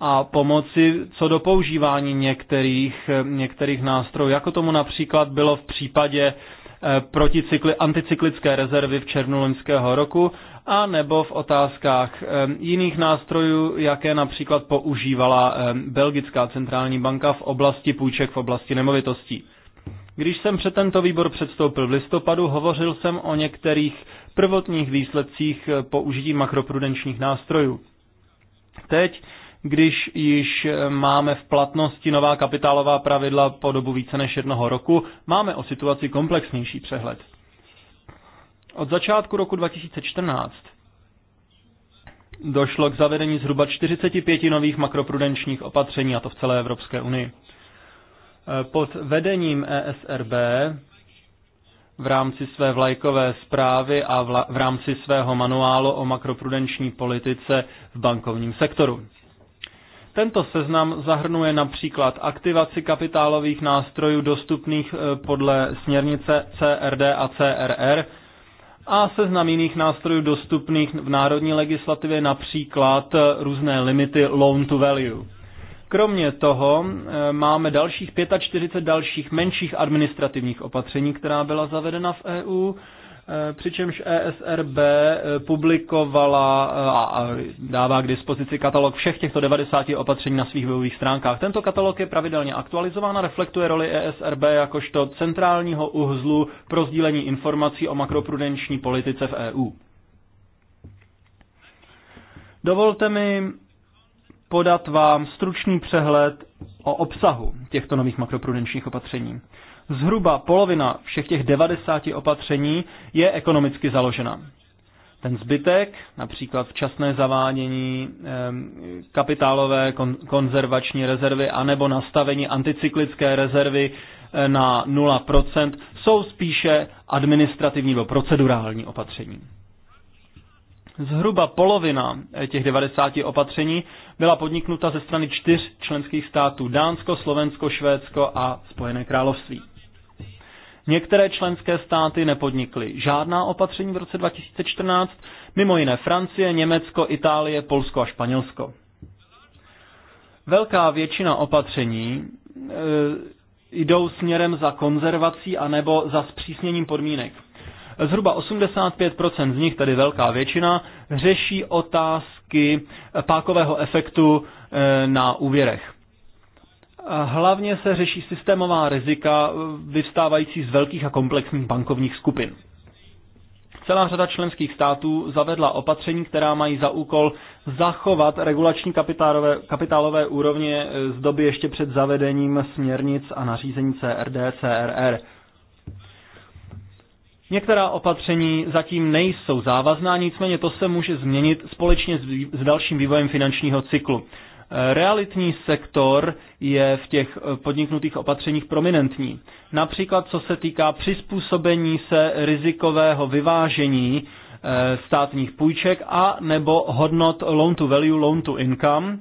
A: a pomoci co do používání některých, eh, některých nástrojů, jako tomu například bylo v případě eh, proticykli, anticyklické rezervy v červnu loňského roku a nebo v otázkách jiných nástrojů, jaké například používala Belgická centrální banka v oblasti půjček v oblasti nemovitostí. Když jsem před tento výbor předstoupil v listopadu, hovořil jsem o některých prvotních výsledcích eh, použití makroprudenčních nástrojů. Teď, když již eh, máme v platnosti nová kapitálová pravidla po dobu více než jednoho roku, máme o situaci komplexnější přehled. Od začátku roku 2014 došlo k zavedení zhruba 45 nových makroprudenčních opatření, a to v celé Evropské unii. Eh, pod vedením ESRB v rámci své vlajkové zprávy a v rámci svého manuálu o makroprudenční politice v bankovním sektoru. Tento seznam zahrnuje například aktivaci kapitálových nástrojů dostupných eh, podle směrnice CRD a CRR a seznam jiných nástrojů dostupných v národní legislativě, například eh, různé limity loan to value. Kromě toho eh, máme dalších 45 dalších menších administrativních opatření, která byla zavedena v EU, eh, přičemž ESRB eh, publikovala a dává k dispozici katalog všech těchto 90 opatření na svých webových stránkách. Tento katalog je pravidelně aktualizován a reflektuje roli ESRB jakožto centrálního uhzlu pro sdílení informací o makroprudenční politice v EU. Dovolte mi podat vám stručný přehled o obsahu těchto nových makroprudenčních opatření. Zhruba polovina všech těch 90 opatření je ekonomicky založena. Ten zbytek, například včasné zavádění kapitálové konzervační rezervy anebo nastavení anticyklické rezervy e, na 0%, jsou spíše administrativní nebo procedurální opatření. Zhruba polovina eh, těch 90 opatření byla podniknuta ze strany čtyř členských států Dánsko, Slovensko, Švédsko a Spojené království. Některé členské státy nepodnikly žádná opatření v roce 2014, mimo jiné Francie, Německo, Itálie, Polsko a Španělsko. Velká většina opatření e, jdou směrem za konzervací anebo za zpřísněním podmínek. Zhruba 85% z nich, tedy velká většina, řeší otázky pákového efektu e, na úvěrech. Hlavně se řeší systémová rizika e, vyvstávající z velkých a komplexních bankovních skupin. Celá řada členských států zavedla opatření, která mají za úkol zachovat regulační kapitálové, kapitálové úrovně e, z doby ještě před zavedením směrnic a nařízení CRD, CRR. Některá opatření zatím nejsou závazná, nicméně to se může změnit společně s dalším vývojem finančního cyklu. Realitní sektor je v těch eh, podniknutých opatřeních prominentní. Například co se týká přizpůsobení se rizikového vyvážení eh, státních půjček a nebo hodnot loan to value, loan to income,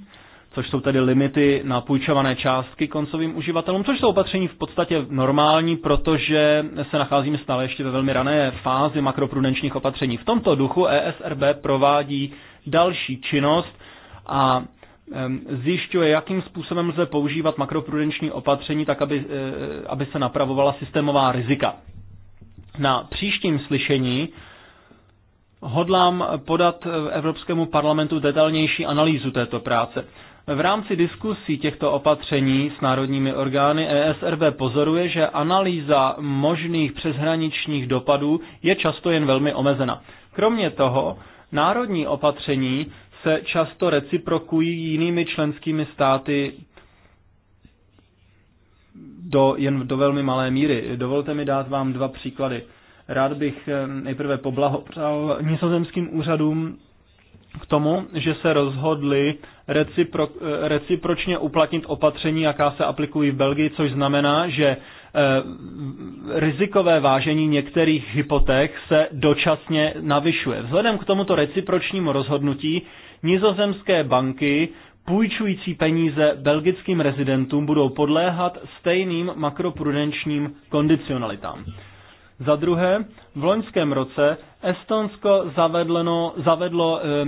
A: což jsou tedy limity na půjčované částky koncovým uživatelům, což jsou opatření v podstatě normální, protože se nacházíme stále ještě ve velmi rané fázi makroprudenčních opatření. V tomto duchu ESRB provádí další činnost a zjišťuje, jakým způsobem lze používat makroprudenční opatření tak, aby, e, aby se napravovala systémová rizika. Na příštím slyšení hodlám podat e, Evropskému parlamentu detailnější analýzu této práce. V rámci diskusí těchto opatření s národními orgány ESRB pozoruje, že analýza možných přeshraničních dopadů je často jen velmi omezena. Kromě toho, národní opatření se často reciprokují jinými členskými státy do, jen do velmi malé míry. Dovolte mi dát vám dva příklady. Rád bych eh, nejprve poblahopřál nizozemským úřadům k tomu, že se rozhodli recipro, eh, recipročně uplatnit opatření, jaká se aplikují v Belgii, což znamená, že eh, rizikové vážení některých hypoték se dočasně navyšuje. Vzhledem k tomuto recipročnímu rozhodnutí nizozemské banky půjčující peníze belgickým rezidentům budou podléhat stejným makroprudenčním kondicionalitám. Za druhé, v loňském roce Estonsko zavedlo, zavedlo e,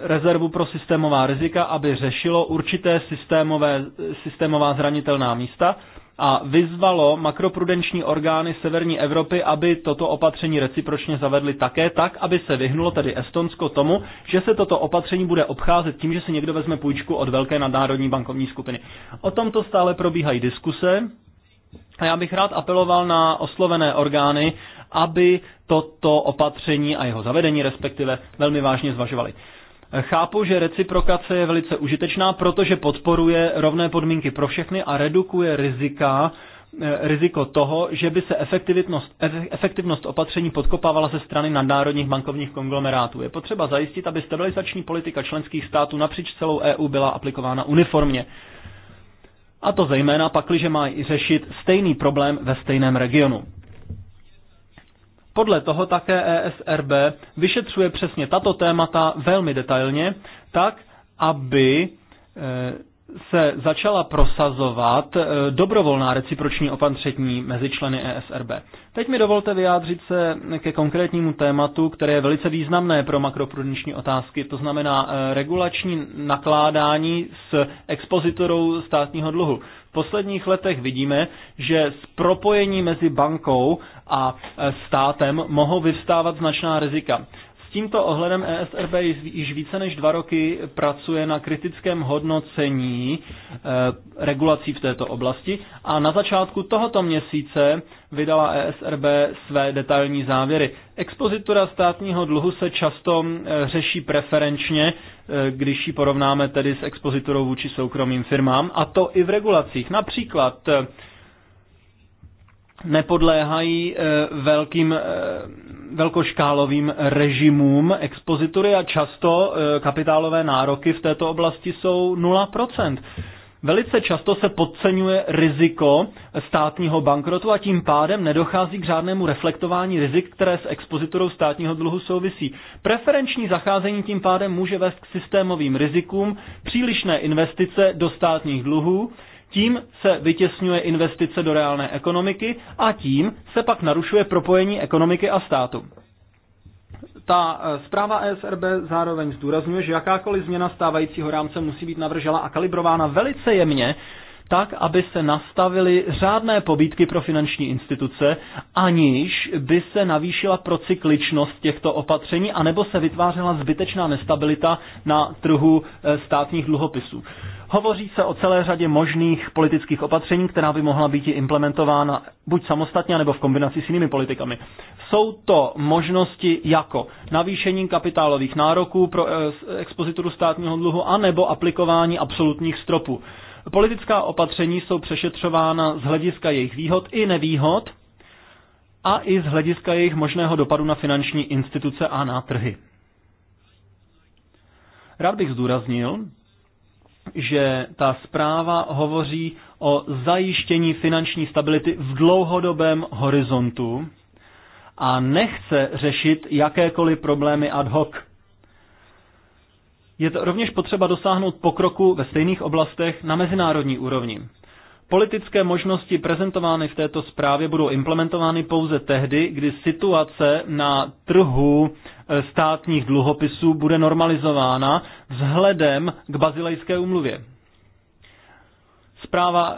A: rezervu pro systémová rizika, aby řešilo určité systémové, systémová zranitelná místa a vyzvalo makroprudenční orgány severní Evropy, aby toto opatření recipročně zavedly také tak, aby se vyhnulo tedy Estonsko tomu, že se toto opatření bude obcházet tím, že si někdo vezme půjčku od velké nadnárodní bankovní skupiny. O tomto stále probíhají diskuse, a já bych rád apeloval na oslovené orgány, aby toto opatření a jeho zavedení respektive velmi vážně zvažovali. Chápu, že reciprokace je velice užitečná, protože podporuje rovné podmínky pro všechny a redukuje rizika, eh, riziko toho, že by se efektivnost, efektivnost opatření podkopávala ze strany nadnárodních bankovních konglomerátů. Je potřeba zajistit, aby stabilizační politika členských států napříč celou EU byla aplikována uniformně. A to zejména pakliže má řešit stejný problém ve stejném regionu. Podle toho také ESRB vyšetřuje přesně tato témata velmi detailně, tak aby eh, se začala prosazovat eh, dobrovolná reciproční opatření mezi členy ESRB. Teď mi dovolte vyjádřit se ke konkrétnímu tématu, které je velice významné pro makroprudenční otázky, to znamená eh, regulační nakládání s expozitorou státního dluhu. V posledních letech vidíme, že z propojení mezi bankou a eh, státem mohou vyvstávat značná rizika. S tímto ohledem ESRB již více než dva roky pracuje na kritickém hodnocení eh, regulací v této oblasti a na začátku tohoto měsíce vydala ESRB své detailní závěry. Expozitura státního dluhu se často eh, řeší preferenčně, eh, když ji porovnáme tedy s expoziturou vůči soukromým firmám, a to i v regulacích. Například nepodléhají eh, velkým, eh, velkoškálovým režimům expozitury a často eh, kapitálové nároky v této oblasti jsou 0%. Velice často se podceňuje riziko státního bankrotu a tím pádem nedochází k žádnému reflektování rizik, které s expozitorou státního dluhu souvisí. Preferenční zacházení tím pádem může vést k systémovým rizikům, přílišné investice do státních dluhů, tím se vytěsňuje investice do reálné ekonomiky a tím se pak narušuje propojení ekonomiky a státu. Ta eh, zpráva ESRB zároveň zdůrazňuje, že jakákoliv změna stávajícího rámce musí být navržela a kalibrována velice jemně, tak, aby se nastavily řádné pobídky pro finanční instituce, aniž by se navýšila procykličnost těchto opatření, anebo se vytvářela zbytečná nestabilita na trhu eh, státních dluhopisů. Hovoří se o celé řadě možných politických opatření, která by mohla být implementována buď samostatně, nebo v kombinaci s jinými politikami. Jsou to možnosti jako navýšení kapitálových nároků pro eh, expozituru státního dluhu, anebo aplikování absolutních stropů. Politická opatření jsou přešetřována z hlediska jejich výhod i nevýhod a i z hlediska jejich možného dopadu na finanční instituce a na trhy. Rád bych zdůraznil, že ta zpráva hovoří o zajištění finanční stability v dlouhodobém horizontu a nechce řešit jakékoliv problémy ad hoc. Je to rovněž potřeba dosáhnout pokroku ve stejných oblastech na mezinárodní úrovni. Politické možnosti prezentovány v této zprávě budou implementovány pouze tehdy, kdy situace na trhu eh, státních dluhopisů bude normalizována vzhledem k bazilejské umluvě. Zpráva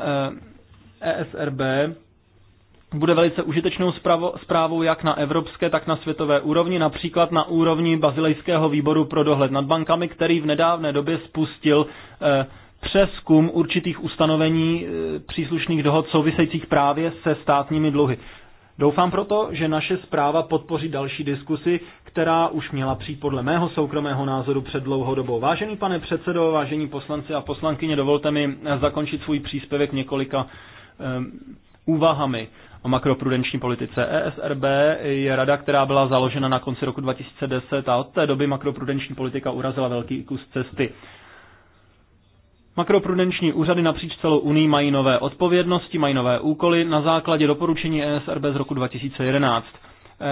A: ESRB eh, e bude velice užitečnou zprávou jak na evropské, tak na světové úrovni, například na úrovni Bazilejského výboru pro dohled nad bankami, který v nedávné době spustil eh, přeskum určitých ustanovení e, příslušných dohod souvisejících právě se státními dluhy. Doufám proto, že naše zpráva podpoří další diskusi, která už měla přijít podle mého soukromého názoru před dlouhou dobou. Vážený pane předsedo, vážení poslanci a poslankyně, dovolte mi e, zakončit svůj příspěvek několika um, úvahami o makroprudenční politice. ESRB je rada, která byla založena na konci roku 2010 a od té doby makroprudenční politika urazila velký kus cesty. Makroprudenční úřady napříč celou Unii mají nové odpovědnosti, mají nové úkoly na základě doporučení ESRB z roku 2011.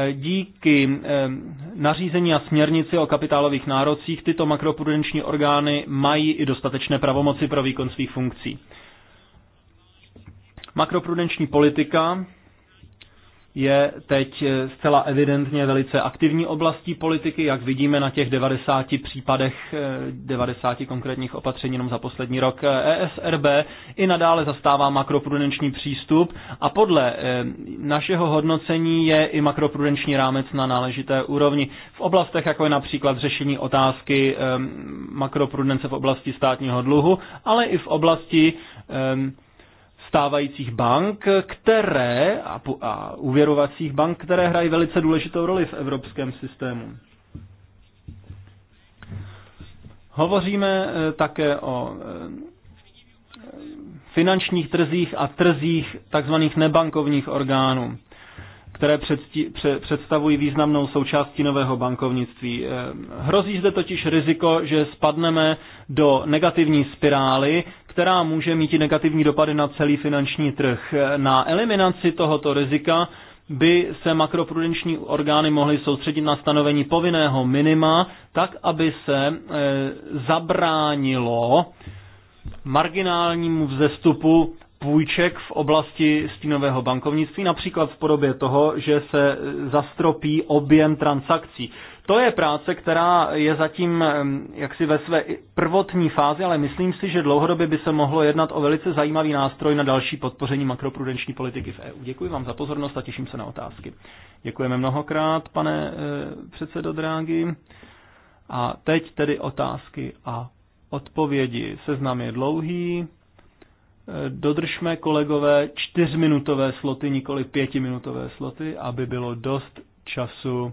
A: E, díky e, nařízení a směrnici o kapitálových nárocích tyto makroprudenční orgány mají i dostatečné pravomoci pro výkon svých funkcí. Makroprudenční politika je teď eh, zcela evidentně velice aktivní oblastí politiky, jak vidíme na těch 90 případech, 90 eh, konkrétních opatření jenom za poslední rok. ESRB eh, e i nadále zastává makroprudenční přístup a podle našeho hodnocení je i makroprudenční rámec na náležité úrovni. V oblastech, jako je například řešení otázky makroprudence v oblasti státního dluhu, ale i v oblasti stávajících bank, které, a, a uvěrovacích bank, které hrají velice důležitou roli v evropském systému. Hovoříme eh, také o eh, finančních trzích a trzích tzv. nebankovních orgánů, které představují významnou součástí nového bankovnictví. Eh, hrozí zde totiž riziko, že spadneme do negativní spirály, která může mít i negativní dopady na celý finanční trh. Na eliminaci tohoto rizika by se makroprudenční orgány mohly soustředit na stanovení povinného minima, tak aby se e, zabránilo marginálnímu vzestupu půjček v oblasti stínového bankovnictví, například v podobě toho, že se e, zastropí objem transakcí. To je práce, která je zatím jaksi ve své prvotní fázi, ale myslím si, že dlouhodobě by se mohlo jednat o velice zajímavý nástroj na další podpoření makroprudenční politiky v EU. Děkuji vám za pozornost a těším se na otázky. Děkujeme mnohokrát, pane eh, předsedo Drági. A teď tedy otázky a odpovědi. Seznam je dlouhý. Eh, dodržme, kolegové, čtyřminutové sloty, nikoli pětiminutové sloty, aby bylo dost času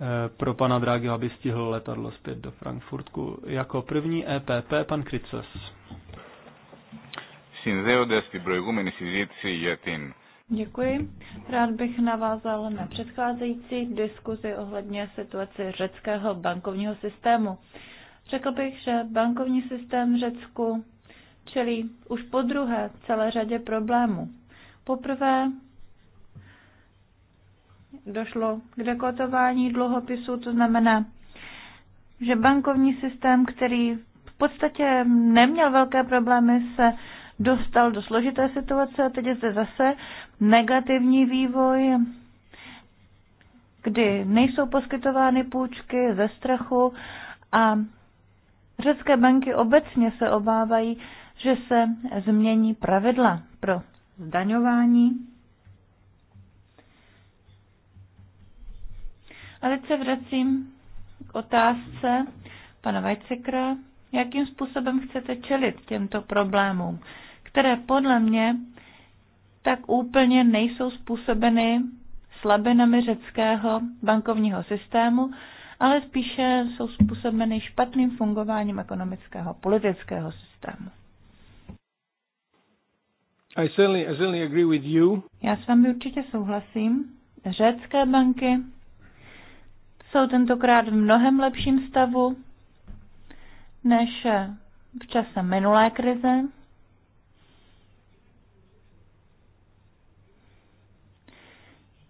A: Eh, pro pana Drágy, aby stihl letadlo zpět do Frankfurtku. Jako první EPP pan Krycos.
B: Děkuji. Rád bych navázal na předcházející diskuzi ohledně situace řeckého bankovního systému. Řekl bych, že bankovní systém v Řecku čelí už po druhé celé řadě problémů. Poprvé došlo k dekotování dluhopisů, to znamená, že bankovní systém, který v podstatě neměl velké problémy, se dostal do složité situace a teď je zde zase negativní vývoj, kdy nejsou poskytovány půjčky ze strachu a řecké banky obecně se obávají, že se změní pravidla pro zdaňování A teď se vracím k otázce pana Vajcekra, jakým způsobem chcete čelit těmto problémům, které podle mě tak úplně nejsou způsobeny slabinami řeckého bankovního systému, ale spíše jsou způsobeny špatným fungováním ekonomického politického systému.
C: I certainly, I certainly agree with you.
B: Já s vámi určitě souhlasím. Řecké banky jsou tentokrát v mnohem lepším stavu než v čase minulé krize.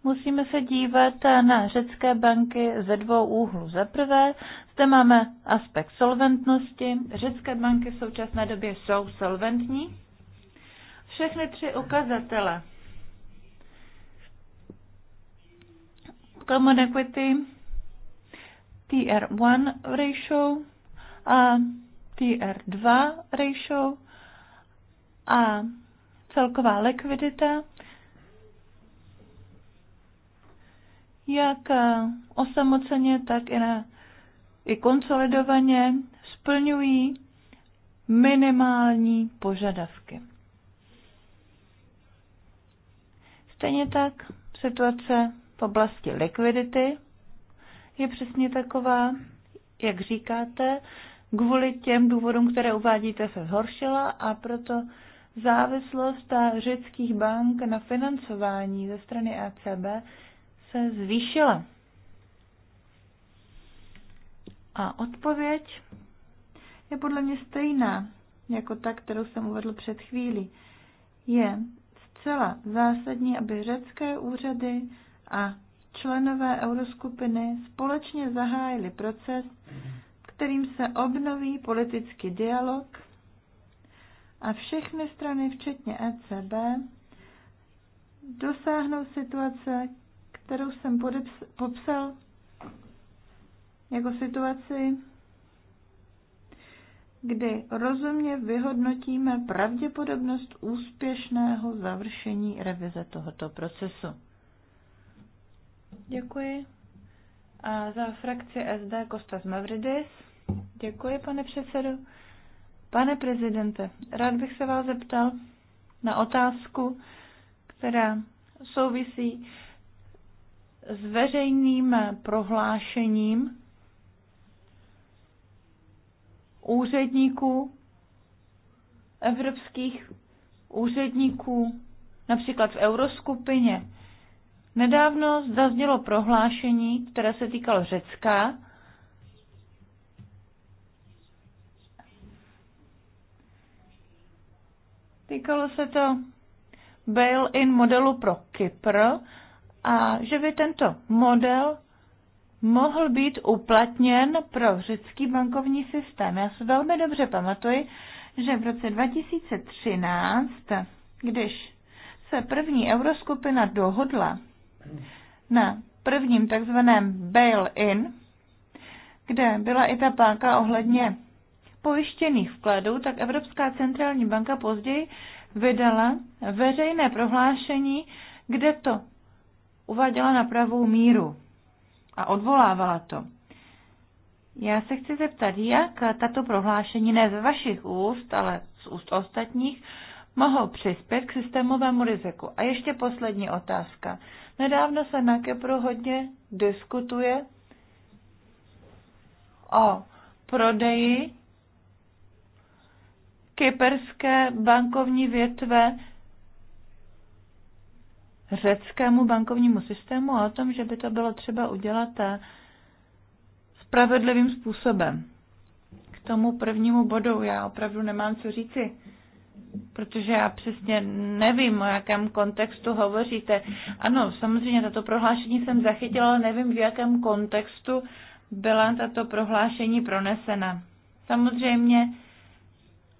B: Musíme se dívat na řecké banky ze dvou úhlů. Za prvé, zde máme aspekt solventnosti. Řecké banky v současné době jsou solventní. Všechny tři ukazatele common equity, TR1 ratio a TR2 ratio a celková likvidita, jak osamoceně, tak i, na, i konsolidovaně splňují minimální požadavky. Stejně tak situace v oblasti likvidity je přesně taková, jak říkáte, kvůli těm důvodům, které uvádíte, se zhoršila a proto závislost řeckých bank na financování ze strany ECB se zvýšila. A odpověď je podle mě stejná jako ta, kterou jsem uvedl před chvílí. Je zcela zásadní, aby řecké úřady a členové euroskupiny společně zahájili proces, kterým se obnoví politický dialog a všechny strany, včetně ECB, dosáhnou situace, kterou jsem popsal jako situaci, kdy rozumně vyhodnotíme pravděpodobnost úspěšného završení revize tohoto procesu. Děkuji. A za frakci SD Kostas Mavridis. Děkuji, pane předsedo. Pane prezidente, rád bych se vás zeptal na otázku, která souvisí s veřejným prohlášením úředníků, evropských úředníků, například v euroskupině. Nedávno zaznělo prohlášení, které se týkalo Řecka, Týkalo se to bail-in modelu pro Kypr a že by tento model mohl být uplatněn pro řecký bankovní systém. Já si velmi dobře pamatuji, že v roce 2013, když se první euroskupina dohodla na prvním takzvaném bail-in, kde byla i ta páka ohledně pojištěných vkladů, tak Evropská centrální banka později vydala veřejné prohlášení, kde to uváděla na pravou míru a odvolávala to. Já se chci zeptat, jak tato prohlášení ne z vašich úst, ale z úst ostatních mohou přispět k systémovému riziku. A ještě poslední otázka. Nedávno se na Kepru hodně diskutuje o prodeji kyperské bankovní větve řeckému bankovnímu systému a o tom, že by to bylo třeba udělat spravedlivým způsobem. K tomu prvnímu bodu já opravdu nemám co říci protože já přesně nevím, o jakém kontextu hovoříte. Ano, samozřejmě tato prohlášení jsem zachytila, ale nevím, v jakém kontextu byla tato prohlášení pronesena. Samozřejmě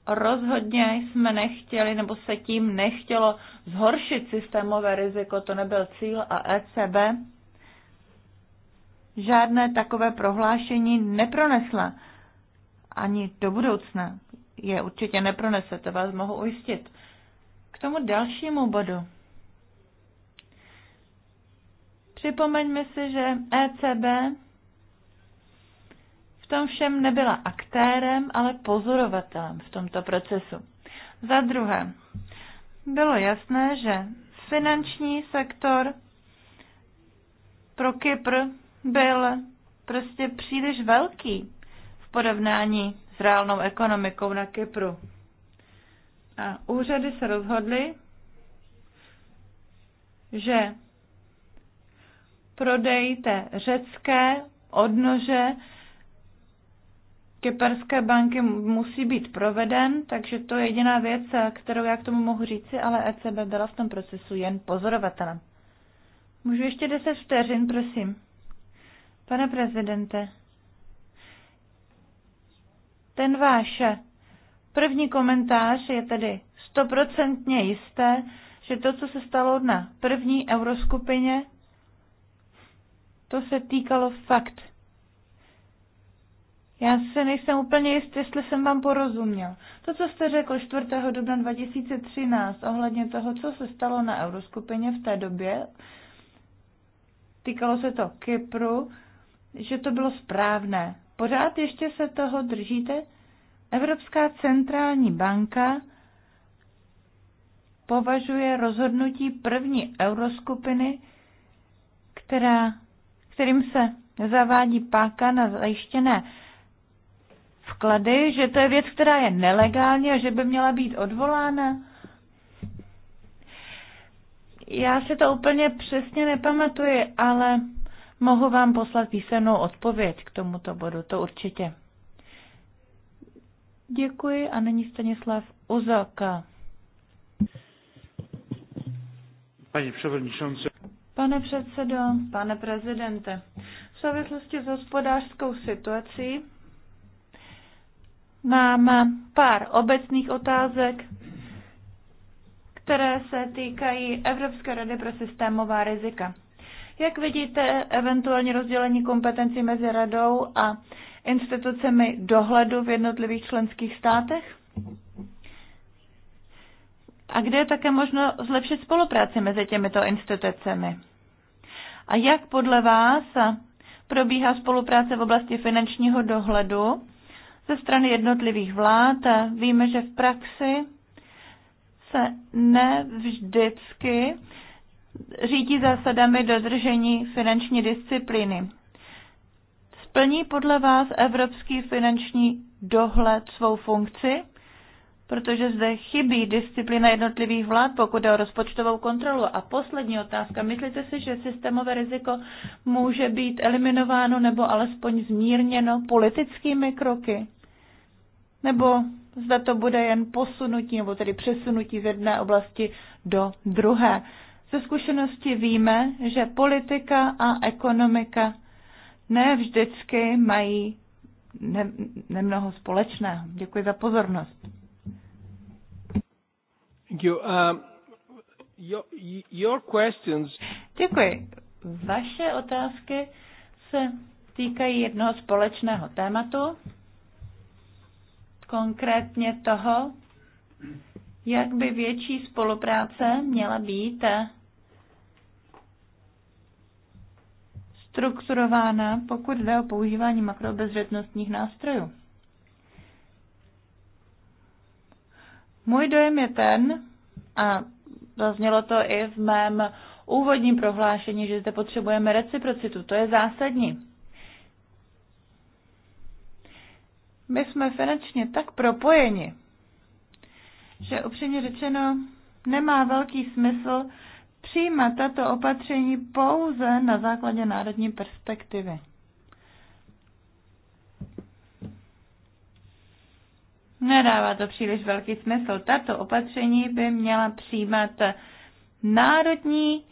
B: rozhodně jsme nechtěli, nebo se tím nechtělo zhoršit systémové riziko, to nebyl cíl a ECB žádné takové prohlášení nepronesla ani do budoucna je určitě nepronese, to vás mohu ujistit. K tomu dalšímu bodu. Připomeňme si, že ECB v tom všem nebyla aktérem, ale pozorovatelem v tomto procesu. Za druhé, bylo jasné, že finanční sektor pro Kypr byl prostě příliš velký v porovnání s reálnou ekonomikou na Kypru. A úřady se rozhodly, že prodej té řecké odnože Kyperské banky musí být proveden, takže to je jediná věc, kterou já k tomu mohu říci, ale ECB byla v tom procesu jen pozorovatelem. Můžu ještě 10 vteřin, prosím. Pane prezidente, ten váš první komentář je tedy stoprocentně jisté, že to, co se stalo na první euroskupině, to se týkalo fakt. Já se nejsem úplně jist, jestli jsem vám porozuměl. To, co jste řekl 4. dubna 2013 ohledně toho, co se stalo na euroskupině v té době, týkalo se to Kypru, že to bylo správné. Pořád ještě se toho držíte? Evropská centrální banka považuje rozhodnutí první euroskupiny, která, kterým se zavádí páka na zajištěné vklady, že to je věc, která je nelegální a že by měla být odvolána. Já si to úplně přesně nepamatuji, ale Mohu vám poslat písemnou odpověď k tomuto bodu, to určitě. Děkuji a nyní Stanislav Uzalka.
C: Pane předsedo,
B: Pane předsedo, pane prezidente, v souvislosti s hospodářskou situací mám pár obecných otázek, které se týkají Evropské rady pro systémová rizika. Jak vidíte eventuální rozdělení kompetencí mezi radou a institucemi dohledu v jednotlivých členských státech? A kde je také možno zlepšit spolupráci mezi těmito institucemi? A jak podle vás probíhá spolupráce v oblasti finančního dohledu ze strany jednotlivých vlád? Víme, že v praxi se nevždycky řídí zásadami dodržení finanční disciplíny. Splní podle vás evropský finanční dohled svou funkci? Protože zde chybí disciplína jednotlivých vlád, pokud je o rozpočtovou kontrolu. A poslední otázka. Myslíte si, že systémové riziko může být eliminováno nebo alespoň zmírněno politickými kroky? Nebo zda to bude jen posunutí nebo tedy přesunutí z jedné oblasti do druhé? Ze zkušenosti víme, že politika a ekonomika ne vždycky mají ne, nemnoho společného. Děkuji za pozornost.
A: You, um, your, your questions...
B: Děkuji. Vaše otázky se týkají jednoho společného tématu, konkrétně toho, jak by větší spolupráce měla být strukturována, pokud jde o používání makrobezřetnostních nástrojů. Můj dojem je ten, a zaznělo to i v mém úvodním prohlášení, že zde potřebujeme reciprocitu. To je zásadní. My jsme finančně tak propojeni že upřímně řečeno nemá velký smysl přijímat tato opatření pouze na základě národní perspektivy. Nedává to příliš velký smysl. Tato opatření by měla přijímat národní,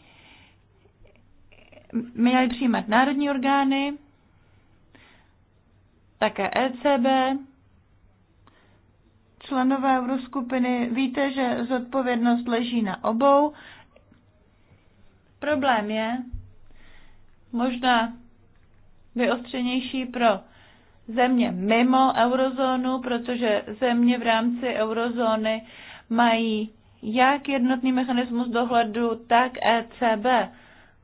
B: měly přijímat národní orgány, také ECB, členové euroskupiny, víte, že zodpovědnost leží na obou. Problém je možná vyostřenější pro země mimo eurozónu, protože země v rámci eurozóny mají jak jednotný mechanismus dohledu, tak ECB.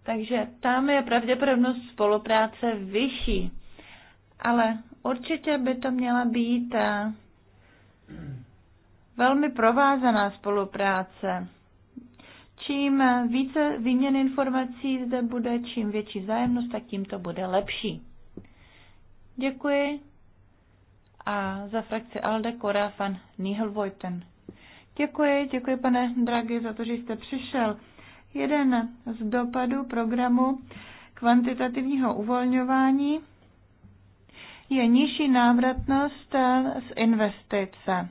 B: Takže tam je pravděpodobnost spolupráce vyšší. Ale určitě by to měla být eh, <clears throat> velmi provázaná spolupráce. Čím více výměn informací zde bude, čím větší vzájemnost, tak tím to bude lepší. Děkuji. A za frakci Alde Kora van Nihelvojten. Děkuji, děkuji pane Dragi za to, že jste přišel. Jeden z dopadů programu kvantitativního uvolňování je nižší návratnost eh, z investice.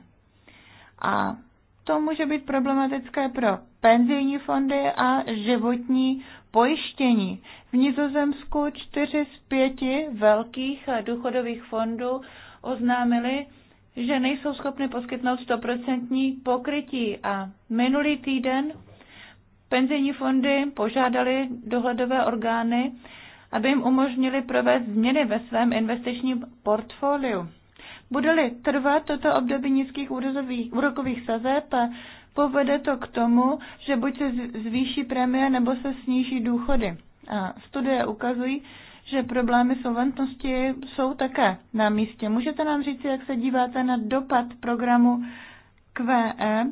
B: A to může být problematické pro penzijní fondy a životní pojištění. V Nizozemsku čtyři z pěti velkých eh, důchodových fondů oznámili, že nejsou schopny poskytnout 100% pokrytí a minulý týden penzijní fondy požádali dohledové orgány, aby jim umožnili provést změny ve svém investičním portfoliu. Bude-li trvat toto období nízkých úrokových sazeb, povede to k tomu, že buď se zvýší prémie nebo se sníží důchody. A studie ukazují, že problémy solventnosti jsou také na místě. Můžete nám říct, jak se díváte na dopad programu QE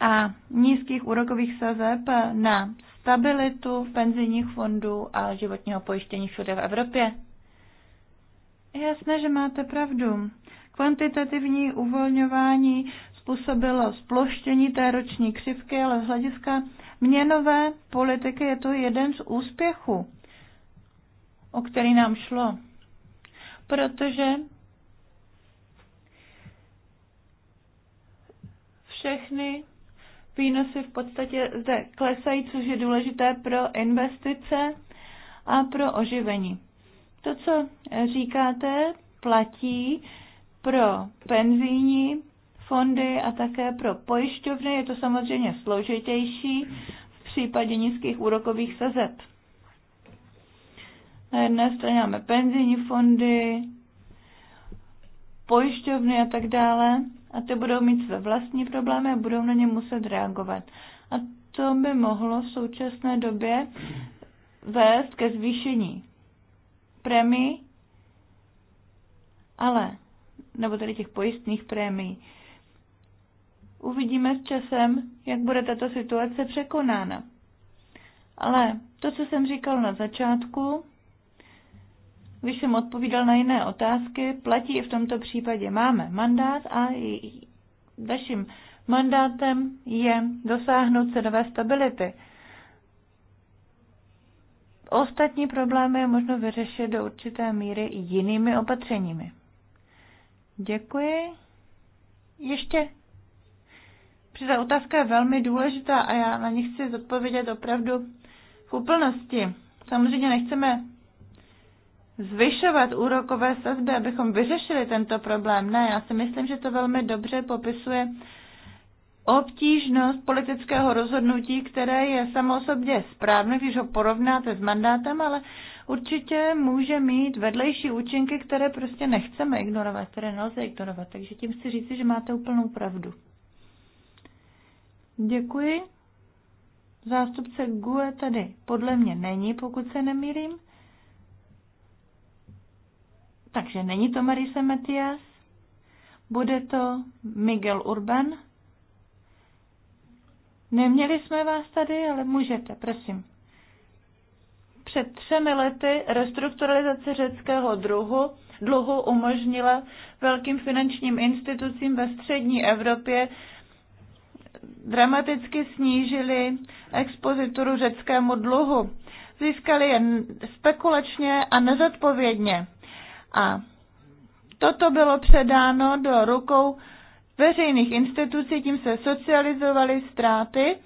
B: a nízkých úrokových sazeb na stabilitu penzijních fondů a životního pojištění všude v Evropě? Jasné, že máte pravdu. Kvantitativní uvolňování způsobilo sploštění té roční křivky, ale z hlediska měnové politiky je to jeden z úspěchů, o který nám šlo. Protože všechny Výnosy v podstatě zde klesají, což je důležité pro investice a pro oživení. To, co říkáte, platí pro penzijní fondy a také pro pojišťovny. Je to samozřejmě složitější v případě nízkých úrokových sazeb. Na jedné straně máme penzijní fondy, pojišťovny a tak dále a ty budou mít své vlastní problémy a budou na ně muset reagovat. A to by mohlo v současné době vést ke zvýšení prémí, ale, nebo tedy těch pojistných prémí. Uvidíme s časem, jak bude tato situace překonána. Ale to, co jsem říkal na začátku, když jsem odpovídal na jiné otázky, platí i v tomto případě. Máme mandát a naším mandátem je dosáhnout cenové stability. Ostatní problémy je možno vyřešit do určité míry jinými opatřeními. Děkuji. Ještě. Protože otázka je velmi důležitá a já na ní chci zodpovědět opravdu v úplnosti. Samozřejmě nechceme zvyšovat úrokové sazby, abychom vyřešili tento problém. Ne, já si myslím, že to velmi dobře popisuje obtížnost politického rozhodnutí, které je samozřejmě správné, když ho porovnáte s mandátem, ale určitě může mít vedlejší účinky, které prostě nechceme ignorovat, které nelze ignorovat. Takže tím chci říci, že máte úplnou pravdu. Děkuji. Zástupce GUE tady podle mě není, pokud se nemýlím. Takže není to Marise Matias, bude to Miguel Urban. Neměli jsme vás tady, ale můžete, prosím. Před třemi lety restrukturalizace řeckého druhu dluhu umožnila velkým finančním institucím ve střední Evropě dramaticky snížili expozituru řeckému dluhu. Získali je spekulačně a nezodpovědně. A toto bylo předáno do rukou veřejných institucí, tím se socializovaly ztráty,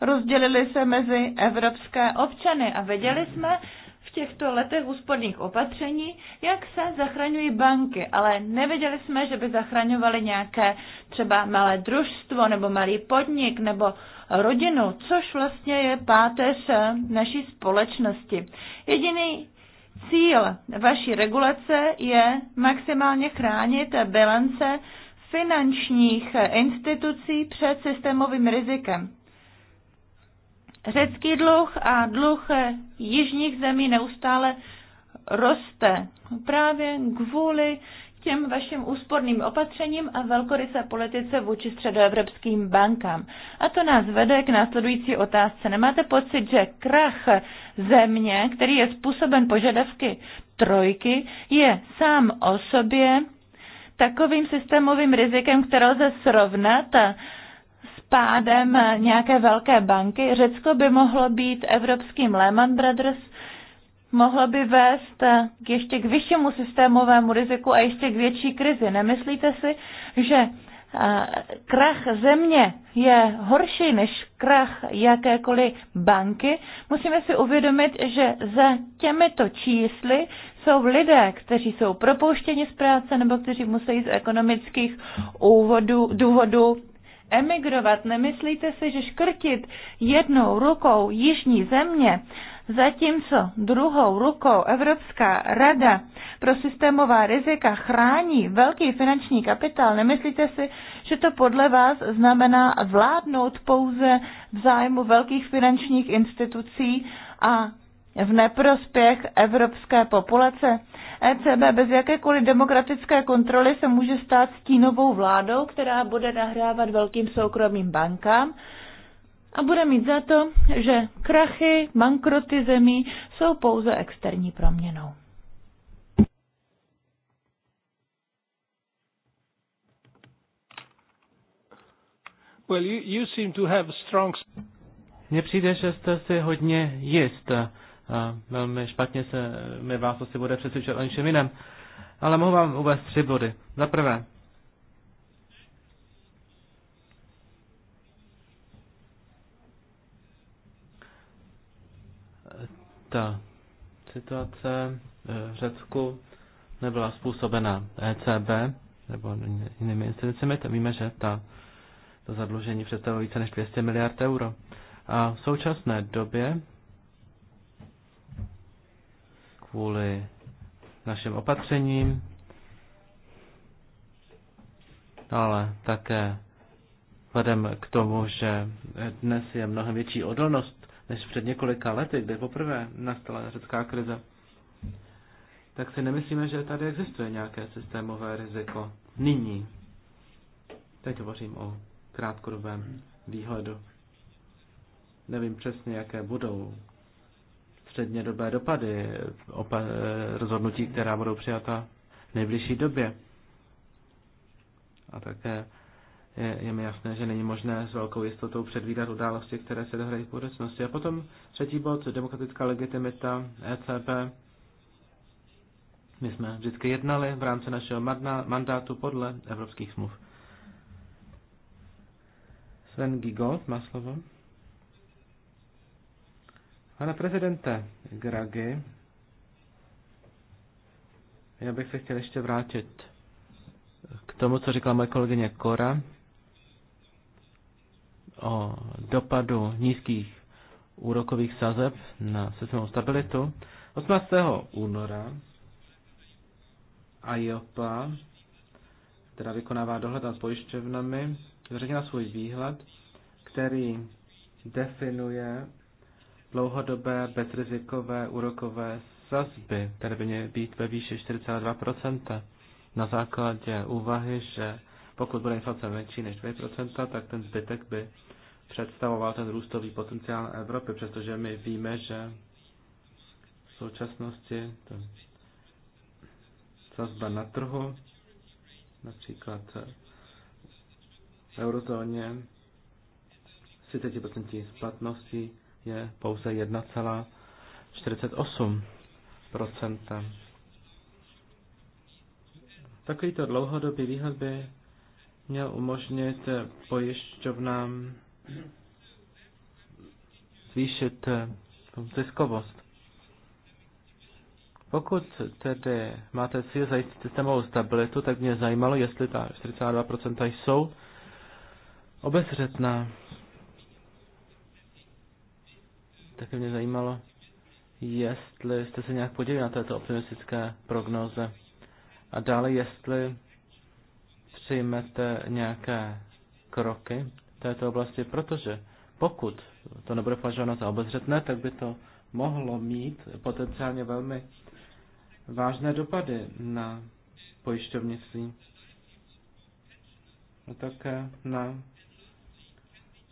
B: rozdělili se mezi evropské občany a věděli jsme v těchto letech úsporných opatření, jak se zachraňují banky, ale nevěděli jsme, že by zachraňovali nějaké třeba malé družstvo nebo malý podnik nebo rodinu, což vlastně je páteř naší společnosti. Jediný Cíl vaší regulace je maximálně chránit bilance finančních institucí před systémovým rizikem. Řecký dluh a dluh jižních zemí neustále roste právě kvůli těm vašim úsporným opatřením a velkoryse politice vůči středoevropským bankám. A to nás vede k následující otázce. Nemáte pocit, že krach země, který je způsoben požadavky trojky, je sám o sobě takovým systémovým rizikem, které lze srovnat a s pádem nějaké velké banky? Řecko by mohlo být evropským Lehman Brothers mohlo by vést eh, k ještě k vyššímu systémovému riziku a ještě k větší krizi. Nemyslíte si, že eh, krach země je horší než krach jakékoliv banky, musíme si uvědomit, že za těmito čísly jsou lidé, kteří jsou propouštěni z práce nebo kteří musí z ekonomických úvodů, důvodů emigrovat. Nemyslíte si, že škrtit jednou rukou jižní země Zatímco druhou rukou Evropská rada pro systémová rizika chrání velký finanční kapitál, nemyslíte si, že to podle vás znamená vládnout pouze v zájmu velkých finančních institucí a v neprospěch evropské populace? ECB bez jakékoliv demokratické kontroly se může stát stínovou vládou, která bude nahrávat velkým soukromým bankám a bude mít za to, že krachy, bankroty zemí jsou pouze externí proměnou. Well, you, you seem to have strong...
C: Mně přijde, že jste si hodně jist. A velmi špatně se mi vás asi bude přesvědčovat o ničem jiném. Ale mohu vám uvést tři body. Za prvé, ta situace v Řecku nebyla způsobena ECB nebo jinými institucemi, to víme, že ta, to zadlužení představuje více než 200 miliard euro. A v současné době kvůli našim opatřením, ale také vzhledem k tomu, že dnes je mnohem větší odolnost než před několika lety, kdy poprvé nastala řecká krize, tak si nemyslíme, že tady existuje nějaké systémové riziko. Nyní. Teď hovořím o krátkodobém výhledu. Nevím přesně, jaké budou střednědobé dopady opa- rozhodnutí, která budou přijata v nejbližší době. A také je, je mi jasné, že není možné s velkou jistotou předvídat události, které se dohrají v budoucnosti. A potom třetí bod, demokratická legitimita ECP. My jsme vždycky jednali v rámci našeho mandátu podle evropských smluv. Sven Gigold má slovo. Pane prezidente Gragi, já bych se chtěl ještě vrátit k tomu, co říkala moje kolegyně Kora o dopadu nízkých úrokových sazeb na systémovou stabilitu. 18. února IOPA, která vykonává dohled nad pojišťovnami, zveřejnila svůj výhled, který definuje dlouhodobé bezrizikové úrokové sazby, které by měly být ve výši 4,2 na základě úvahy, že pokud bude inflace menší než 2 tak ten zbytek by představoval ten růstový potenciál Evropy, přestože my víme, že v současnosti to sazba na trhu, například v eurozóně, 30% splatnosti je pouze 1,48%. Takovýto dlouhodobý výhled by měl umožnit pojišťovnám zvýšit eh, ziskovost. Pokud tedy máte cíl zajistit systémovou stabilitu, tak mě zajímalo, jestli ta 42% jsou obezřetná. Také mě zajímalo, jestli jste se nějak podělili na této optimistické prognoze. A dále, jestli přijmete nějaké kroky této oblasti, protože pokud to nebude považováno za obezřetné, tak by to mohlo mít potenciálně velmi vážné dopady na pojišťovnictví a také na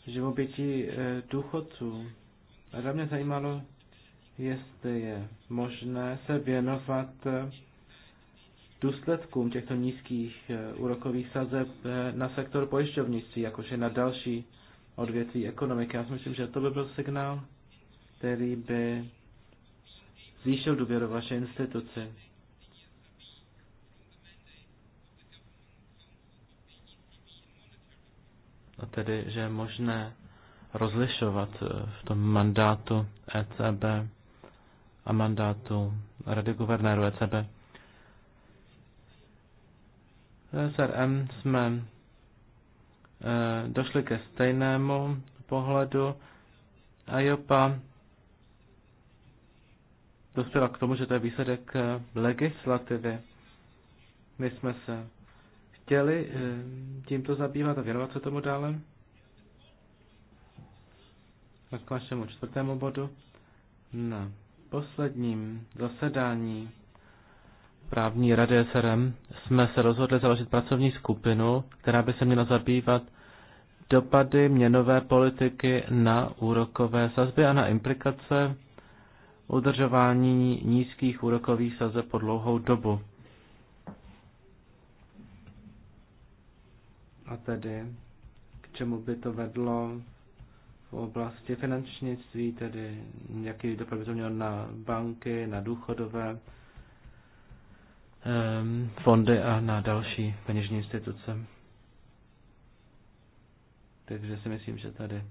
C: živobytí eh, důchodců. A mě zajímalo, jestli je možné se věnovat eh, důsledkům těchto nízkých eh, úrokových sazeb eh, na sektor pojišťovnictví, jakože na další odvětví ekonomiky. Já si myslím, že to by byl signál, který by zvýšil důvěru vaše instituci. A tedy, že je možné rozlišovat eh, v tom mandátu ECB a mandátu Rady guvernéru ECB m jsme eh, došli ke stejnému pohledu. a JOPA dospěla k tomu, že to je výsledek eh, legislativy. My jsme se chtěli eh, tímto zabývat a věnovat se tomu dále. A k vašemu čtvrtému bodu. Na posledním zasedání právní rady SRM jsme se rozhodli založit pracovní skupinu, která by se měla zabývat dopady měnové politiky na úrokové sazby a na implikace udržování nízkých úrokových sazeb po dlouhou dobu. A tedy, k čemu by to vedlo v oblasti finančnictví, tedy jaký dopad by to mělo na banky, na důchodové Ehm, fondy a na další peněžní instituce. Takže si myslím, že tady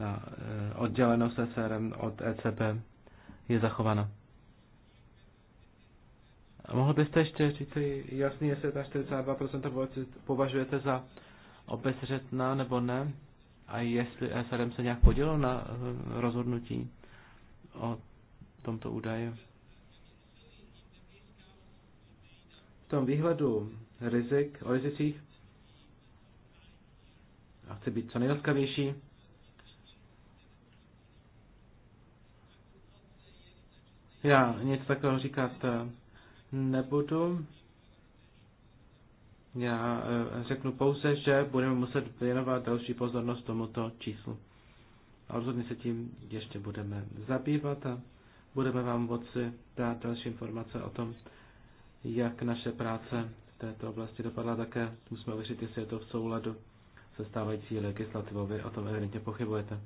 C: na eh, oddělenost SRM od ECB je zachována. A mohl byste ještě říct jasný, jestli ta 42% považujete za obezřetná nebo ne? A jestli SRM se nějak podělil na eh, rozhodnutí o tomto údaji? tom výhledu rizik, o rizicích, a chci být co nejlaskavější, já nic takového říkat eh, nebudu. Já eh, řeknu pouze, že budeme muset věnovat další pozornost tomuto číslu. A rozhodně se tím ještě budeme zabývat a budeme vám moci dát další informace o tom, jak naše práce v této oblasti dopadla také. Musíme ověřit, jestli je to v souladu se stávající legislativou. Vy o tom evidentně pochybujete.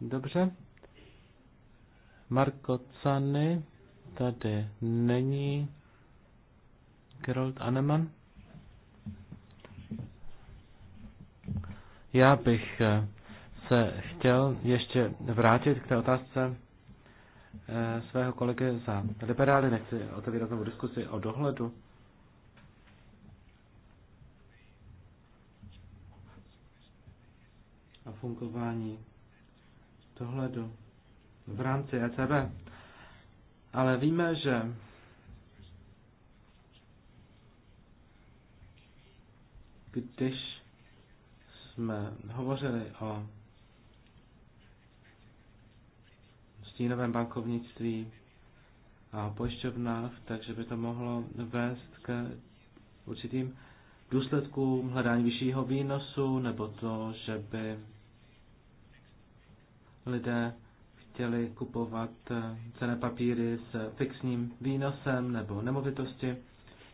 C: Dobře. Marko Cany tady není. Gerold Aneman. Já bych se chtěl ještě vrátit k té otázce Eh, svého kolegy za liberály. Nechci otevírat novou diskusi o dohledu. a fungování dohledu v rámci ECB. Ale víme, že když jsme hovořili o stínovém bankovnictví a pojišťovnách, takže by to mohlo vést k určitým důsledkům hledání vyššího výnosu, nebo to, že by lidé chtěli kupovat cené papíry s fixním výnosem nebo nemovitosti,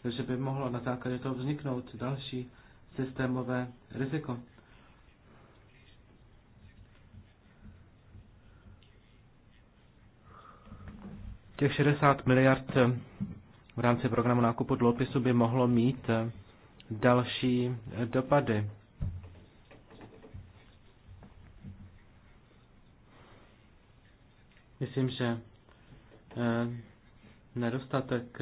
C: takže by mohlo na základě toho vzniknout další systémové riziko. Těch 60 miliard eh, v rámci programu nákupu dluhopisu by mohlo mít eh, další eh, dopady. Myslím, že nedostatek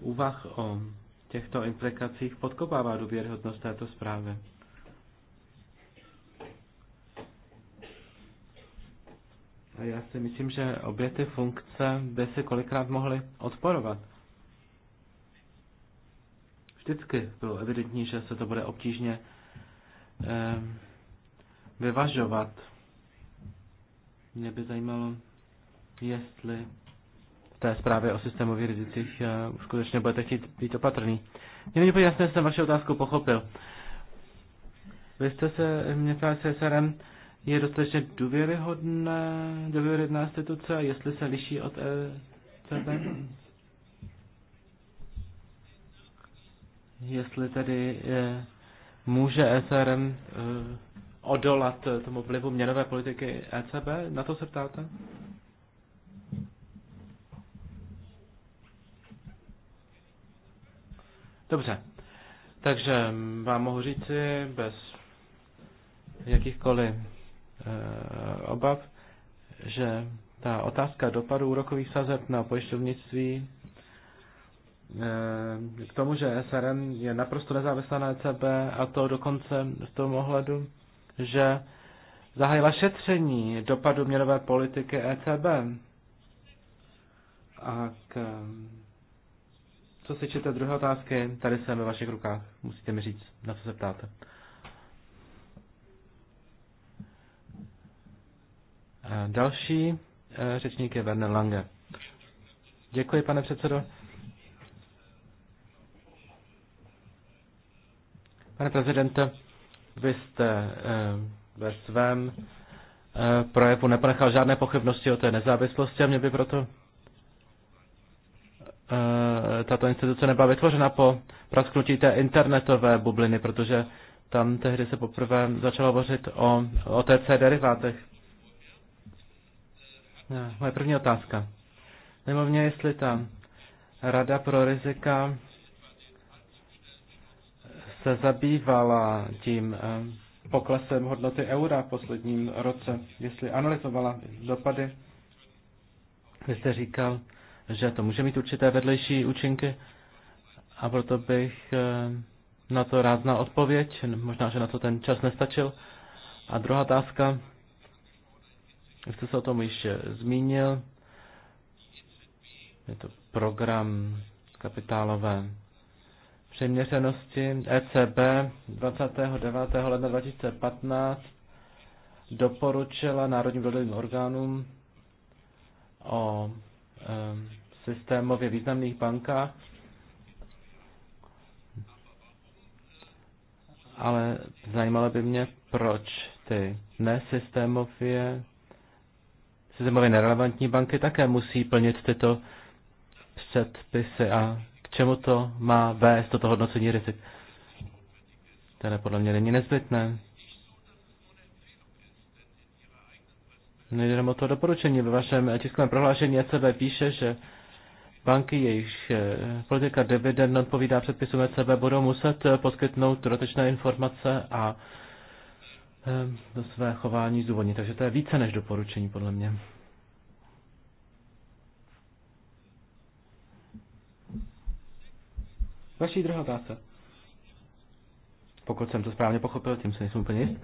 C: úvah o těchto implikacích podkopává důvěryhodnost této zprávy. A já si myslím, že obě ty funkce by se kolikrát mohly odporovat. Vždycky bylo evidentní, že se to bude obtížně eh, vyvažovat. Mě by zajímalo, jestli v té zprávě o systémových rizicích eh, skutečně budete chtít být opatrný. Mě není jasné, jsem vaši otázku pochopil. Vy jste se mě ptali s SRM, je dostatečně důvěryhodná, důvěryhodná instituce a jestli se liší od ECB? Jestli tedy je, může SRM e e, odolat tomu vlivu měnové politiky ECB? Na to se ptáte? Dobře. Takže vám mohu říci bez jakýchkoliv Eh, obav, že ta otázka dopadu úrokových sazeb na pojišťovnictví eh, k tomu, že SRM je naprosto nezávislá na ECB a to dokonce v tom ohledu, že zahájila šetření dopadu měnové politiky ECB. A k, co se čete druhé otázky, tady jsem ve vašich rukách. Musíte mi říct, na co se ptáte. Další eh, řečník je Werner Lange. Děkuji, pane předsedo. Pane prezidente, vy jste eh, ve svém eh, projevu neponechal žádné pochybnosti o té nezávislosti a mě by proto tato instituce nebyla vytvořena po prasknutí té internetové bubliny, protože tam tehdy se poprvé začalo hovořit o, o TC derivátech. Eh, moje první otázka. Nebo mě, jestli ta Rada pro rizika se zabývala tím eh, poklesem hodnoty eura v posledním roce, jestli analyzovala dopady. Vy jste říkal, že to může mít určité vedlejší účinky a proto bych eh, na to rád znal odpověď, možná, že na to ten čas nestačil. A druhá otázka, vy jste se o tom ještě zmínil. Je to program kapitálové přeměřenosti ECB 29. ledna 2015 doporučila národním dodatým orgánům o e, systémově významných bankách, ale zajímalo by mě, proč ty nesystémově zemově nerelevantní banky také musí plnit tyto předpisy a k čemu to má vést toto hodnocení rizik. Tady podle mě není nezbytné. Nejde o to doporučení. Ve vašem tiskovém prohlášení ECB píše, že banky, jejichž eh, politika dividend odpovídá předpisům ECB, budou muset eh, poskytnout dodatečné informace a Eh, do své chování zdůvodnit. Takže to je více než doporučení, podle mě. Vaší druhá otázka. Pokud jsem to správně pochopil, tím se nejsem úplně jist.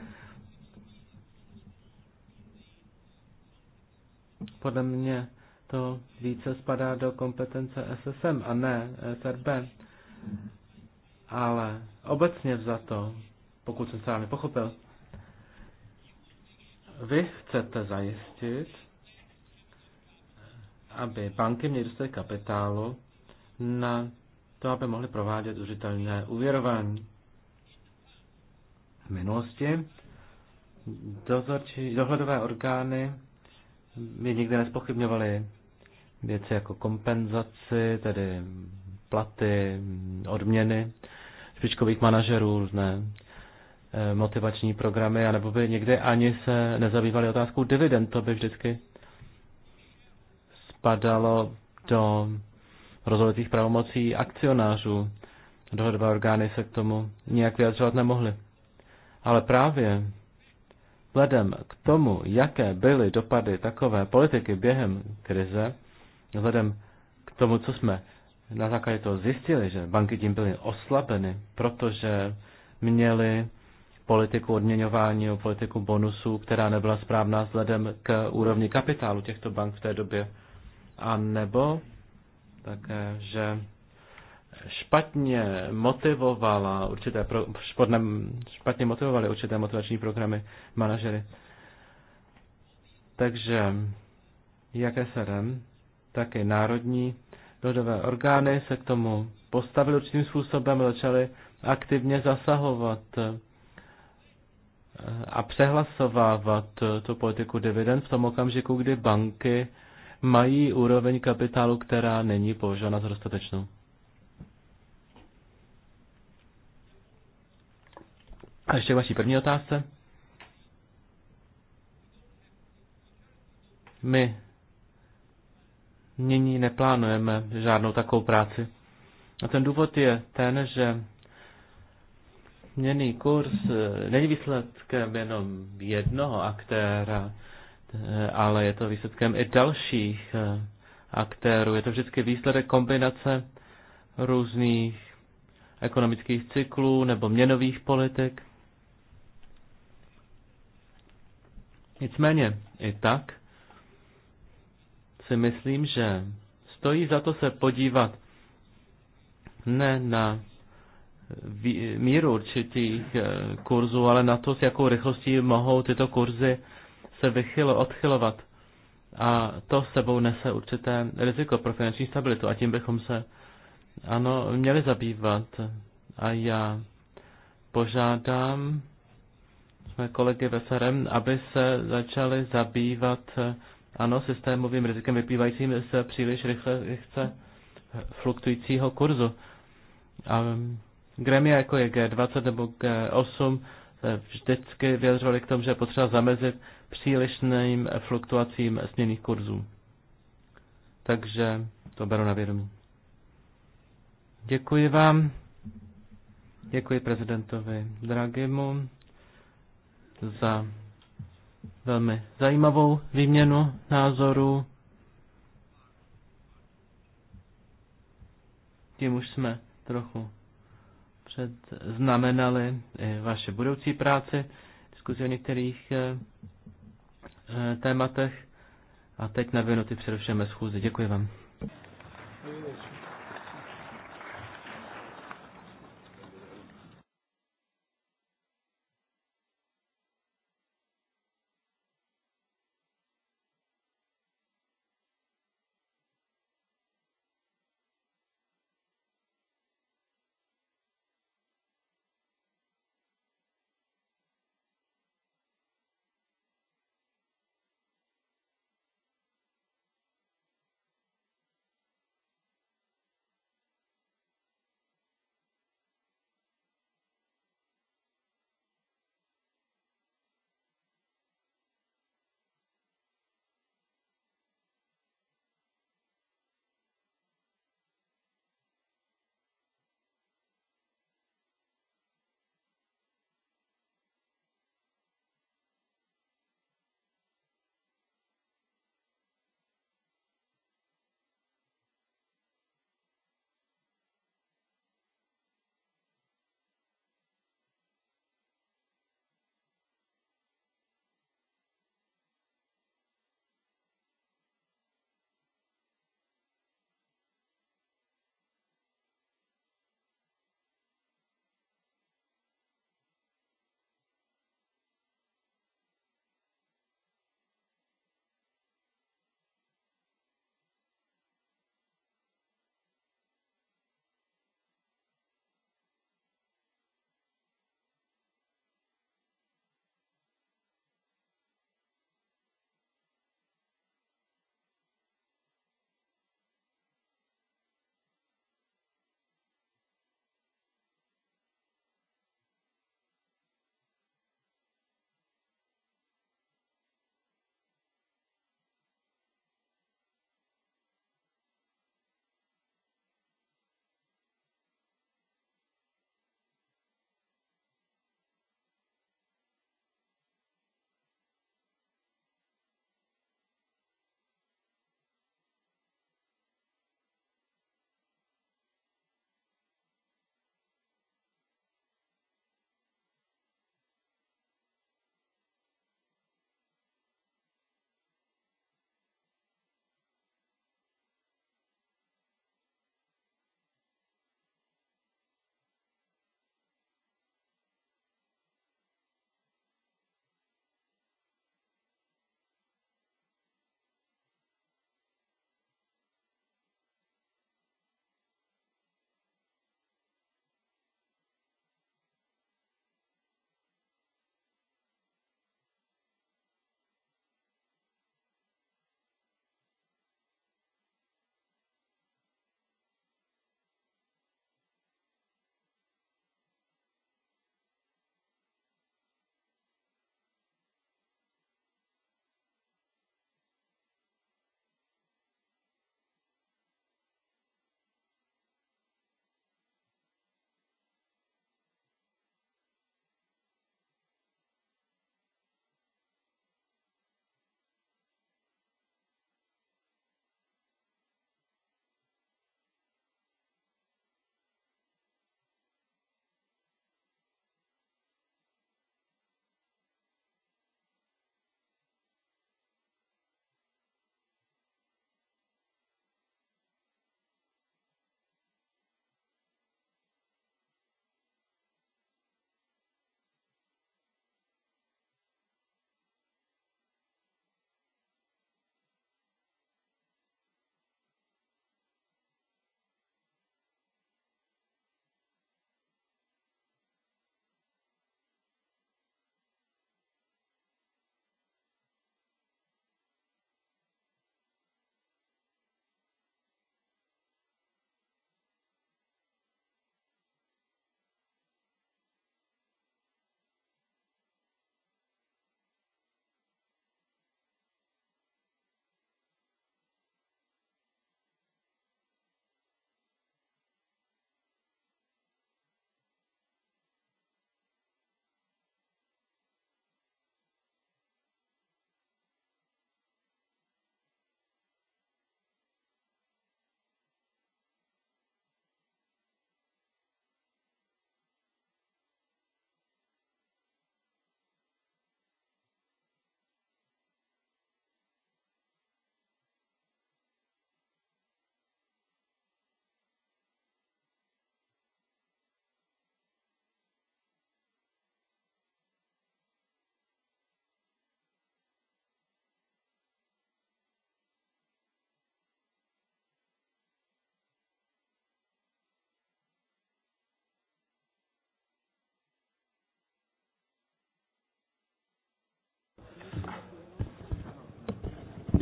C: Podle mě to více spadá do kompetence SSM a ne SRB. E Ale obecně za to, pokud jsem správně pochopil, vy chcete zajistit, aby banky měly dostatek kapitálu na to, aby mohly provádět užitelné uvěrování. V minulosti dozorčí, dohledové orgány by nikdy nespochybňovaly věci jako kompenzaci, tedy platy, odměny špičkových manažerů, různé Eh, motivační programy, anebo by někdy ani se nezabývali otázkou dividend. To by vždycky spadalo do rozhodovacích pravomocí akcionářů. Dohodové orgány se k tomu nějak vyjadřovat nemohly. Ale právě vzhledem k tomu, jaké byly dopady takové politiky během krize, vzhledem k tomu, co jsme na základě toho zjistili, že banky tím byly oslabeny, protože měly politiku odměňování, o politiku bonusů, která nebyla správná vzhledem k úrovni kapitálu těchto bank v té době. A nebo také, že špatně motivovala určité, pro, špatně, špatně motivovali určité motivační programy manažery. Takže jak SRM, tak i národní rodové orgány se k tomu postavili určitým způsobem, začaly aktivně zasahovat a přehlasovávat tu politiku dividend v tom okamžiku, kdy banky mají úroveň kapitálu, která není považována za dostatečnou. A ještě vaší první otázce. My nyní neplánujeme žádnou takovou práci. A ten důvod je ten, že směný kurz není výsledkem jenom jednoho aktéra, ale je to výsledkem i dalších eh, aktérů. Je to vždycky výsledek kombinace různých ekonomických cyklů nebo měnových politik. Nicméně i tak si myslím, že stojí za to se podívat ne na míru určitých eh, kurzů, ale na to, s jakou rychlostí mohou tyto kurzy se vychylo, odchylovat. A to sebou nese určité riziko pro finanční stabilitu a tím bychom se ano, měli zabývat. A já požádám své kolegy ve SRM, aby se začali zabývat eh, ano, systémovým rizikem vyplývajícím z příliš rychle, rychle fluktujícího kurzu. A Gremia, jako je G20 nebo G8, vždycky vyjadřovali k tomu, že je potřeba zamezit přílišným fluktuacím směných kurzů. Takže to beru na vědomí. Děkuji vám. Děkuji prezidentovi Dragimu za velmi zajímavou výměnu názorů. Tím už jsme trochu znamenaly vaše budoucí práce diskuzi o některých eh, eh, tématech. A teď na vynuty přerušujeme schůzi. Děkuji vám.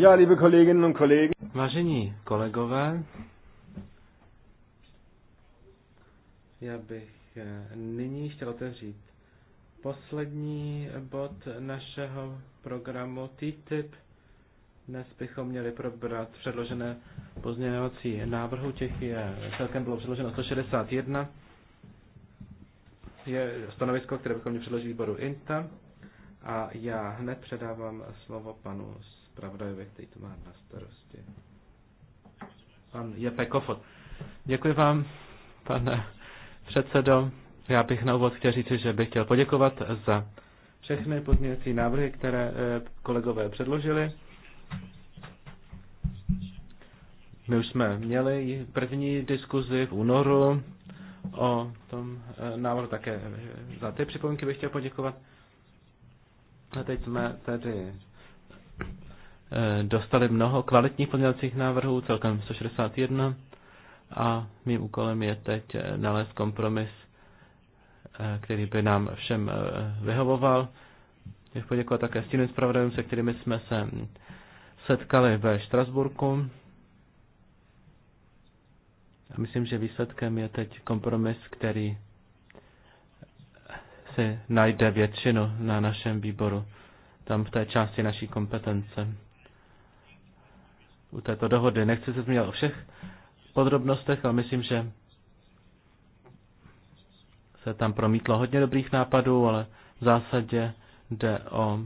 A: Ja, liebe Kolleginnen und Kollegen.
C: Vážení kolegové, já bych eh, nyní chtěl otevřít poslední bod našeho programu TTIP. Dnes bychom měli probrat předložené pozměňovací návrhu, těch je, celkem bylo předloženo 161. Je stanovisko, které bychom měli předložit výboru INTA. A já hned předávám slovo panu zpravodajovi, který to má na starosti. Pan Jepe Kofot. Děkuji vám, pane předsedo. Já bych na úvod chtěl říct, že bych chtěl poděkovat za všechny podměrcí návrhy, které eh, kolegové předložili. My už jsme měli první diskuzi v únoru o tom eh, návrhu také za ty připomínky bych chtěl poděkovat. A teď jsme tedy Eh, dostali mnoho kvalitních pozměňovacích návrhů, celkem 161, a mým úkolem je teď eh, nalézt kompromis, eh, který by nám všem vyhovoval. Chci poděkovat také stínovým zpravodajům, se kterými jsme se setkali ve Štrasburku. A myslím, že výsledkem je teď kompromis, který si najde většinu na našem výboru, tam v té části naší kompetence u této dohody. Nechci se zmínit o všech podrobnostech, ale myslím, že se tam promítlo hodně dobrých nápadů, ale v zásadě jde o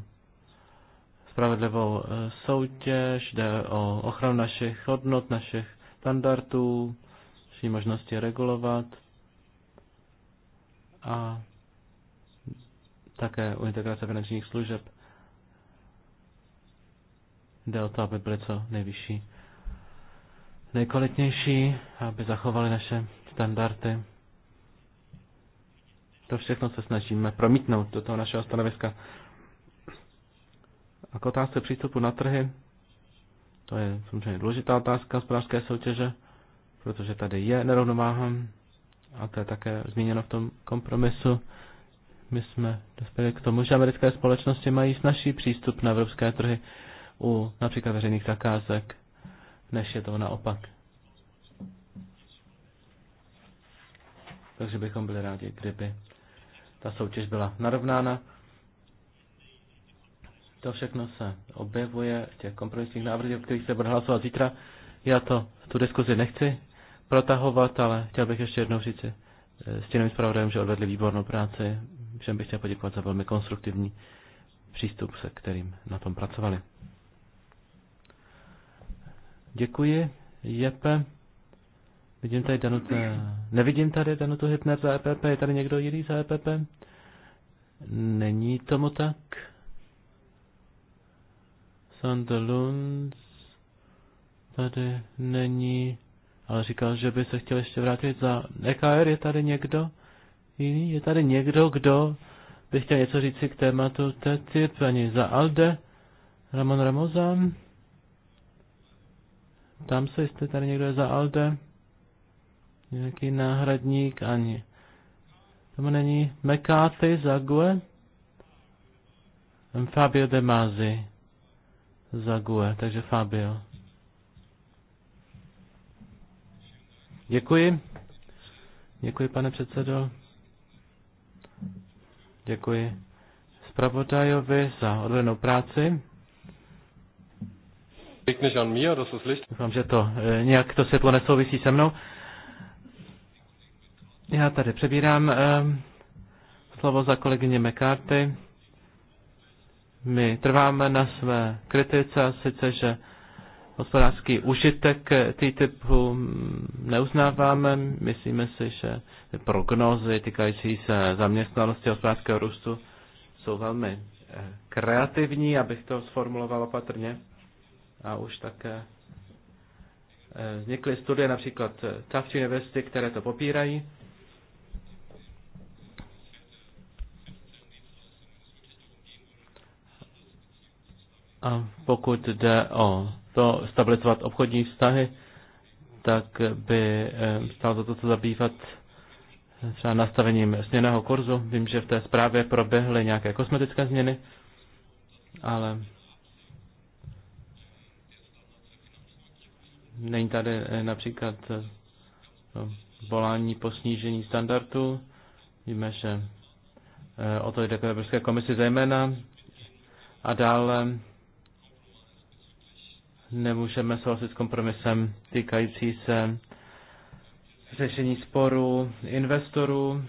C: spravedlivou eh, soutěž, jde o ochranu našich hodnot, našich standardů, naší možnosti regulovat a také o integrace finančních služeb. Jde o to, aby byly co nejvyšší, nejkvalitnější, aby zachovali naše standardy. To všechno se snažíme promítnout do toho našeho stanoviska. A k otázce přístupu na trhy, to je samozřejmě důležitá otázka hospodářské soutěže, protože tady je nerovnováha a to je také zmíněno v tom kompromisu. My jsme dospěli k tomu, že americké společnosti mají snažší přístup na evropské trhy, u například veřejných zakázek, než je to naopak. Takže bychom byli rádi, kdyby ta soutěž byla narovnána. To všechno se objevuje v těch kompromisních návrzích, o kterých se bude hlasovat zítra. Já to, tu diskuzi nechci protahovat, ale chtěl bych ještě jednou říci eh, s tím zpravodajem, že odvedli výbornou práci. Všem bych chtěl poděkovat za velmi konstruktivní přístup, se kterým na tom pracovali. Děkuji, Jepe. Vidím tady Danutu, eh, nevidím tady Danutu Hitner za EPP, je tady někdo jiný za EPP? Není tomu tak. Sandelunds tady není, ale říkal, že by se chtěl ještě vrátit za EKR, je tady někdo jiný? Je tady někdo, kdo by chtěl něco si k tématu TTIP, ani za ALDE? Ramon Ramozan? Tam se, jestli tady někdo je za Alde. Nějaký náhradník ani. Tam není McCarthy za GUE. Hm, Fabio De Mazi za GUE, takže Fabio. Děkuji. Děkuji, pane předsedo. Děkuji zpravodajovi za odvedenou práci. Doufám, že to eh, nějak to světlo nesouvisí se mnou. Já tady přebírám eh, slovo za kolegyně McCarthy. My trváme na své kritice, sice, že hospodářský užitek typu neuznáváme. Myslíme si, že prognozy týkající se zaměstnanosti hospodářského růstu jsou velmi eh, kreativní, abych to sformuloval opatrně a už také eh, vznikly studie například eh, Taft University, které to popírají. A pokud jde o to stabilizovat obchodní vztahy, tak by eh, stálo to se zabývat třeba nastavením směného kurzu. Vím, že v té zprávě proběhly nějaké kosmetické změny, ale Není tady eh, například eh, no, volání po snížení standardu. Víme, že eh, o to jde k jako Evropské komisi zejména. A dále nemůžeme souhlasit s kompromisem týkající se řešení sporů investorů.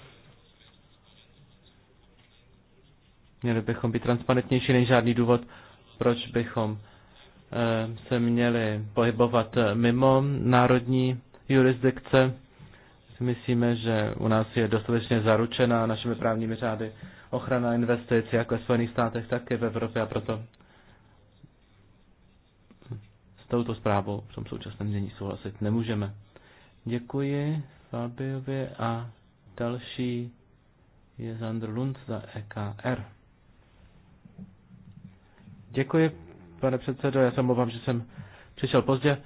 C: Měli bychom být transparentnější, není žádný důvod, proč bychom Eh, se měly pohybovat mimo národní jurisdikce. Myslíme, že u nás je dostatečně zaručena našimi právními řády ochrana investic jak ve Spojených státech, tak i v Evropě a proto s touto zprávou v tom současném dění souhlasit nemůžeme. Děkuji Fabiovi a další je Zandr Lund za EKR. Děkuji, pane předsedo. Já se omlouvám, že jsem přišel pozdě.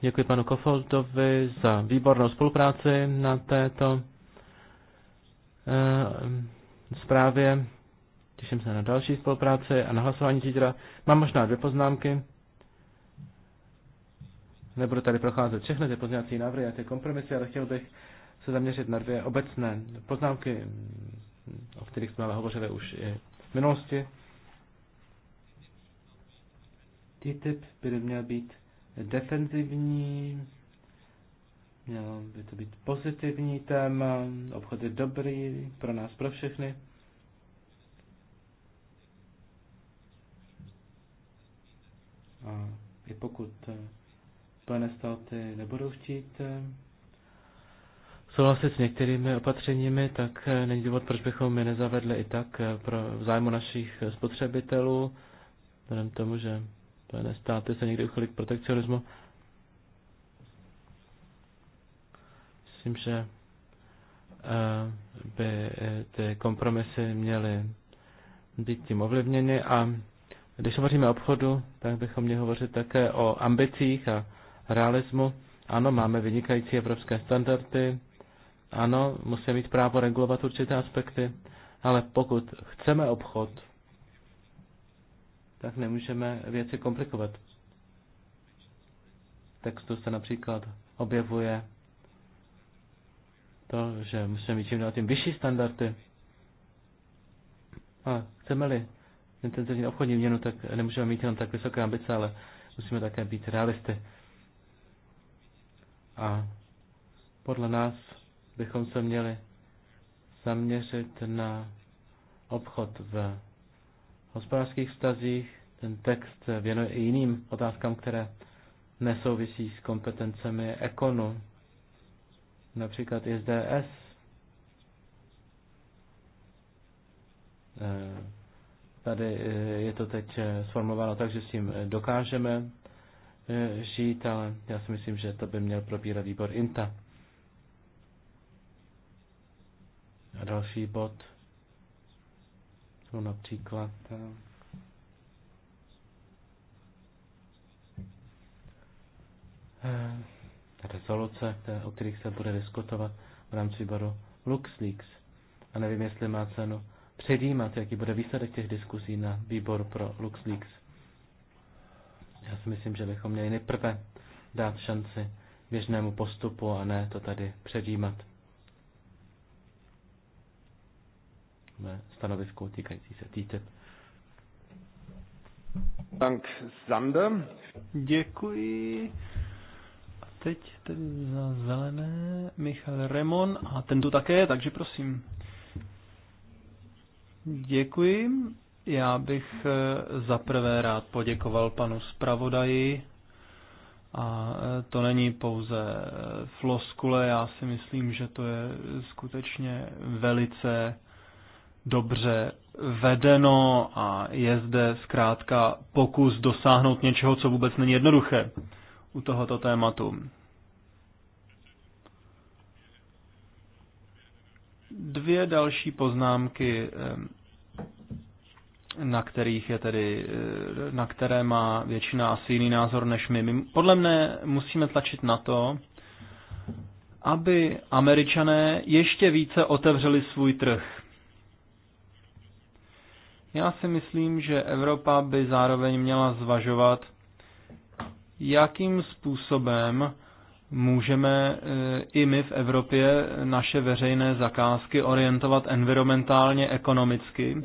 C: Děkuji panu Kofoldovi za výbornou spolupráci na této e, zprávě. Těším se na další spolupráci a na hlasování zítra. Mám možná dvě poznámky. Nebudu tady procházet všechny ty pozměňovací návrhy a ty kompromisy, ale chtěl bych se zaměřit na dvě obecné poznámky, o kterých jsme ale hovořili už i v minulosti. TTIP by měl být defenzivní, mělo by to být pozitivní téma, obchod je dobrý pro nás, pro všechny. A i pokud eh, Spojené státy nebudou chtít eh, souhlasit s některými opatřeními, tak eh, není důvod, proč bychom je nezavedli i tak pro zájmu našich spotřebitelů, vzhledem tomu, že Spojené státy se někdy uchyli k protekcionismu. Myslím, že eh, by eh, ty kompromisy měly být tím ovlivněny a když hovoříme o obchodu, tak bychom měli hovořit také o ambicích a realismu. Ano, máme vynikající evropské standardy, ano, musíme mít právo regulovat určité aspekty, ale pokud chceme obchod, tak nemůžeme věci komplikovat. V textu se například objevuje to, že musíme mít čím dál tím vyšší standardy. A chceme-li intenzivní obchodní měnu, tak nemůžeme mít jenom tak vysoké ambice, ale musíme také být realisty. A podle nás bychom se měli zaměřit na obchod v hospodářských vztazích. Ten text věnuje i jiným otázkám, které nesouvisí s kompetencemi ekonu, například SDS. Eh, tady eh, je to teď eh, sformováno tak, že s tím dokážeme žít, ale já si myslím, že to by měl probírat výbor INTA. A další bod No například eh, rezoluce, o kterých se bude diskutovat v rámci baru LuxLeaks. A nevím, jestli má cenu předjímat, jaký bude výsledek těch diskusí na výbor pro LuxLeaks. Já si myslím, že bychom měli nejprve dát šanci běžnému postupu a ne to tady předjímat. mé stanovisko týkající se TTIP. Dank Sander.
A: Děkuji. A teď tedy za zelené Michal Remon a ten tu také, takže prosím. Děkuji. Já bych eh, za prvé rád poděkoval panu zpravodaji. A eh, to není pouze eh, floskule, já si myslím, že to je skutečně velice dobře vedeno a je zde zkrátka pokus dosáhnout něčeho, co vůbec není jednoduché u tohoto tématu. Dvě další poznámky, eh, na kterých je tedy, eh, na které má většina asi jiný názor než my. my podle mne musíme tlačit na to, aby američané ještě více otevřeli svůj trh já si myslím, že Evropa by zároveň měla zvažovat, jakým způsobem můžeme eh, i my v Evropě naše veřejné zakázky orientovat environmentálně, ekonomicky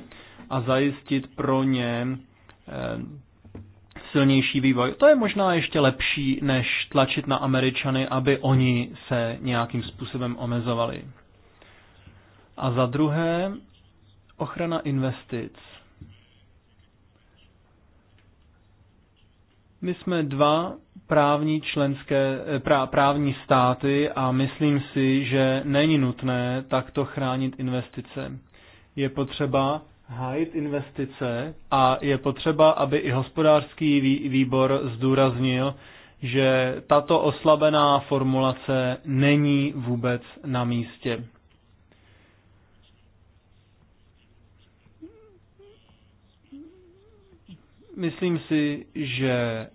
A: a zajistit pro ně eh, silnější vývoj. To je možná ještě lepší, než tlačit na Američany, aby oni se nějakým způsobem omezovali. A za druhé, ochrana investic. My jsme dva právní členské, eh, právní státy a myslím si, že není nutné takto chránit investice. Je potřeba hájit investice a je potřeba, aby i hospodářský výbor zdůraznil, že tato oslabená formulace není vůbec na místě. Myslím si, že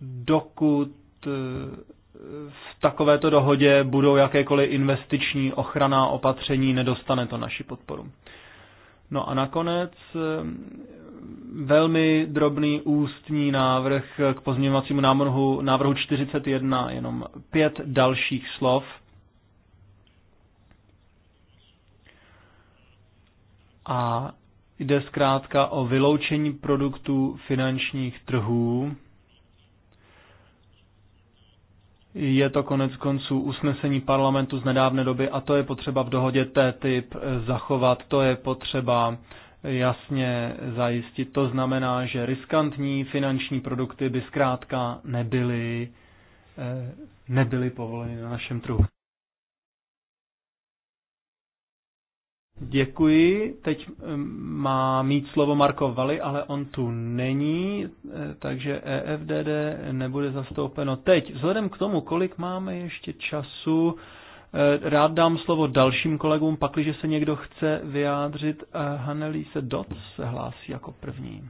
A: dokud eh, v takovéto dohodě budou jakékoliv investiční ochrana opatření, nedostane to naši podporu. No a nakonec eh, velmi drobný ústní návrh k pozměňovacímu návrhu, návrhu 41, jenom pět dalších slov. A Jde zkrátka o vyloučení produktů finančních trhů. Je to konec konců usnesení parlamentu z nedávné doby a to je potřeba v dohodě TTIP zachovat, to je potřeba jasně zajistit. To znamená, že riskantní finanční produkty by zkrátka nebyly, eh, nebyly povoleny na našem trhu. Děkuji. Teď eh, má mít slovo Marko Vali, ale on tu není, eh, takže EFDD nebude zastoupeno teď. Vzhledem k tomu, kolik máme ještě času, eh, rád dám slovo dalším kolegům, pakliže se někdo chce vyjádřit. Hanelise Doc se hlásí jako první.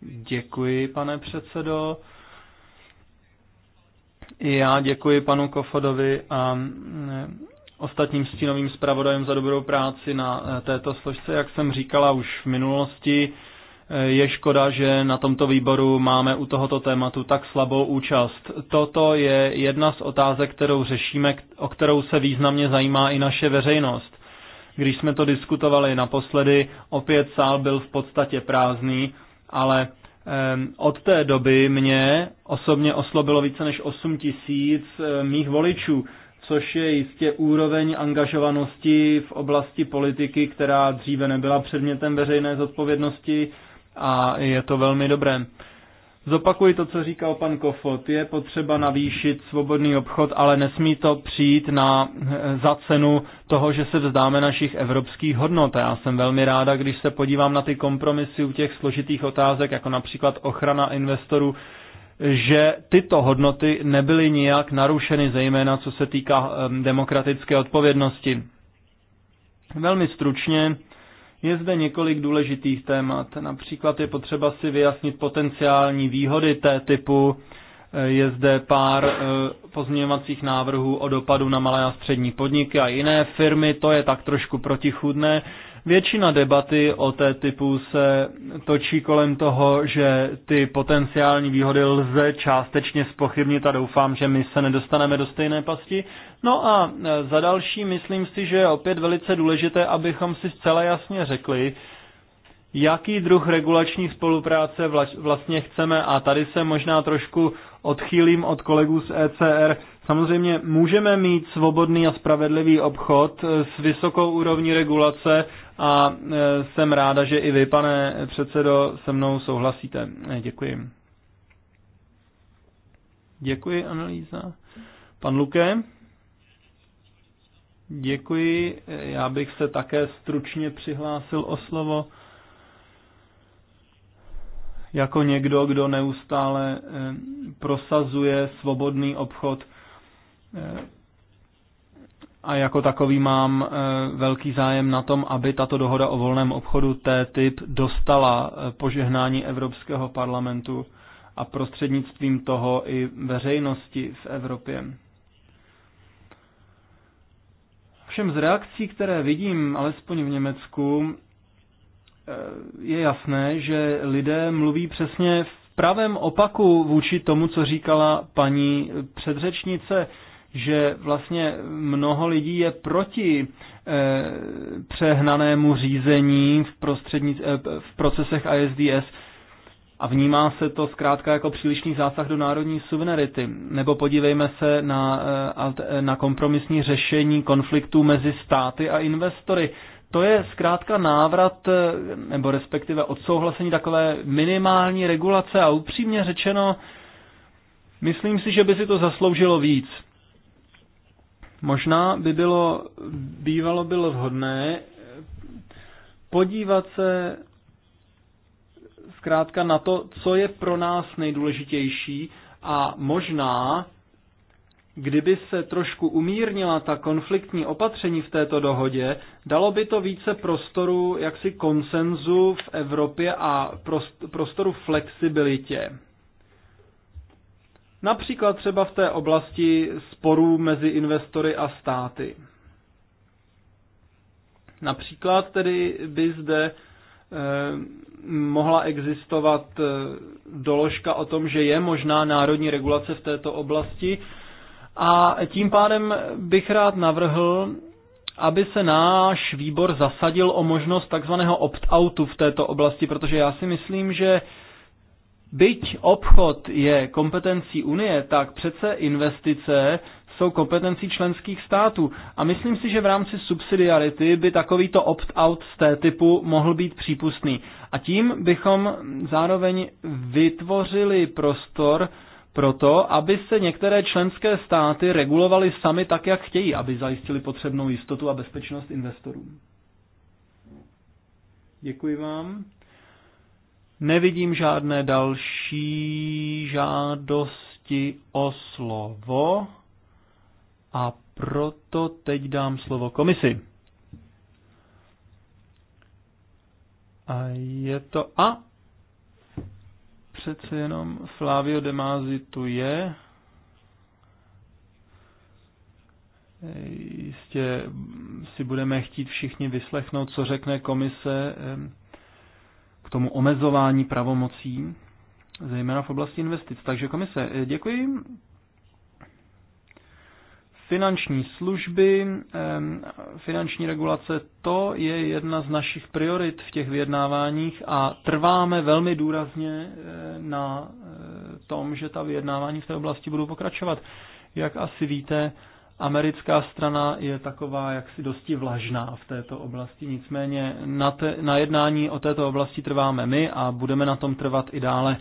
A: Děkuji, pane předsedo. I já děkuji panu Kofodovi a ostatním stínovým zpravodajem za dobrou práci na eh, této složce. Jak jsem říkala už v minulosti, eh, je škoda, že na tomto výboru máme u tohoto tématu tak slabou účast. Toto je jedna z otázek, kterou řešíme, o kterou se významně zajímá i naše veřejnost. Když jsme to diskutovali naposledy, opět sál byl v podstatě prázdný, ale od té doby mě osobně oslobilo více než 8 tisíc eh, mých voličů, což je jistě úroveň angažovanosti v oblasti politiky, která dříve nebyla předmětem veřejné zodpovědnosti a je to velmi dobré. Zopakuji to, co říkal pan Kofot. Je potřeba navýšit svobodný obchod, ale nesmí to přijít na, eh, za cenu toho, že se vzdáme našich evropských hodnot. A já jsem velmi ráda, když se podívám na ty kompromisy u těch složitých otázek, jako například ochrana investorů že tyto hodnoty nebyly nijak narušeny, zejména co se týká demokratické odpovědnosti. Velmi stručně, je zde několik důležitých témat. Například je potřeba si vyjasnit potenciální výhody té typu. Je zde pár e, pozměňovacích návrhů o dopadu na malé a střední podniky a jiné firmy. To je tak trošku protichudné. Většina debaty o té typu se točí kolem toho, že ty potenciální výhody lze částečně spochybnit a doufám, že my se nedostaneme do stejné pasti. No a e, za další myslím si, že je opět velice důležité, abychom si zcela jasně řekli, jaký druh regulační spolupráce vlastně chceme a tady se možná trošku odchýlím od kolegů z ECR. Samozřejmě můžeme mít svobodný a spravedlivý obchod s vysokou úrovní regulace, a e, jsem ráda, že i vy, pane předsedo, se mnou souhlasíte. E, děkuji. Děkuji, Analýza. Pan Luke? Děkuji. E, já bych se také stručně přihlásil o slovo jako někdo, kdo neustále prosazuje svobodný obchod a jako takový mám eh, velký zájem na tom, aby tato dohoda o volném obchodu TTIP dostala eh, požehnání Evropského parlamentu a prostřednictvím toho i veřejnosti v Evropě. Všem z reakcí, které vidím, alespoň v Německu, eh, je jasné, že lidé mluví přesně v pravém opaku vůči tomu, co říkala paní předřečnice že vlastně mnoho lidí je proti eh, přehnanému řízení v, e, v procesech ISDS a vnímá se to zkrátka jako přílišný zásah do národní suverenity. Nebo podívejme se na, eh, na kompromisní řešení konfliktů mezi státy a investory. To je zkrátka návrat, nebo respektive odsouhlasení takové minimální regulace a upřímně řečeno, myslím si, že by si to zasloužilo víc. Možná by bylo, bývalo bylo vhodné eh, podívat se zkrátka na to, co je pro nás nejdůležitější a možná, kdyby se trošku umírnila ta konfliktní opatření v této dohodě, dalo by to více prostoru jaksi konsenzu v Evropě a prostoru flexibilitě. Například třeba v té oblasti sporů mezi investory a státy. Například tedy by zde eh, mohla existovat eh, doložka o tom, že je možná národní regulace v této oblasti. A tím pádem bych rád navrhl, aby se náš výbor zasadil o možnost takzvaného opt-outu v této oblasti, protože já si myslím, že byť obchod je kompetencí Unie, tak přece investice jsou kompetencí členských států. A myslím si, že v rámci subsidiarity by takovýto opt-out z té typu mohl být přípustný. A tím bychom zároveň vytvořili prostor pro to, aby se některé členské státy regulovaly sami tak, jak chtějí, aby zajistili potřebnou jistotu a bezpečnost investorům. Děkuji vám. Nevidím žádné další žádosti o slovo a proto teď dám slovo komisi. A je to... A! Přece jenom Flavio De Masi tu je. Jistě si budeme chtít všichni vyslechnout, co řekne komise k tomu omezování pravomocí, zejména v oblasti investic. Takže komise, eh, děkuji. Finanční služby, finanční regulace, to je jedna z našich priorit v těch vyjednáváních a trváme velmi důrazně eh, na eh, tom, že ta vyjednávání v té oblasti budou pokračovat. Jak asi víte, americká strana je taková jaksi dosti vlažná v této oblasti. Nicméně na, te, na jednání o této oblasti trváme my a budeme na tom trvat i dále.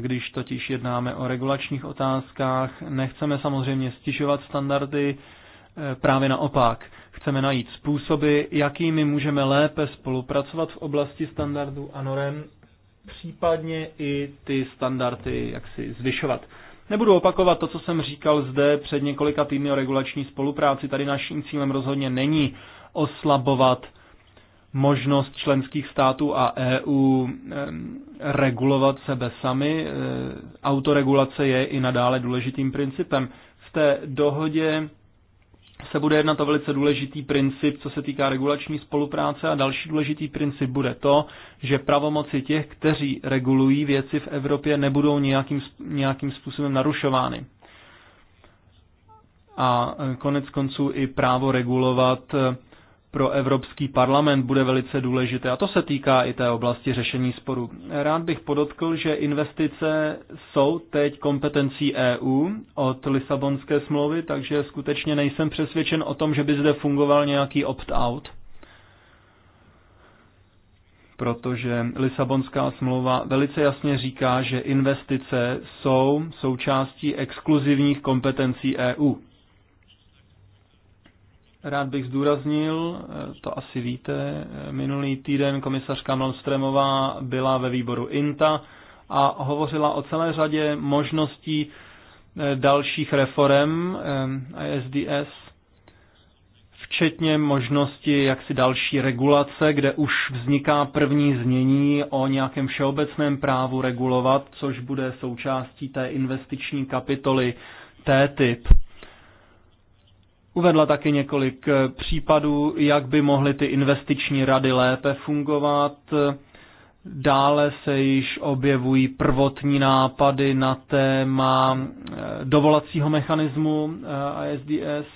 A: Když totiž jednáme o regulačních otázkách, nechceme samozřejmě stižovat standardy, eh, právě naopak. Chceme najít způsoby, jakými můžeme lépe spolupracovat v oblasti standardů a norem případně i ty standardy jaksi zvyšovat. Nebudu opakovat to, co jsem říkal zde před několika týdny o regulační spolupráci. Tady naším cílem rozhodně není oslabovat možnost členských států a EU regulovat sebe sami. E, autoregulace je i nadále důležitým principem. V té dohodě se bude jednat o velice důležitý princip, co se týká regulační spolupráce a další důležitý princip bude to, že pravomoci těch, kteří regulují věci v Evropě, nebudou nějakým, nějakým způsobem narušovány. A e, konec konců i právo regulovat e, pro Evropský parlament bude velice důležité a to se týká i té oblasti řešení sporů. Rád bych podotkl, že investice jsou teď kompetencí EU od Lisabonské smlouvy, takže skutečně nejsem přesvědčen o tom, že by zde fungoval nějaký opt-out protože Lisabonská smlouva velice jasně říká, že investice jsou součástí exkluzivních kompetencí EU. Rád bych zdůraznil, eh, to asi víte, eh, minulý týden komisařka Malmströmová byla ve výboru INTA a hovořila o celé řadě možností eh, dalších reform ISDS, včetně možnosti jaksi další regulace, kde už vzniká první znění o nějakém všeobecném právu regulovat, což bude součástí té investiční kapitoly T-typ. Uvedla taky několik eh, případů, jak by mohly ty investiční rady lépe fungovat. Dále se již objevují prvotní nápady na téma eh, dovolacího mechanismu eh, ISDS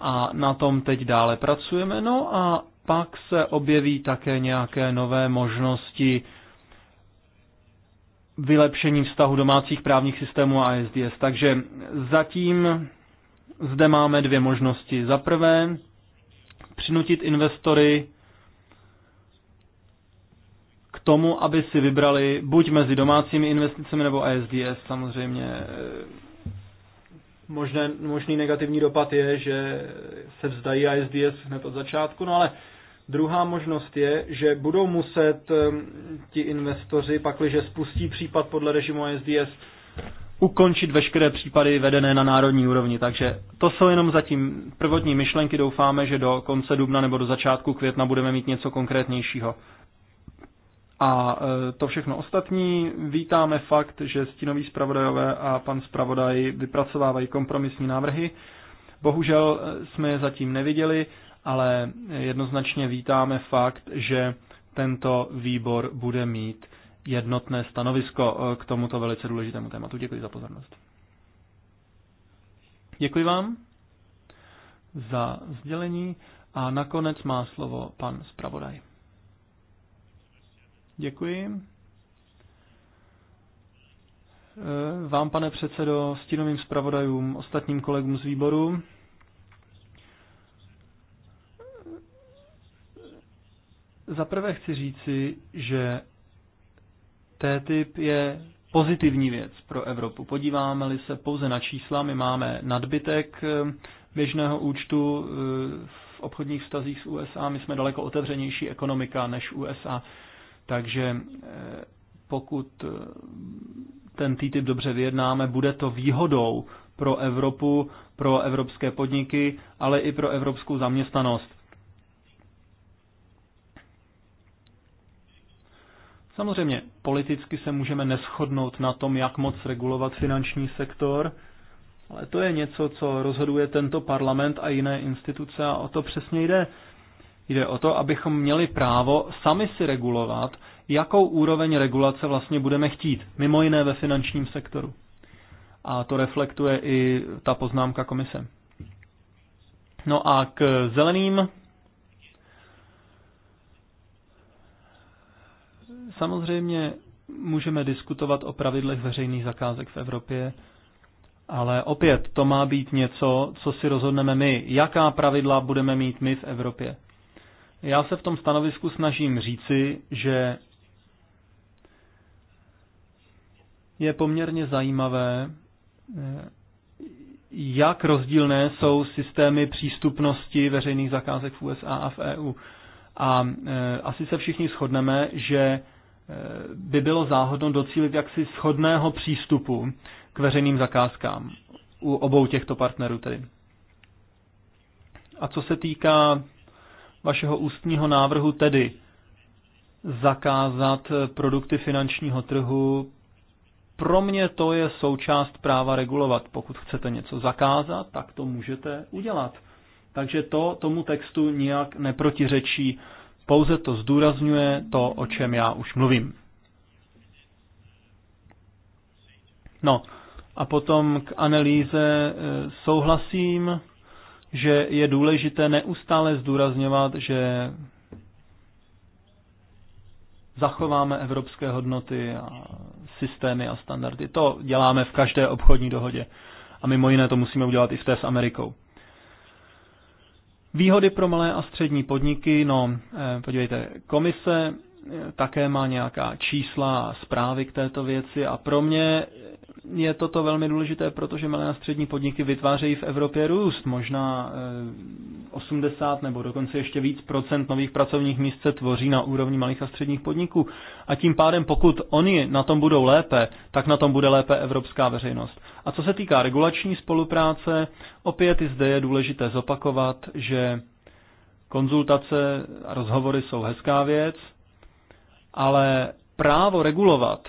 A: a na tom teď dále pracujeme. No a pak se objeví také nějaké nové možnosti vylepšení vztahu domácích právních systémů a ISDS. Takže zatím zde máme dvě možnosti. Za prvé, přinutit investory k tomu, aby si vybrali buď mezi domácími investicemi nebo ASDS. Samozřejmě eh, možné, možný negativní dopad je, že se vzdají ASDS hned od začátku, no ale Druhá možnost je, že budou muset eh, ti investoři, pakliže spustí případ podle režimu SDS, ukončit veškeré případy vedené na národní úrovni. Takže to jsou jenom zatím prvotní myšlenky. Doufáme, že do konce dubna nebo do začátku května budeme mít něco konkrétnějšího. A e, to všechno ostatní. Vítáme fakt, že stínoví zpravodajové a pan zpravodaj vypracovávají kompromisní návrhy. Bohužel e, jsme je zatím neviděli, ale jednoznačně vítáme fakt, že tento výbor bude mít jednotné stanovisko eh, k tomuto velice důležitému tématu. Děkuji za pozornost. Děkuji vám za sdělení a nakonec má slovo pan zpravodaj. Děkuji. Eh, vám, pane předsedo, stínovým zpravodajům, ostatním kolegům z výboru. Zaprvé chci říci, že TTIP je pozitivní věc pro Evropu. Podíváme-li se pouze na čísla, my máme nadbytek eh, běžného účtu eh, v obchodních vztazích s USA, my jsme daleko otevřenější ekonomika než USA, takže eh, pokud ten TTIP dobře vyjednáme, bude to výhodou pro Evropu, pro evropské podniky, ale i pro evropskou zaměstnanost. Samozřejmě, politicky se můžeme neschodnout na tom, jak moc regulovat finanční sektor, ale to je něco, co rozhoduje tento parlament a jiné instituce a o to přesně jde. Jde o to, abychom měli právo sami si regulovat, jakou úroveň regulace vlastně budeme chtít, mimo jiné ve finančním sektoru. A to reflektuje i ta poznámka komise. No a k zeleným Samozřejmě můžeme diskutovat o pravidlech veřejných zakázek v Evropě, ale opět to má být něco, co si rozhodneme my, jaká pravidla budeme mít my v Evropě. Já se v tom stanovisku snažím říci, že je poměrně zajímavé, jak rozdílné jsou systémy přístupnosti veřejných zakázek v USA a v EU. A e, asi se všichni shodneme, že by bylo záhodno docílit jaksi shodného přístupu k veřejným zakázkám u obou těchto partnerů tedy. A co se týká vašeho ústního návrhu tedy zakázat produkty finančního trhu, pro mě to je součást práva regulovat. Pokud chcete něco zakázat, tak to můžete udělat. Takže to tomu textu nijak neprotiřečí pouze to zdůrazňuje to, o čem já už mluvím. No, a potom k analýze e, souhlasím, že je důležité neustále zdůrazňovat, že zachováme evropské hodnoty a systémy a standardy. To děláme v každé obchodní dohodě. A mimo jiné to musíme udělat i v té s Amerikou. Výhody pro malé a střední podniky, no eh, podívejte, komise eh, také má nějaká čísla a zprávy k této věci a pro mě je toto velmi důležité, protože malé a střední podniky vytvářejí v Evropě růst, možná 80 eh, nebo dokonce ještě víc procent nových pracovních míst se tvoří na úrovni malých a středních podniků. A tím pádem, pokud oni na tom budou lépe, tak na tom bude lépe evropská veřejnost. A co se týká regulační spolupráce, opět i zde je důležité zopakovat, že konzultace a rozhovory jsou hezká věc, ale právo regulovat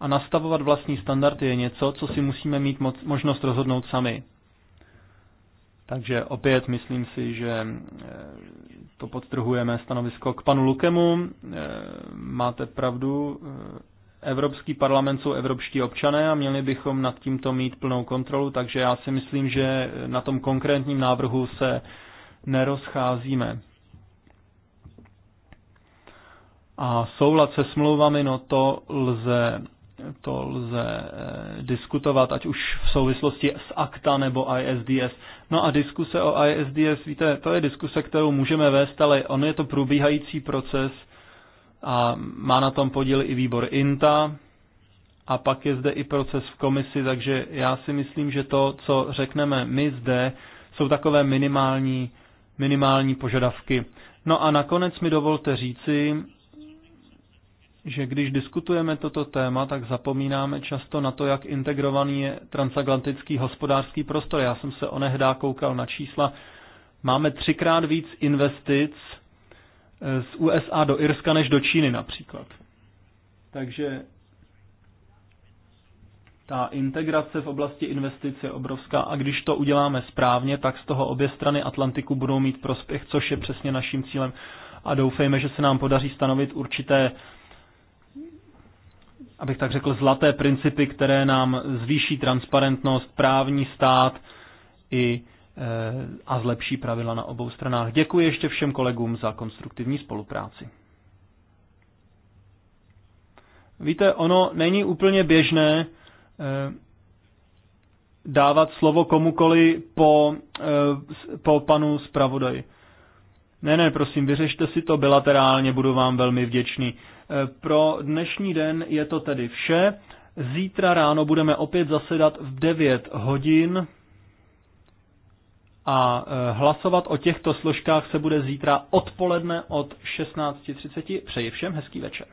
A: a nastavovat vlastní standardy je něco, co si musíme mít možnost rozhodnout sami. Takže opět myslím si, že eh, to podtrhujeme stanovisko k panu Lukemu. Eh, máte pravdu, eh, Evropský parlament jsou evropští občané a měli bychom nad tímto mít plnou kontrolu, takže já si myslím, že na tom konkrétním návrhu se nerozcházíme. A soulad se smlouvami, no to lze, to lze eh, diskutovat, ať už v souvislosti s ACTA nebo ISDS. No a diskuse o ISDS, víte, to je diskuse, kterou můžeme vést, ale on je to probíhající proces – a má na tom podíl i výbor INTA a pak je zde i proces v komisi, takže já si myslím, že to, co řekneme my zde, jsou takové minimální, minimální požadavky. No a nakonec mi dovolte říci, že když diskutujeme toto téma, tak zapomínáme často na to, jak integrovaný je transatlantický hospodářský prostor. Já jsem se onehdá koukal na čísla. Máme třikrát víc investic z USA do Irska než do Číny například. Takže ta integrace v oblasti investic je obrovská a když to uděláme správně, tak z toho obě strany Atlantiku budou mít prospěch, což je přesně naším cílem a doufejme, že se nám podaří stanovit určité abych tak řekl, zlaté principy, které nám zvýší transparentnost, právní stát i a zlepší pravidla na obou stranách. Děkuji ještě všem kolegům za konstruktivní spolupráci. Víte, ono není úplně běžné eh, dávat slovo komukoli po, eh, po panu zpravodaji. Ne, ne, prosím, vyřešte si to bilaterálně, budu vám velmi vděčný. Eh, pro dnešní den je to tedy vše. Zítra ráno budeme opět zasedat v 9 hodin a e, hlasovat o těchto složkách se bude zítra odpoledne od 16.30. Přeji všem hezký večer.